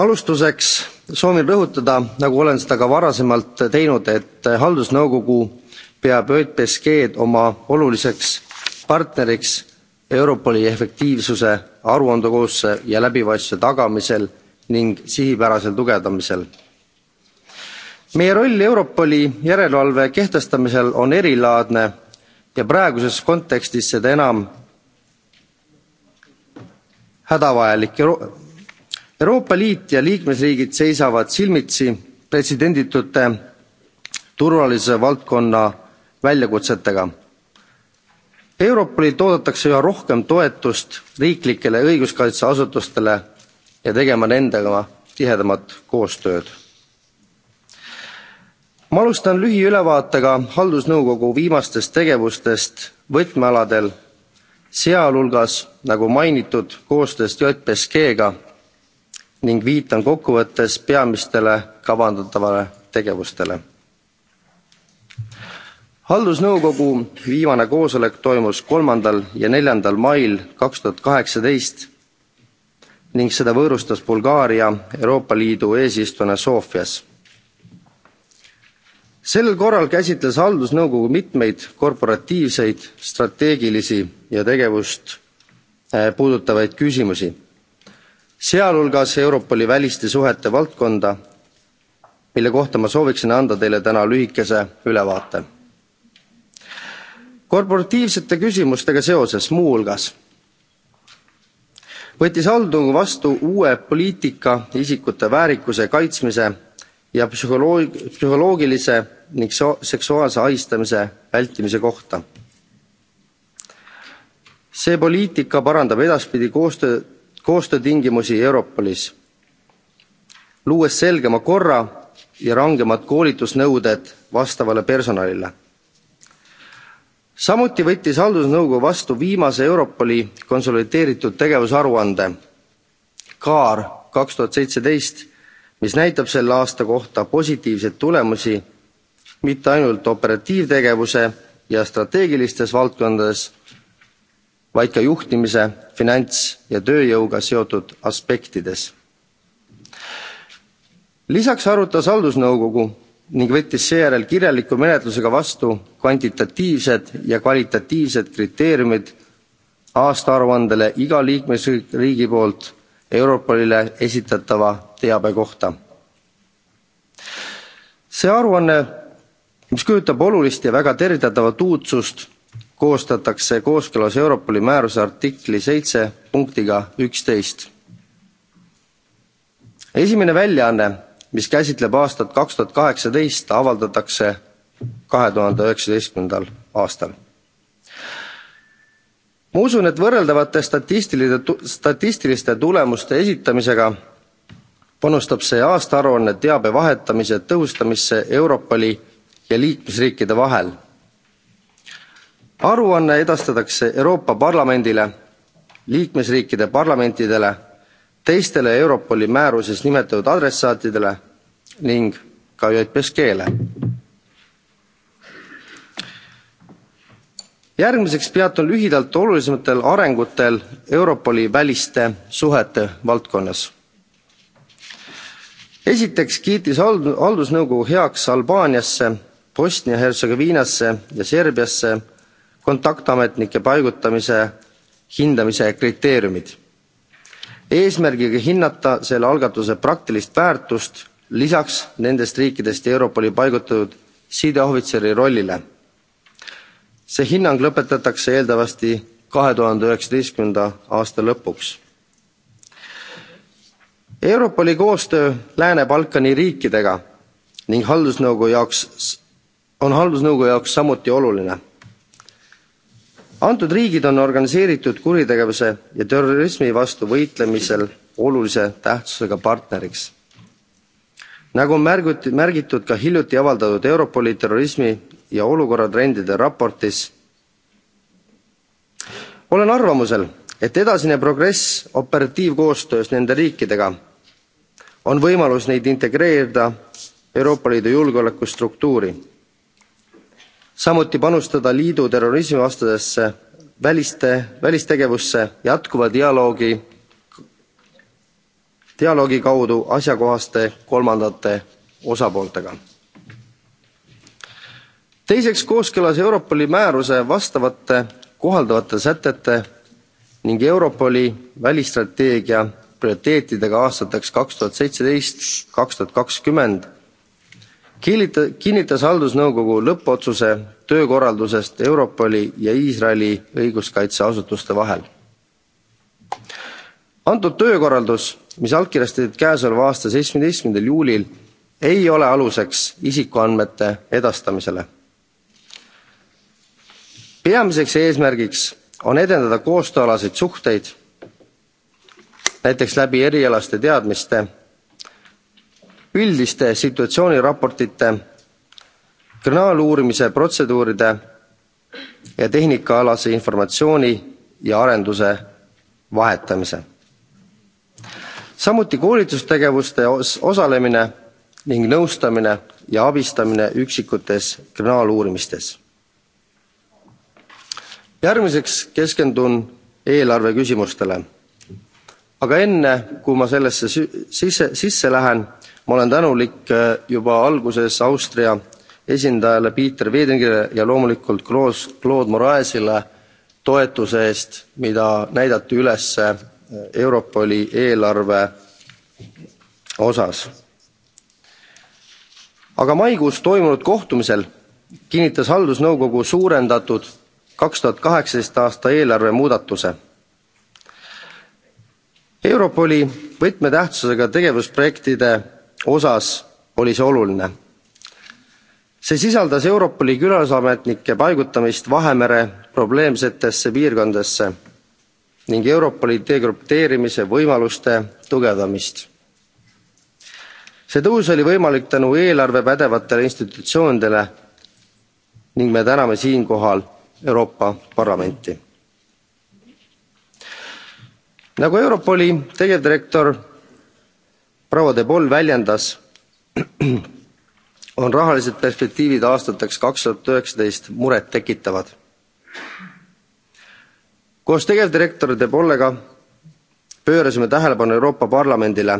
alustuseks soovin rõhutada nagu olen seda ka varasemalt teinud et haldusnõukogu peab ÖTSG-d oma oluliseks partneriks europoli efektiivsuse aruandekohustuse ja läbipaistvuse tagamisel ning sihipärasel tugevdamisel. meie roll europoli järelevalve kehtestamisel on erilaadne ja praeguses kontekstis seda enam hädavajalik. euroopa liit ja liikmesriigid seisavad silmitsi pretsedenditute turvalisuse valdkonna väljakutsetega. europolilt oodatakse üha rohkem toetust riiklikele õiguskaitseasutustele ja tegema nendega tihedamat koostööd. ma alustan lühiülevaatega haldusnõukogu viimastest tegevustest võtmealadel sealhulgas nagu mainitud koostööst jpskga ning viitan kokkuvõttes peamistele kavandatavale tegevustele. haldusnõukogu viimane koosolek toimus 3 ja 4 mail 2018 ning seda võõrustas bulgaaria euroopa liidu eesistujana sofias. sellel korral käsitles haldusnõukogu mitmeid korporatiivseid strateegilisi ja tegevust äh, puudutavaid küsimusi sealhulgas europoli väliste suhete valdkonda mille kohta ma sooviksin anda teile täna lühikese ülevaate. korporatiivsete küsimustega seoses muuhulgas võttis Altung vastu uue poliitika isikute väärikuse kaitsmise ja psühholoogilise ning seksuaalse ahistamise vältimise kohta. see poliitika parandab edaspidi koostöö, koostöötingimusi Europolis, luues selgema korra ja rangemad koolitusnõuded vastavale personalile samuti võttis haldusnõukogu vastu viimase europoli konsolideeritud tegevusaruande mis näitab selle aasta kohta positiivseid tulemusi mitte ainult operatiivtegevuse ja strateegilistes valdkondades vaid ka juhtimise finants ja tööjõuga seotud aspektides. lisaks arutas haldusnõukogu ning võttis seejärel kirjaliku menetlusega vastu kvantitatiivsed ja kvalitatiivsed kriteeriumid aastaaruandele iga liikmesriigi poolt europolile esitatava teabe kohta. see aruanne mis kujutab olulist ja väga tervitatavat uudsust koostatakse kooskõlas europoli määruse artikli 7 punktiga 11. esimene väljaanne mis käsitleb aastat 2018 avaldatakse 2019. aastal. ma usun et võrreldavate statistiliste tulemuste esitamisega panustab see aastaaruanne teabe vahetamise tõhustamisse europoli ja liikmesriikide vahel. aruanne edastatakse euroopa parlamendile liikmesriikide parlamentidele teistele europoli määruses nimetatud adressaatidele ning ka jpskle. järgmiseks peatun lühidalt olulisematel arengutel europoli väliste suhete valdkonnas. esiteks kiitis haldusnõukogu heaks albaaniasse bosnia hertsegoviinasse ja serbiasse kontaktametnike paigutamise hindamise kriteeriumid eesmärgiga hinnata selle algatuse praktilist väärtust lisaks nendest riikidest europoli paigutatud sideohvitseri rollile. see hinnang lõpetatakse eeldatavasti 2019 aasta lõpuks. europoli koostöö lääne balkani riikidega ning haldusnõukogu jaoks on haldusnõukogu jaoks samuti oluline antud riigid on organiseeritud kuritegevuse ja terrorismi vastu võitlemisel olulise tähtsusega partneriks nagu on märguti, märgitud ka hiljuti avaldatud europoli terrorismi ja olukorratrendide raportis olen arvamusel et edasine progress operatiivkoostöös nende riikidega on võimalus neid integreerida euroopa liidu julgeolekustruktuuri samuti panustada liidu terrorismivastasesse välistegevusse jätkuva dialoogi kaudu asjakohaste kolmandate osapooltega. teiseks kooskõlas europoli määruse vastavate kohaldavate sätete ning europoli välisstrateegia prioriteetidega aastateks 2017 2020 kinnitas haldusnõukogu lõppotsuse töökorraldusest europoli ja iisraeli õiguskaitseasutuste vahel. antud töökorraldus mis allkirjastati käesoleva aasta 17 juulil ei ole aluseks isikuandmete edastamisele. peamiseks eesmärgiks on edendada koostööalaseid suhteid näiteks läbi erialaste teadmiste üldiste situatsiooniraportite kriminaaluurimise protseduuride ja tehnikaalase informatsiooni ja arenduse vahetamise samuti koolitustegevustes osalemine ning nõustamine ja abistamine üksikutes kriminaaluurimistes. järgmiseks keskendun eelarve küsimustele aga enne kui ma sellesse sisse, sisse lähen ma olen tänulik eh, juba alguses austria esindajale pieter wedingile ja loomulikult claude moraesile toetuse eest mida näidati üles eh, europoli eelarve osas. aga maikuus toimunud kohtumisel kinnitas haldusnõukogu suurendatud 2018. aasta eelarve muudatuse. europoli võtmetähtsusega tegevusprojektide osas oli see oluline. see sisaldas europoli külasametnike paigutamist vahemere probleemsetesse piirkondadesse ning europoli degrupeerimise võimaluste tugevdamist. see tõus oli võimalik tänu eelarve pädevatele institutsioonidele ning me täname siinkohal euroopa parlamenti. nagu europoli tegevdirektor proua de Boll väljendas, on rahalised perspektiivid aastateks 2019 muret tekitavad. Koos tegevdirektor de Bollega pöörasime tähelepanu Euroopa Parlamendile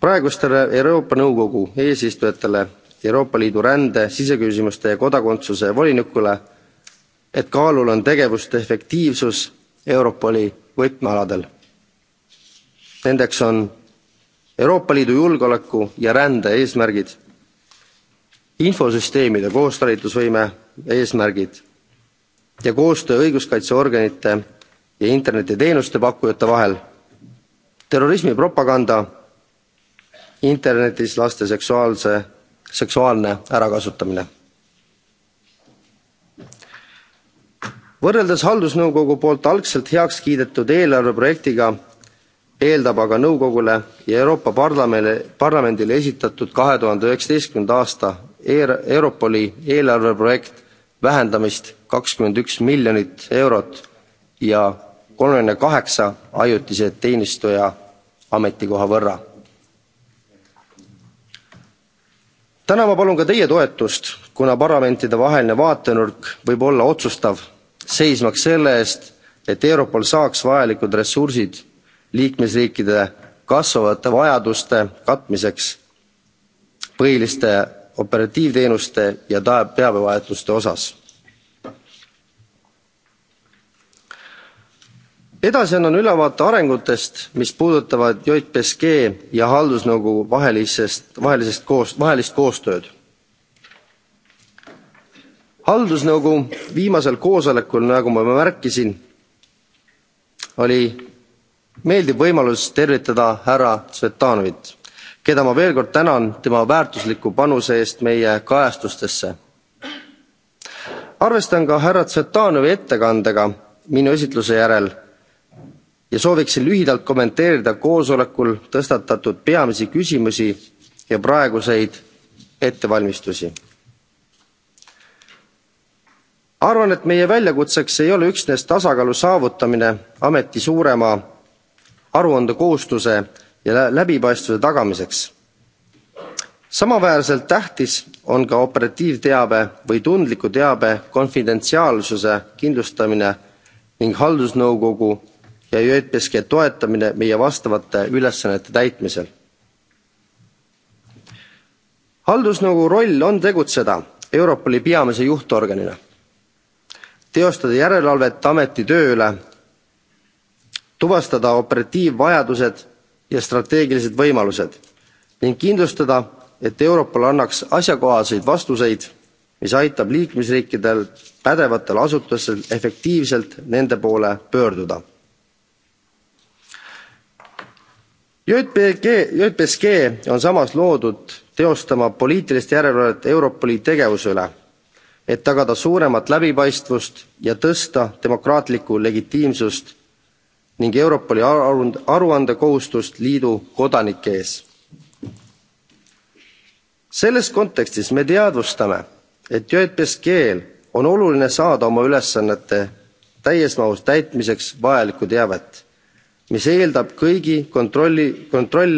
praegustele Euroopa Nõukogu eesistujatele Euroopa Liidu rände, siseküsimuste ja kodakondsuse volinikule, et kaalul on tegevuste efektiivsus Europoli võtmealadel. Nendeks on euroopa liidu julgeoleku ja rände eesmärgid infosüsteemide koostalitusvõime eesmärgid ja koostöö õiguskaitseorganite ja internetiteenuste pakkujate vahel terrorismipropaganda internetis laste seksuaalse seksuaalne ärakasutamine. võrreldes haldusnõukogu poolt algselt heaks kiidetud eelarveprojektiga eeldab aga nõukogule ja euroopa parlamendile esitatud 2019 aasta europoli eelarveprojekt vähendamist 21 miljonit eurot ja 38 ajutise teenistuja ametikoha võrra. täna ma palun ka teie toetust kuna parlamentidevaheline vaatenurk võib olla otsustav seismaks selle eest et europol saaks vajalikud ressursid liikmesriikide kasvavate vajaduste katmiseks põhiliste operatiivteenuste ja teabevahetuse osas. edasi annan ülevaate arengutest mis puudutavad jpsg ja haldusnõukogu vahelisest, vahelisest koos, vahelist koostööd. haldusnõukogu viimasel koosolekul nagu ma märkisin oli meeldiv võimalus tervitada härra tsvetanovit keda ma veel kord tänan tema väärtusliku panuse eest meie kajastustesse. arvestan ka härra tsvetanovi ettekandega minu esitluse järel ja sooviksin lühidalt kommenteerida koosolekul tõstatatud peamisi küsimusi ja praeguseid ettevalmistusi. arvan et meie väljakutseks ei ole üksnes tasakaalu saavutamine ameti suurema aruandekohustuse ja läbipaistvuse tagamiseks. samaväärselt tähtis on ka operatiivteabe või tundliku teabe konfidentsiaalsuse kindlustamine ning haldusnõukogu ja jpsk toetamine meie vastavate ülesannete täitmisel. haldusnõukogu roll on tegutseda europoli peamise juhtorganina teostada järelevalvet ameti töö üle tuvastada operatiivvajadused ja strateegilised võimalused ning kindlustada et europol annaks asjakohaseid vastuseid mis aitab liikmesriikidel pädevatel asutustel efektiivselt nende poole pöörduda. jpsg on samas loodud teostama poliitilist järelevalvet europoli tegevuse üle et tagada suuremat läbipaistvust ja tõsta demokraatlikku legitiimsust ning europoli aruandekohustust liidu kodanike ees. selles kontekstis me teadvustame et jpsg-l on oluline saada oma ülesannete täies mahus täitmiseks vajalikku teavet mis eeldab kõigi kontrolli kontroll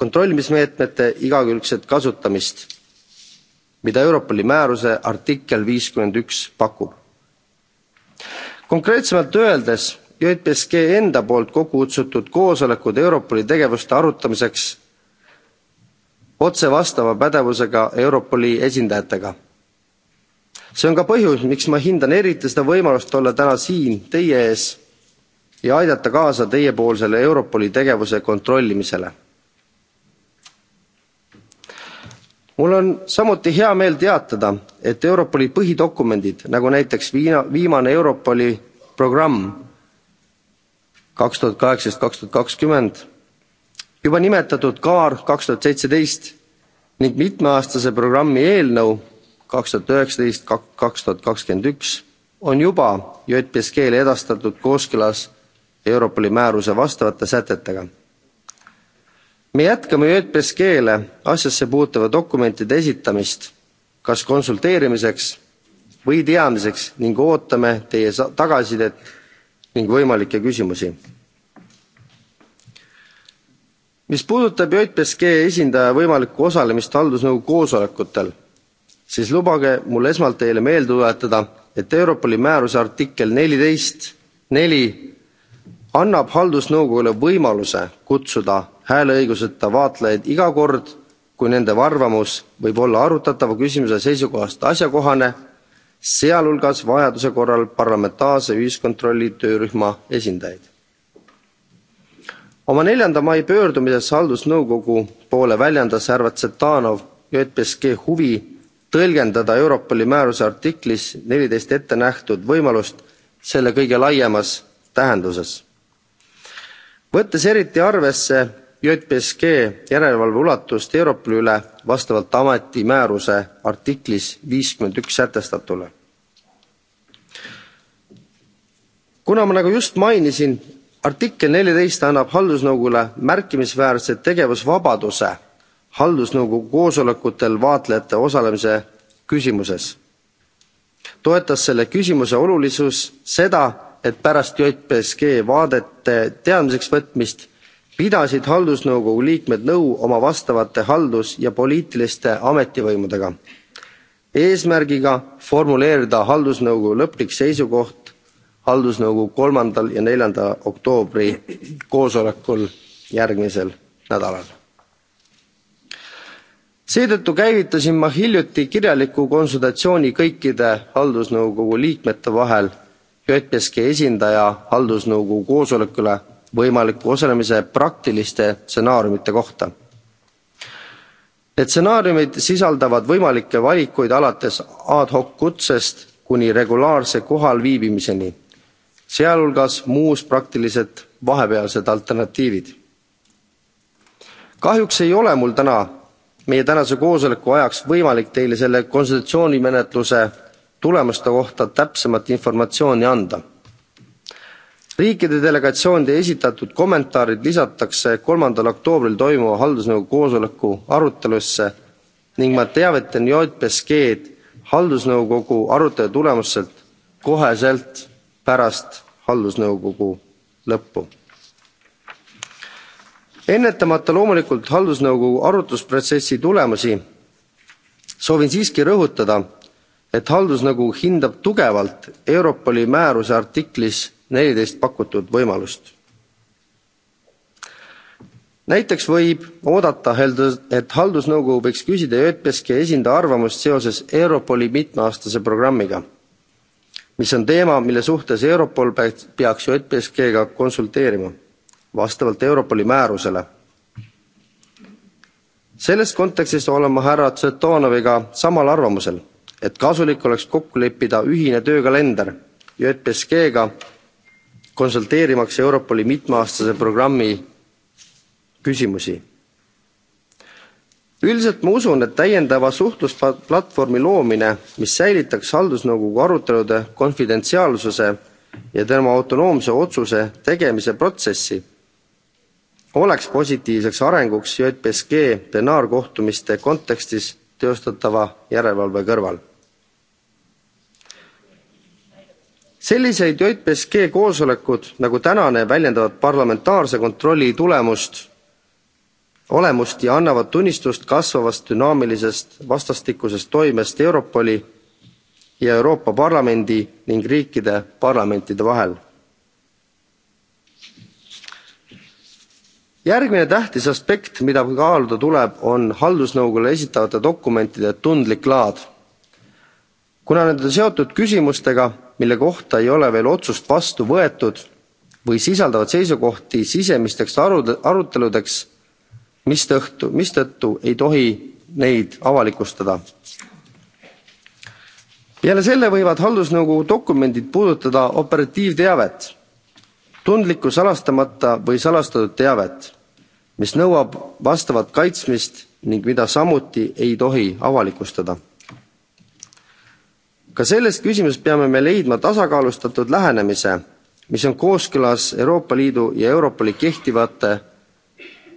kontrollimismeetmete igakülgset kasutamist mida europoli määruse artikkel pakub. konkreetsemalt öeldes jpsk enda poolt kokku kutsutud koosolekud europoli tegevuste arutamiseks otse vastava pädevusega europoli esindajatega. see on ka põhjus miks ma hindan eriti seda võimalust olla täna siin teie ees ja aidata kaasa teiepoolsele europoli tegevuse kontrollimisele. mul on samuti hea meel teatada et europoli põhidokumendid nagu näiteks viimane europoli programm kaks tuhat kaheksateist kaks tuhat kakskümmend juba nimetatud kaar kaks tuhat seitseteist ning mitmeaastase programmi eelnõu kaks tuhat üheksateist kaks tuhat kakskümmend üks on juba jpskle edastatud kooskõlas europoli määruse vastavate sätetega. me jätkame jpskle asjasse puutuva dokumentide esitamist kas konsulteerimiseks või teadmiseks ning ootame teie tagasisidet ning võimalikke küsimusi. mis puudutab JPSG esindaja võimalikku osalemist haldusnõukogu koosolekutel, siis lubage mul esmalt teile meelde tuletada, et Europoli määruse artikkel neliteist neli annab haldusnõukogule võimaluse kutsuda hääleõiguseta vaatlejaid iga kord, kui nende arvamus võib olla arutatava küsimuse seisukohast asjakohane sealhulgas vajaduse korral parlamentaarse ühiskontrolli töörühma esindajaid. oma 4 mai pöördumises haldusnõukogu poole väljendas härra tsvetanov jpsk huvi tõlgendada europoli määruse artiklis 14 ette nähtud võimalust selle kõige laiemas tähenduses. võttes eriti arvesse jpsk järelevalve ulatust europoli üle vastavalt ameti määruse artiklis 51 sätestatule. kuna ma nagu just mainisin artikkel 14 annab haldusnõukogule märkimisväärse tegevusvabaduse haldusnõukogu koosolekutel vaatlejate osalemise küsimuses. toetas selle küsimuse olulisus seda et pärast jpsk vaadete teadmiseks võtmist pidasid haldusnõukogu liikmed nõu oma vastavate haldus ja poliitiliste ametivõimudega eesmärgiga formuleerida haldusnõukogu lõplik seisukoht haldusnõukogu 3 ja 4 oktoobri koosolekul järgmisel nädalal. seetõttu käivitasin ma hiljuti kirjaliku konsultatsiooni kõikide haldusnõukogu liikmete vahel jpsk esindaja haldusnõukogu koosolekule võimaliku osalemise praktiliste stsenaariumite kohta. need stsenaariumid sisaldavad võimalikke valikuid alates ad hoc kutsest kuni regulaarse kohalviibimiseni sealhulgas muus praktilised vahepealsed alternatiivid. kahjuks ei ole mul täna meie tänase koosoleku ajaks võimalik teile selle konsultatsioonimenetluse tulemuste kohta täpsemat informatsiooni anda riikide delegatsioonide esitatud kommentaarid lisatakse 3 oktoobril toimuva haldusnõukogu koosoleku arutelusse ning ma teavitan jpsg-d haldusnõukogu arutelu tulemustest koheselt pärast haldusnõukogu lõppu. ennetamata loomulikult haldusnõukogu arutlusprotsessi tulemusi soovin siiski rõhutada et haldusnõukogu hindab tugevalt europoli määruse artiklis neliteist pakutud võimalust. näiteks võib oodata et haldusnõukogu võiks küsida jpski esindaja arvamust seoses europoli mitmeaastase programmiga mis on teema mille suhtes europol peaks jpskiga konsulteerima vastavalt europoli määrusele. selles kontekstis olen ma härra tsvetonoviga samal arvamusel et kasulik oleks kokku leppida ühine töökalender jpskiga konsulteerimaks Europoli mitmeaastase programmi küsimusi. üldiselt ma usun, et täiendava suhtlusplatvormi loomine, mis säilitaks haldusnõukogu arutelude konfidentsiaalsuse ja tema autonoomse otsuse tegemise protsessi, oleks positiivseks arenguks JPSG plenaarkohtumiste kontekstis teostatava järelevalve kõrval. sellised jpsk koosolekud nagu tänane väljendavad parlamentaarse kontrolli tulemust olemust ja annavad tunnistust kasvavast dünaamilisest vastastikusest toimest europoli ja euroopa parlamendi ning riikide parlamentide vahel. järgmine tähtis aspekt mida kaaluda tuleb on haldusnõukogule esitatavate dokumentide tundlik laad. kuna need on seotud küsimustega mille kohta ei ole veel otsust vastu võetud või sisaldavad seisukohti sisemisteks aruteludeks mistõttu ei tohi neid avalikustada. peale selle võivad haldusnõukogu dokumendid puudutada operatiivteavet tundlikku salastamata või salastatud teavet mis nõuab vastavat kaitsmist ning mida samuti ei tohi avalikustada ka selles küsimuses peame me leidma tasakaalustatud lähenemise mis on kooskõlas euroopa liidu ja europoli kehtiva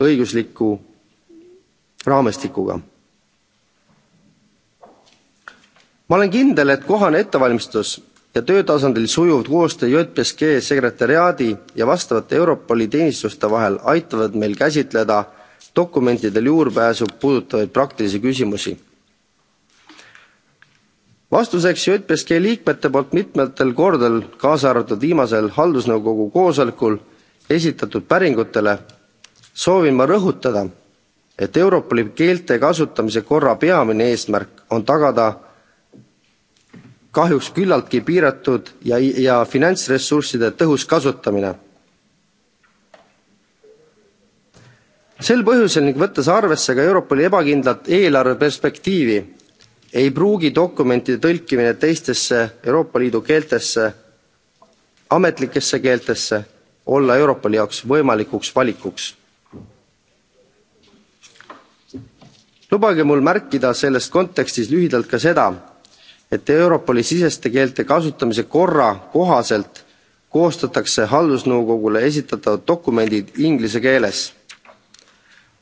õigusliku raamistikuga. ma olen kindel et kohane ettevalmistus ja töötasandil sujuv koostöö jpsk sekretariaadi ja vastavate europoli teenistuste vahel aitavad meil käsitleda dokumentidele juurdepääsu puudutavaid praktilisi küsimusi vastuseks jpsk liikmete poolt mitmetel kordadel kaasa arvatud viimasel haldusnõukogu koosolekul esitatud päringutele soovin ma rõhutada et europoli keelte kasutamise korra peamine eesmärk on tagada kahjuks küllaltki piiratud ja, ja finantsressursside tõhus kasutamine. sel põhjusel ning võttes arvesse ka europoli ebakindlat eelarveperspektiivi ei pruugi dokumentide tõlkimine teistesse euroopa liidu keeltesse ametlikesse keeltesse olla europoli jaoks võimalikuks valikuks. lubage mul märkida selles kontekstis lühidalt ka seda et europoli siseste keelte kasutamise korra kohaselt koostatakse haldusnõukogule esitatavad dokumendid inglise keeles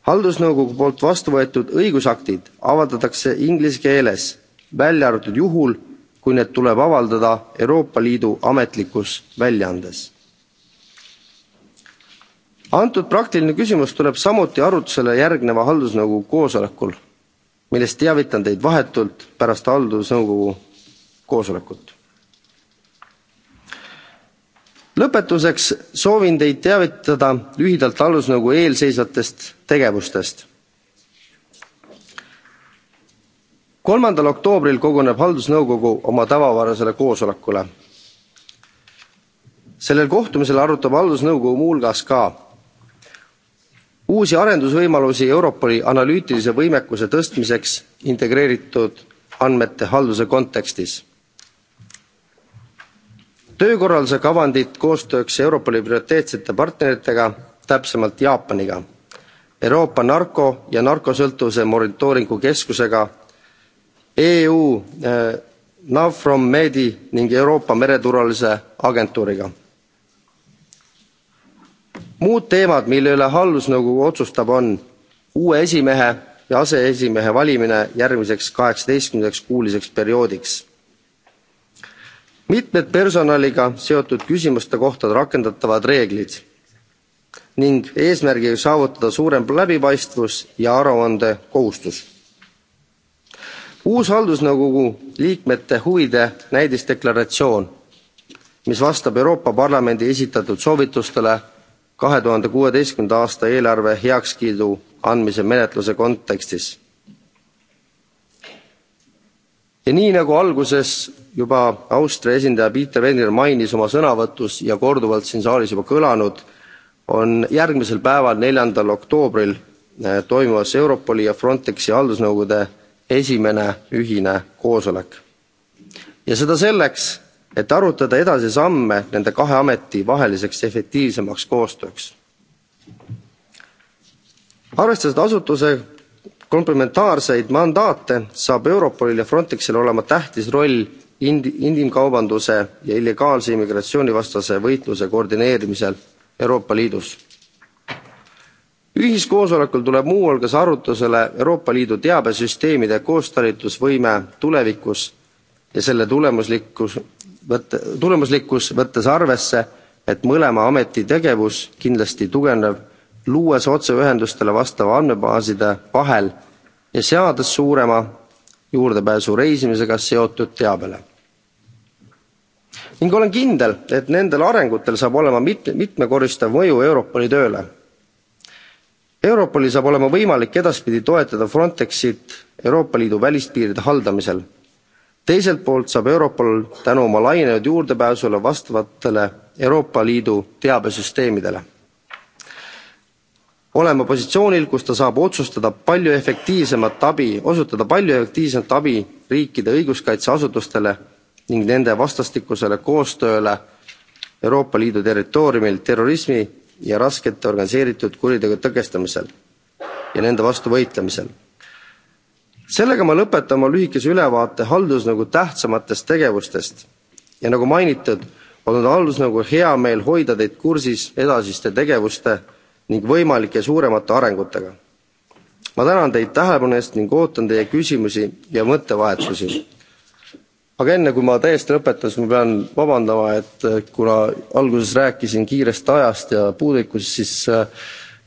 haldusnõukogu poolt vastu võetud õigusaktid avaldatakse inglise keeles välja arvatud juhul kui need tuleb avaldada euroopa liidu ametlikus väljaandes. antud praktiline küsimus tuleb samuti arutlusele järgneva haldusnõukogu koosolekul millest teavitan teid vahetult pärast haldusnõukogu koosolekut lõpetuseks soovin teid teavitada lühidalt haldusnõukogu eelseisvatest tegevustest. 3. oktoobril koguneb haldusnõukogu oma tavapärasele koosolekule. sellel kohtumisel arutab haldusnõukogu muuhulgas ka uusi arendusvõimalusi europoli analüütilise võimekuse tõstmiseks integreeritud andmete halduse kontekstis töökorralduse kavandit koostööks europoli prioriteetsete partneritega täpsemalt jaapaniga euroopa narko ja narkosõltuvuse monitooringu keskusega eu eh, navfrom medi ning euroopa mereturvalisuse agentuuriga. muud teemad mille üle haldusnõukogu otsustab on uue esimehe ja aseesimehe valimine järgmiseks 18 kuuliseks perioodiks mitmed personaliga seotud küsimuste kohta rakendatavad reeglid ning eesmärgiga saavutada suurem läbipaistvus ja aruandekohustus. uus haldusnõukogu liikmete huvide näidisdeklaratsioon mis vastab euroopa parlamendi esitatud soovitustele 2016 aasta eelarve heakskiidu andmise menetluse kontekstis ja nii nagu alguses juba austria esindaja peter wegner mainis oma sõnavõtus ja korduvalt siin saalis juba kõlanud on järgmisel päeval 4 oktoobril eh, toimumas europoli ja frontexi haldusnõukogude esimene ühine koosolek ja seda selleks et arutada edasisi samme nende kahe ameti vaheliseks efektiivsemaks koostööks. arvestades asutuse komplementaarseid mandaate saab europolil ja frontexil olema tähtis roll inimkaubanduse ja illegaalse immigratsiooni vastase võitluse koordineerimisel euroopa liidus. ühiskoosolekul tuleb muu hulgas arutlusele euroopa liidu teabesüsteemide koostalitusvõime tulevikus ja selle tulemuslikkus võtte, tulemuslikkus võttes arvesse et mõlema ameti tegevus kindlasti tugevneb luues otseühendustele vastava andmebaaside vahel ja seades suurema juurdepääsu reisimisega seotud teabele ning olen kindel et nendel arengutel saab olema mitmekoristav mõju europoli tööle. europolil saab olema võimalik edaspidi toetada frontexit euroopa liidu välispiiride haldamisel. teiselt poolt saab europol tänu oma laienenud juurdepääsule vastavatele euroopa liidu teabesüsteemidele olema positsioonil kus ta saab otsustada palju efektiivsemat abi osutada palju efektiivsemat abi riikide õiguskaitseasutustele ning nende vastastikusele koostööle euroopa liidu territooriumil terrorismi ja raskete organiseeritud kuritegude tõkestamisel ja nende vastu võitlemisel. sellega ma lõpetan oma lühikese ülevaate haldusnõukogu tähtsamatest tegevustest ja nagu mainitud on haldusnõukogul hea meel hoida teid kursis edasiste tegevuste ning võimalike suuremate arengutega. ma tänan teid tähelepanu eest ning ootan teie küsimusi ja mõttevahetusi. aga enne kui ma täiesti lõpetan, siis ma pean vabandama, et äh, kuna alguses rääkisin kiirest ajast ja puudulikkusest, siis äh,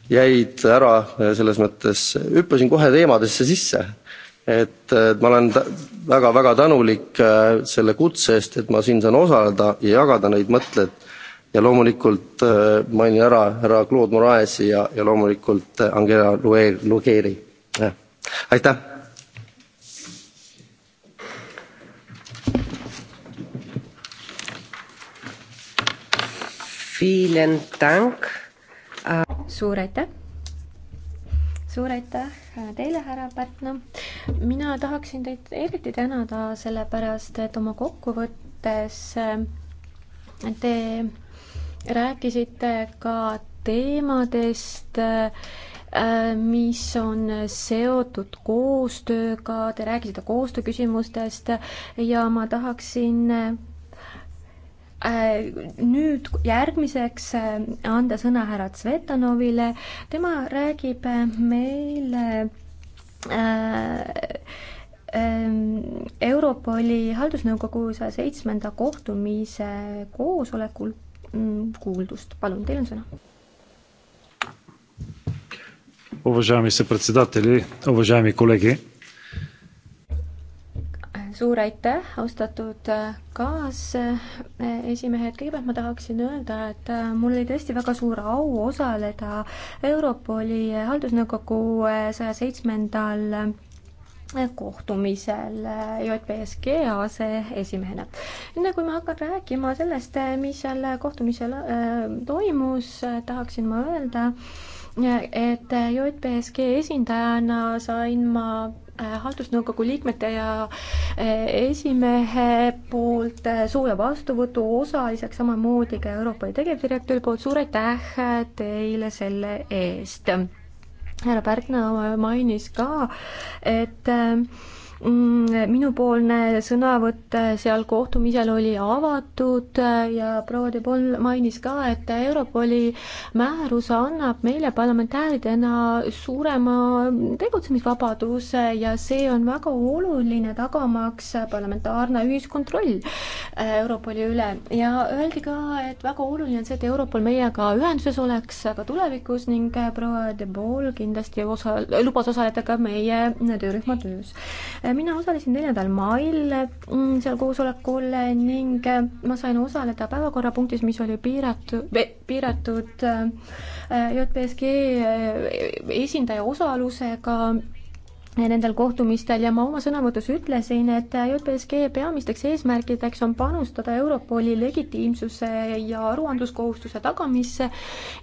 jäid ära äh, selles mõttes, hüppasin kohe teemadesse sisse. et ma olen väga-väga tänulik selle kutse eest, et ma siin saan osaleda ja jagada neid mõtteid ja loomulikult äh, mainin ära härra Claude Moraesi ja, ja loomulikult äh, Angela Lugeri. aitäh! Äh, suur aitäh! suur aitäh teile, härra Pärtna. mina tahaksin teid eriti tänada, sellepärast et oma kokkuvõttes te rääkisite ka teemadest, äh, mis on seotud koostööga, te rääkisite koostööküsimustest ja ma tahaksin äh, nüüd järgmiseks äh, anda sõna härra Tsvetanovile, tema räägib meile ähm, Europoli haldusnõukogu saja seitsmenda kohtumise koosolekul Mm, kuuldust. palun, teil on sõna. Уважаеми съпредседатели, уважаеми колеги. suur aitäh, austatud äh, kaasesimehed, äh, kõigepealt ma tahaksin öelda, et äh, mul oli tõesti väga suur au osaleda Europoli haldusnõukogu saja seitsmendal kohtumisel JPSG aseesimehena. enne kui ma hakkan rääkima sellest, mis seal kohtumisel äh, toimus, tahaksin ma öelda, et JPSG esindajana sain ma äh, haldusnõukogu liikmete ja äh, esimehe poolt sooja vastuvõtu osaliseks, samamoodi ka Euroopa tegevdirektori poolt, suur aitäh teile selle eest! härra Pärgna mainis ka, et ähm, Mm, minupoolne sõnavõtt äh, seal kohtumisel oli avatud äh, ja proua de Paul mainis ka, et Europoli määrus annab meile parlamentääridena suurema tegutsemisvabaduse ja see on väga oluline, tagamaks parlamentaarne ühiskontroll äh, Europoli üle. ja öeldi ka, et väga oluline on see, et Europol meiega ühenduses oleks ka tulevikus ning proua de Paul kindlasti osa, lubas osaleda ka meie töörühma töös mina osalesin neljandal mail mm, seal koosolekul ning äh, ma sain osaleda päevakorrapunktis, mis oli piiratud, piiratud äh, äh, JPSG esindaja osalusega nendel kohtumistel ja ma oma sõnavõtus ütlesin, et JPSG peamisteks eesmärkideks on panustada Europoli legitiimsuse ja aruandluskohustuse tagamisse,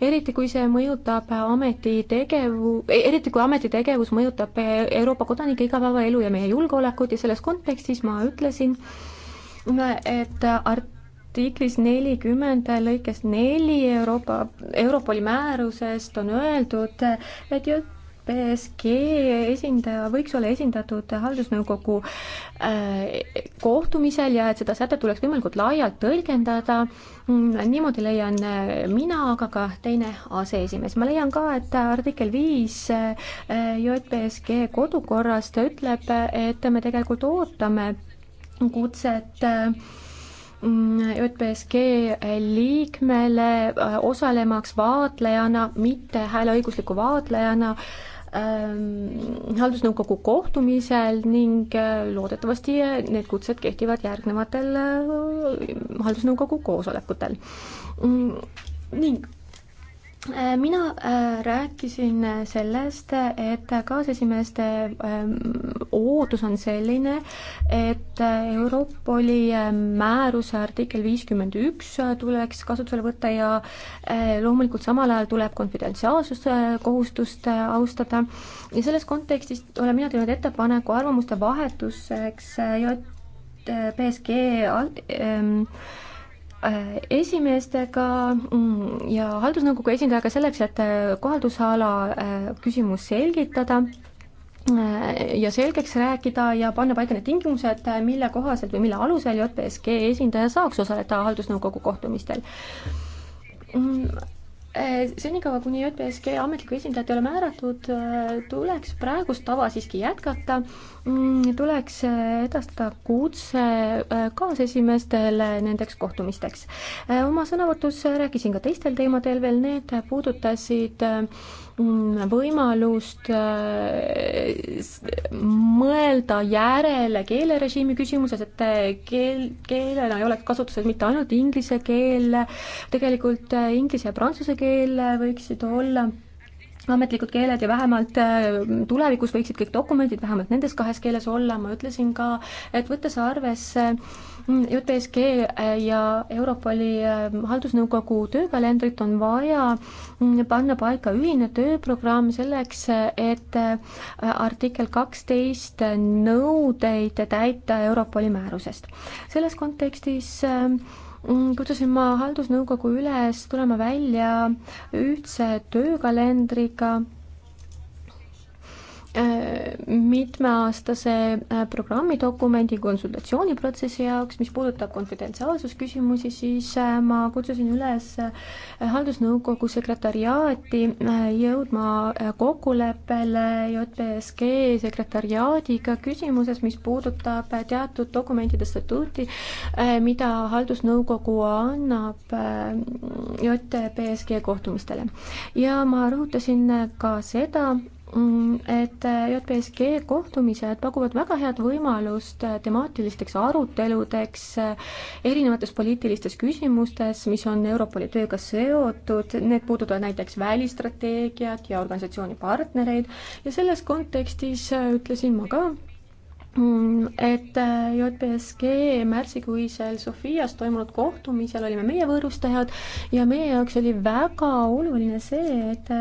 eriti kui see mõjutab ameti tegevu-, eriti kui ameti tegevus mõjutab Euroopa kodanike igapäevaelu ja meie julgeolekut ja selles kontekstis ma ütlesin, et art-, artiklis nelikümmend lõikes neli Euroopa, Europoli määrusest on öeldud, et jõud BSG esindaja võiks olla esindatud haldusnõukogu äh, kohtumisel ja et seda sätet tuleks võimalikult laialt tõlgendada, mm, niimoodi leian äh, mina, aga ka teine aseesimees. ma leian ka, et artikkel viis äh, JBSG kodukorrast ütleb, et me tegelikult ootame kutset JBSG liikmele osalemaks vaatlejana, mitte hääleõigusliku vaatlejana äh, Ähm, haldusnõukogu kohtumisel ning äh, loodetavasti äh, need kutsed kehtivad järgnevatel äh, haldusnõukogu koosolekutel. Mm, ning Äh, mina äh, rääkisin äh, sellest, et kaasesimeeste ähm, ootus on selline, et Europoli ähm, määruse artikkel viiskümmend üks tuleks kasutusele võtta ja loomulikult samal ajal tuleb konfidentsiaalsuse kohustust austada ja selles kontekstis olen mina teinud ettepaneku arvamuste vahetuseks ja PSG ähm, Äh, esimeestega mm, ja haldusnõukogu esindajaga selleks, et äh, kohaldusala äh, küsimus selgitada ja selgeks rääkida ja panna paika need tingimused, mille kohaselt või mille alusel JPSG esindaja saaks osaleda haldusnõukogu kohtumistel. Mm, senikaua, kuni JPSG ametlikku esindajat ei ole määratud, tuleks praegust tava siiski jätkata Mm, tuleks äh, edastada kutse äh, kaasesimeestele nendeks kohtumisteks. Äh, oma sõnavõtus rääkisin ka teistel teemadel veel, need puudutasid mm, võimalust mõelda järele keelerežiimi küsimuses, et keel, keelena ei oleks kasutuses mitte ainult inglise keel, tegelikult inglise ja prantsuse keel võiksid olla ametlikud keeled ja vähemalt äh, tulevikus võiksid kõik dokumendid vähemalt nendes kahes keeles olla, ma ütlesin ka, et võttes arvesse mm, JTSG äh, ja Europoli äh, haldusnõukogu töökalendrit on vaja mm, panna paika ühine tööprogramm selleks, et artikkel kaksteist nõudeid täita Europoli määrusest. selles kontekstis Mm, kutsusin ma haldusnõukogu üles tulema välja ühtse töökalendriga Äh, mitmeaastase äh, programmidokumendi konsultatsiooniprotsessi jaoks, mis puudutab konfidentsiaalsusküsimusi, siis äh, ma kutsusin üles haldusnõukogu sekretariaati jõudma kokkuleppele JPSG sekretariaadiga küsimuses, mis puudutab teatud dokumentide statuuti, mida haldusnõukogu annab JPSG kohtumistele. ja ma rõhutasin ka seda, Mm, et äh, JPSG kohtumised pakuvad väga head võimalust äh, temaatilisteks aruteludeks äh, erinevates poliitilistes küsimustes, mis on Europoli tööga seotud, need puudutavad näiteks välistrateegiat ja organisatsiooni partnereid ja selles kontekstis ütlesin ma ka, mm, et JPSG märtsikuisel Sofias toimunud kohtumisel olime meie võõrustajad ja meie jaoks oli väga oluline see, et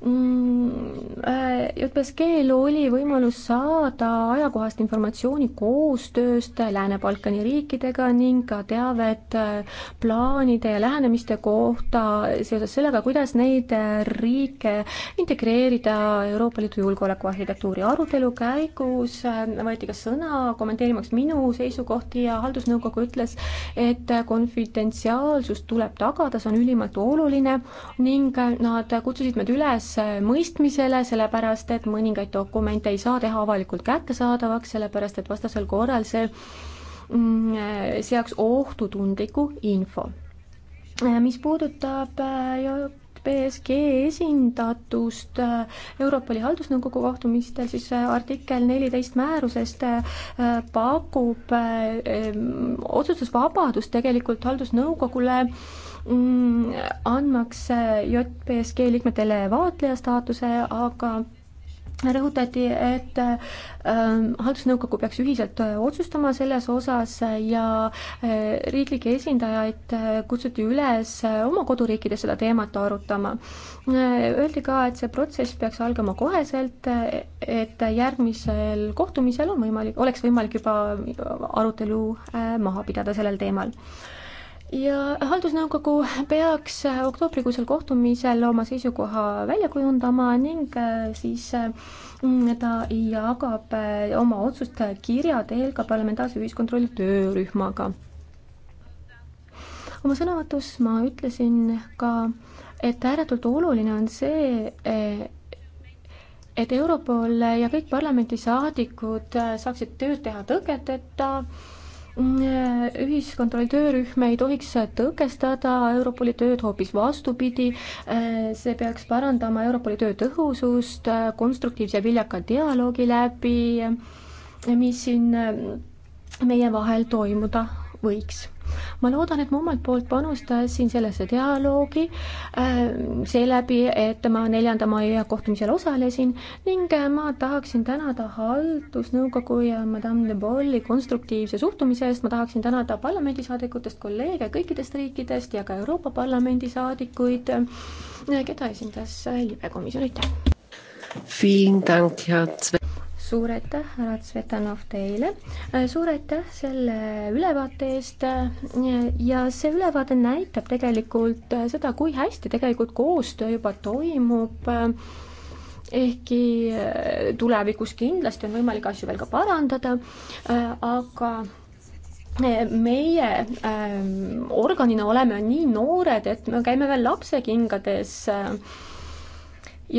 Mm, äh, JPSG-l oli võimalus saada ajakohast informatsiooni koostööst Lääne-Balkani riikidega ning ka teavet äh, plaanide ja lähenemiste kohta seoses sellega, kuidas neid äh, riike integreerida Euroopa Liidu julgeolekuarhitektuuri. arutelu käigus võeti ka sõna kommenteerimaks minu seisukohti ja haldusnõukogu ütles, et konfidentsiaalsus tuleb tagada, see on ülimalt oluline ning nad kutsusid meid üles kaasmõistmisele, sellepärast et mõningaid dokumente ei saa teha avalikult kättesaadavaks, sellepärast et vastasel korral see mm, seaks ohtu tundliku info. mis puudutab BSG äh, esindatust äh, Europoli Haldusnõukogu kohtumistel, siis äh, artikkel neliteist määrusest pakub otsustusvabadust tegelikult haldusnõukogule Mm, andmaks eh, JPSG liikmetele vaatleja staatuse, eh, aga rõhutati, et eh, ähm, haldusnõukogu peaks ühiselt otsustama selles osas ja riiklikke esindajaid kutsuti üles oma koduriikides seda teemat arutama. Öeldi ka, et see protsess peaks algama koheselt, et järgmisel kohtumisel on võimalik, oleks võimalik juba arutelu maha pidada sellel teemal ja haldusnõukogu peaks oktoobrikuisel kohtumisel oma seisukoha välja kujundama ning äh, siis äh, ta jagab äh, oma otsust kirja teel ka parlamentaarse ühiskontrolli töörühmaga. oma sõnavõtus ma ütlesin ka, et ääretult oluline on see, e, et Europol ja kõik parlamendisaadikud saaksid tööd teha tõketeta Mm, ühiskontrolli töörühm ei tohiks tõkestada Europoli tööd, hoopis vastupidi, äh, see peaks parandama Europoli töö tõhusust äh, konstruktiivse viljaka dialoogi läbi, äh, mis siin meie vahel toimuda võiks ma loodan, et ma omalt poolt panustasin sellesse dialoogi äh, seeläbi, et ma neljanda mai kohtumisel osalesin ning äh, ma tahaksin tänada haldusnõukogu ja Madame de Bolli konstruktiivse suhtumise eest, ma tahaksin tänada parlamendisaadikutest kolleege kõikidest riikidest ja ka Euroopa Parlamendi saadikuid, äh, keda esindas libekomisjon, aitäh! suur aitäh, härra Tsvetanov teile, äh, suur aitäh selle ülevaate eest äh, ja see ülevaade näitab tegelikult äh, seda, kui hästi tegelikult koostöö juba toimub, ehkki tulevikus kindlasti on võimalik asju veel ka parandada, aga meie ähm, organina oleme nii noored, et me käime veel lapsekingades äh,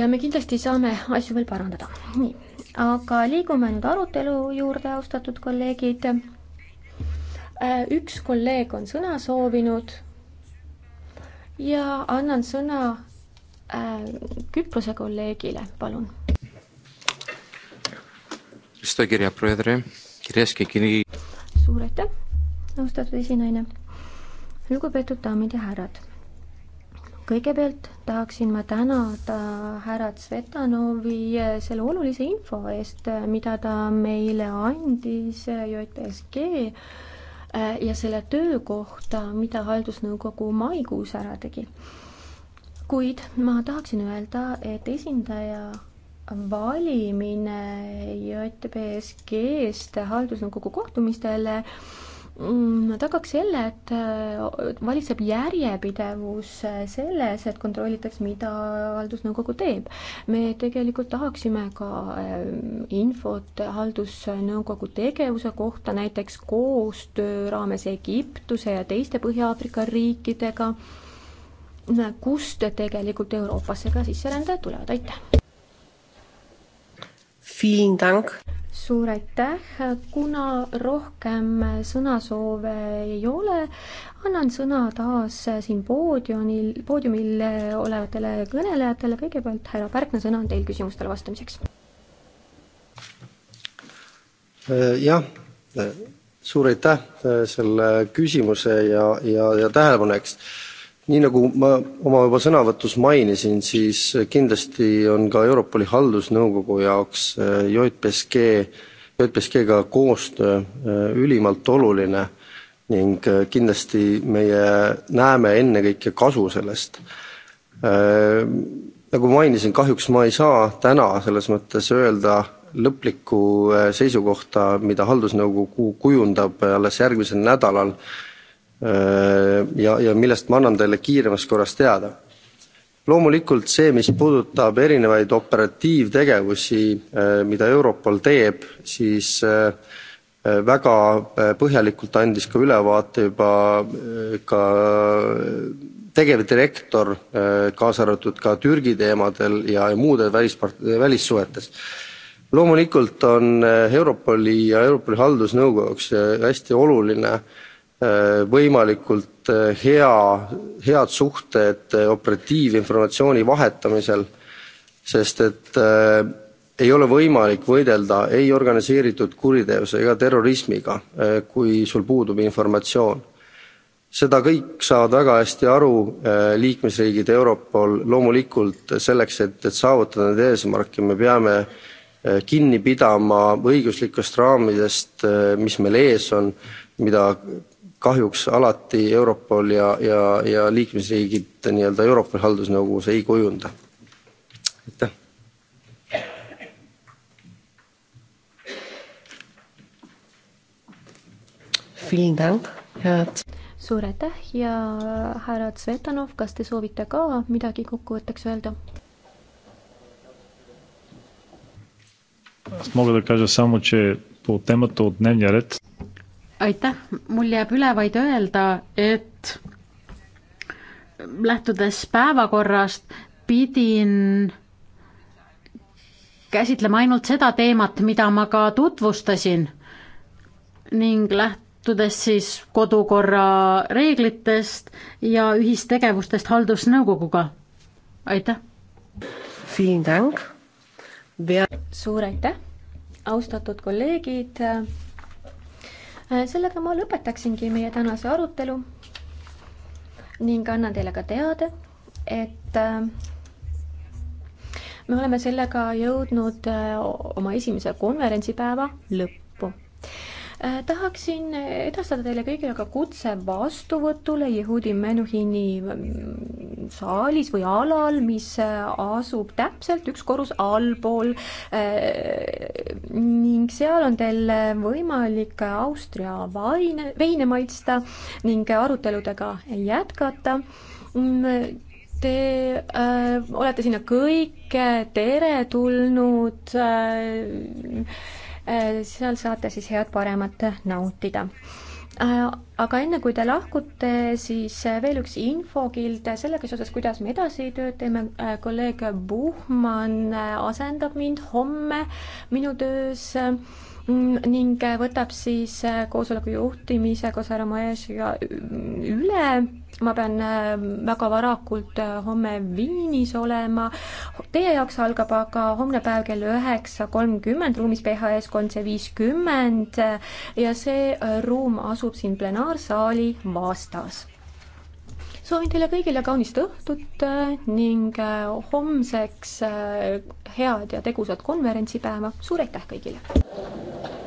ja me kindlasti saame asju veel parandada, nii aga liigume nüüd arutelu juurde, austatud kolleegid. Äh, üks kolleeg on sõna soovinud ja annan sõna äh, Küprose kolleegile, palun. suur aitäh, austatud esinaine. lugupeetud daamid ja härrad kõigepealt tahaksin ma tänada härra Tsvetanovi selle olulise info eest, mida ta meile andis JSG äh, ja selle töö kohta, mida haldusnõukogu maikuus ära tegi. kuid ma tahaksin öelda, et esindaja valimine JTBSG-st haldusnõukogu kohtumistele äh, tagaks selle, et valitseb järjepidevus selles, et kontrollitakse, mida haldusnõukogu teeb. me tegelikult tahaksime ka eh, infot haldusnõukogu tegevuse kohta, näiteks koostöö raames Egiptuse ja teiste Põhja-Aafrika riikidega, kust tegelikult Euroopasse ka sisserändajad tulevad, aitäh! suur aitäh, kuna rohkem sõnasoove ei ole, annan sõna taas siin poodiumil, poodiumil olevatele kõnelejatele, kõigepealt härra Pärkna, sõna on teil küsimustele vastamiseks. jah, suur aitäh selle küsimuse ja, ja, ja tähelepanu eest nii nagu ma oma juba sõnavõtus mainisin, siis kindlasti on ka Europoli haldusnõukogu jaoks eh, JPSG, JPSG-ga koostöö eh, ülimalt oluline ning eh, kindlasti meie näeme ennekõike kasu sellest. Nagu mainisin, kahjuks ma ei saa täna selles mõttes öelda lõplikku seisukohta, mida haldusnõukogu kujundab alles järgmisel nädalal Äh, ja, ja millest ma annan teile kiiremas korras teada. loomulikult see, mis puudutab erinevaid operatiivtegevusi, äh, mida Europol teeb, siis äh, väga põhjalikult andis ka ülevaate juba ka tegevdirektor, kaasa arvatud ka Türgi teemadel ja muude välispart-, välissuhetes. loomulikult on Europoli ja Europoli haldusnõukoguks hästi oluline äh, Äh, võimalikult äh, hea, head suhted äh, operatiivinformatsiooni vahetamisel, sest et ei ole võimalik võidelda ei organiseeritud kuritegevuse ega terrorismiga, kui sul puudub informatsioon. seda kõik saavad väga hästi aru liikmesriigid, Europol, loomulikult selleks, et, et saavutada neid eesmärke, me peame kinni pidama õiguslikest raamidest, mis meil ees on, mida kahjuks alati Europol ja, ja, ja liikmesriigid nii-öelda Europoli haldusnõukogus ei kujunda. aitäh. suur aitäh ja härra Tsvetanov, kas te soovite ka midagi kokkuvõtteks öelda? Аз мога да кажа само, че по темата от дневния ред aitäh, mul jääb üle vaid öelda, et lähtudes päevakorrast, pidin käsitlema ainult seda teemat, mida ma ka tutvustasin ning lähtudes siis kodukorra reeglitest ja ühistegevustest haldusnõukoguga. aitäh! suur aitäh, austatud kolleegid! Äh, sellega ma lõpetaksingi meie tänase arutelu ning annan teile ka teada, et äh, me oleme sellega jõudnud äh, oma esimese konverentsipäeva lõppu. Äh, tahaksin edastada teile kõigile ka kutse vastuvõtule Yehudi Menuhini mm, saalis või alal, mis äh, asub täpselt üks korrus allpool äh, ning seal on teil võimalik Austria vaine, veine maitsta ning aruteludega jätkata mm, Te äh, olete sinna kõik teretulnud äh,. Äh, seal saate siis head-paremat nautida äh, aga enne kui te lahkute, siis äh, veel üks infokild sellega seoses, kuidas me edasi tööd teeme. kolleeg Buhmann asendab mind homme minu töös ning võtab siis koosoleku juhtimise koos härra Maesiga üle ma pean äh, väga varakult äh, homme Viinis olema. Teie jaoks algab aga homne päev kell üheksa kolmkümmend ruumis PHS kontse viiskümmend äh, ja see ruum asub siin plenaarsaali vastas soovin teile kõigile kaunist õhtut ning homseks head ja tegusat konverentsipäeva, suur aitäh kõigile!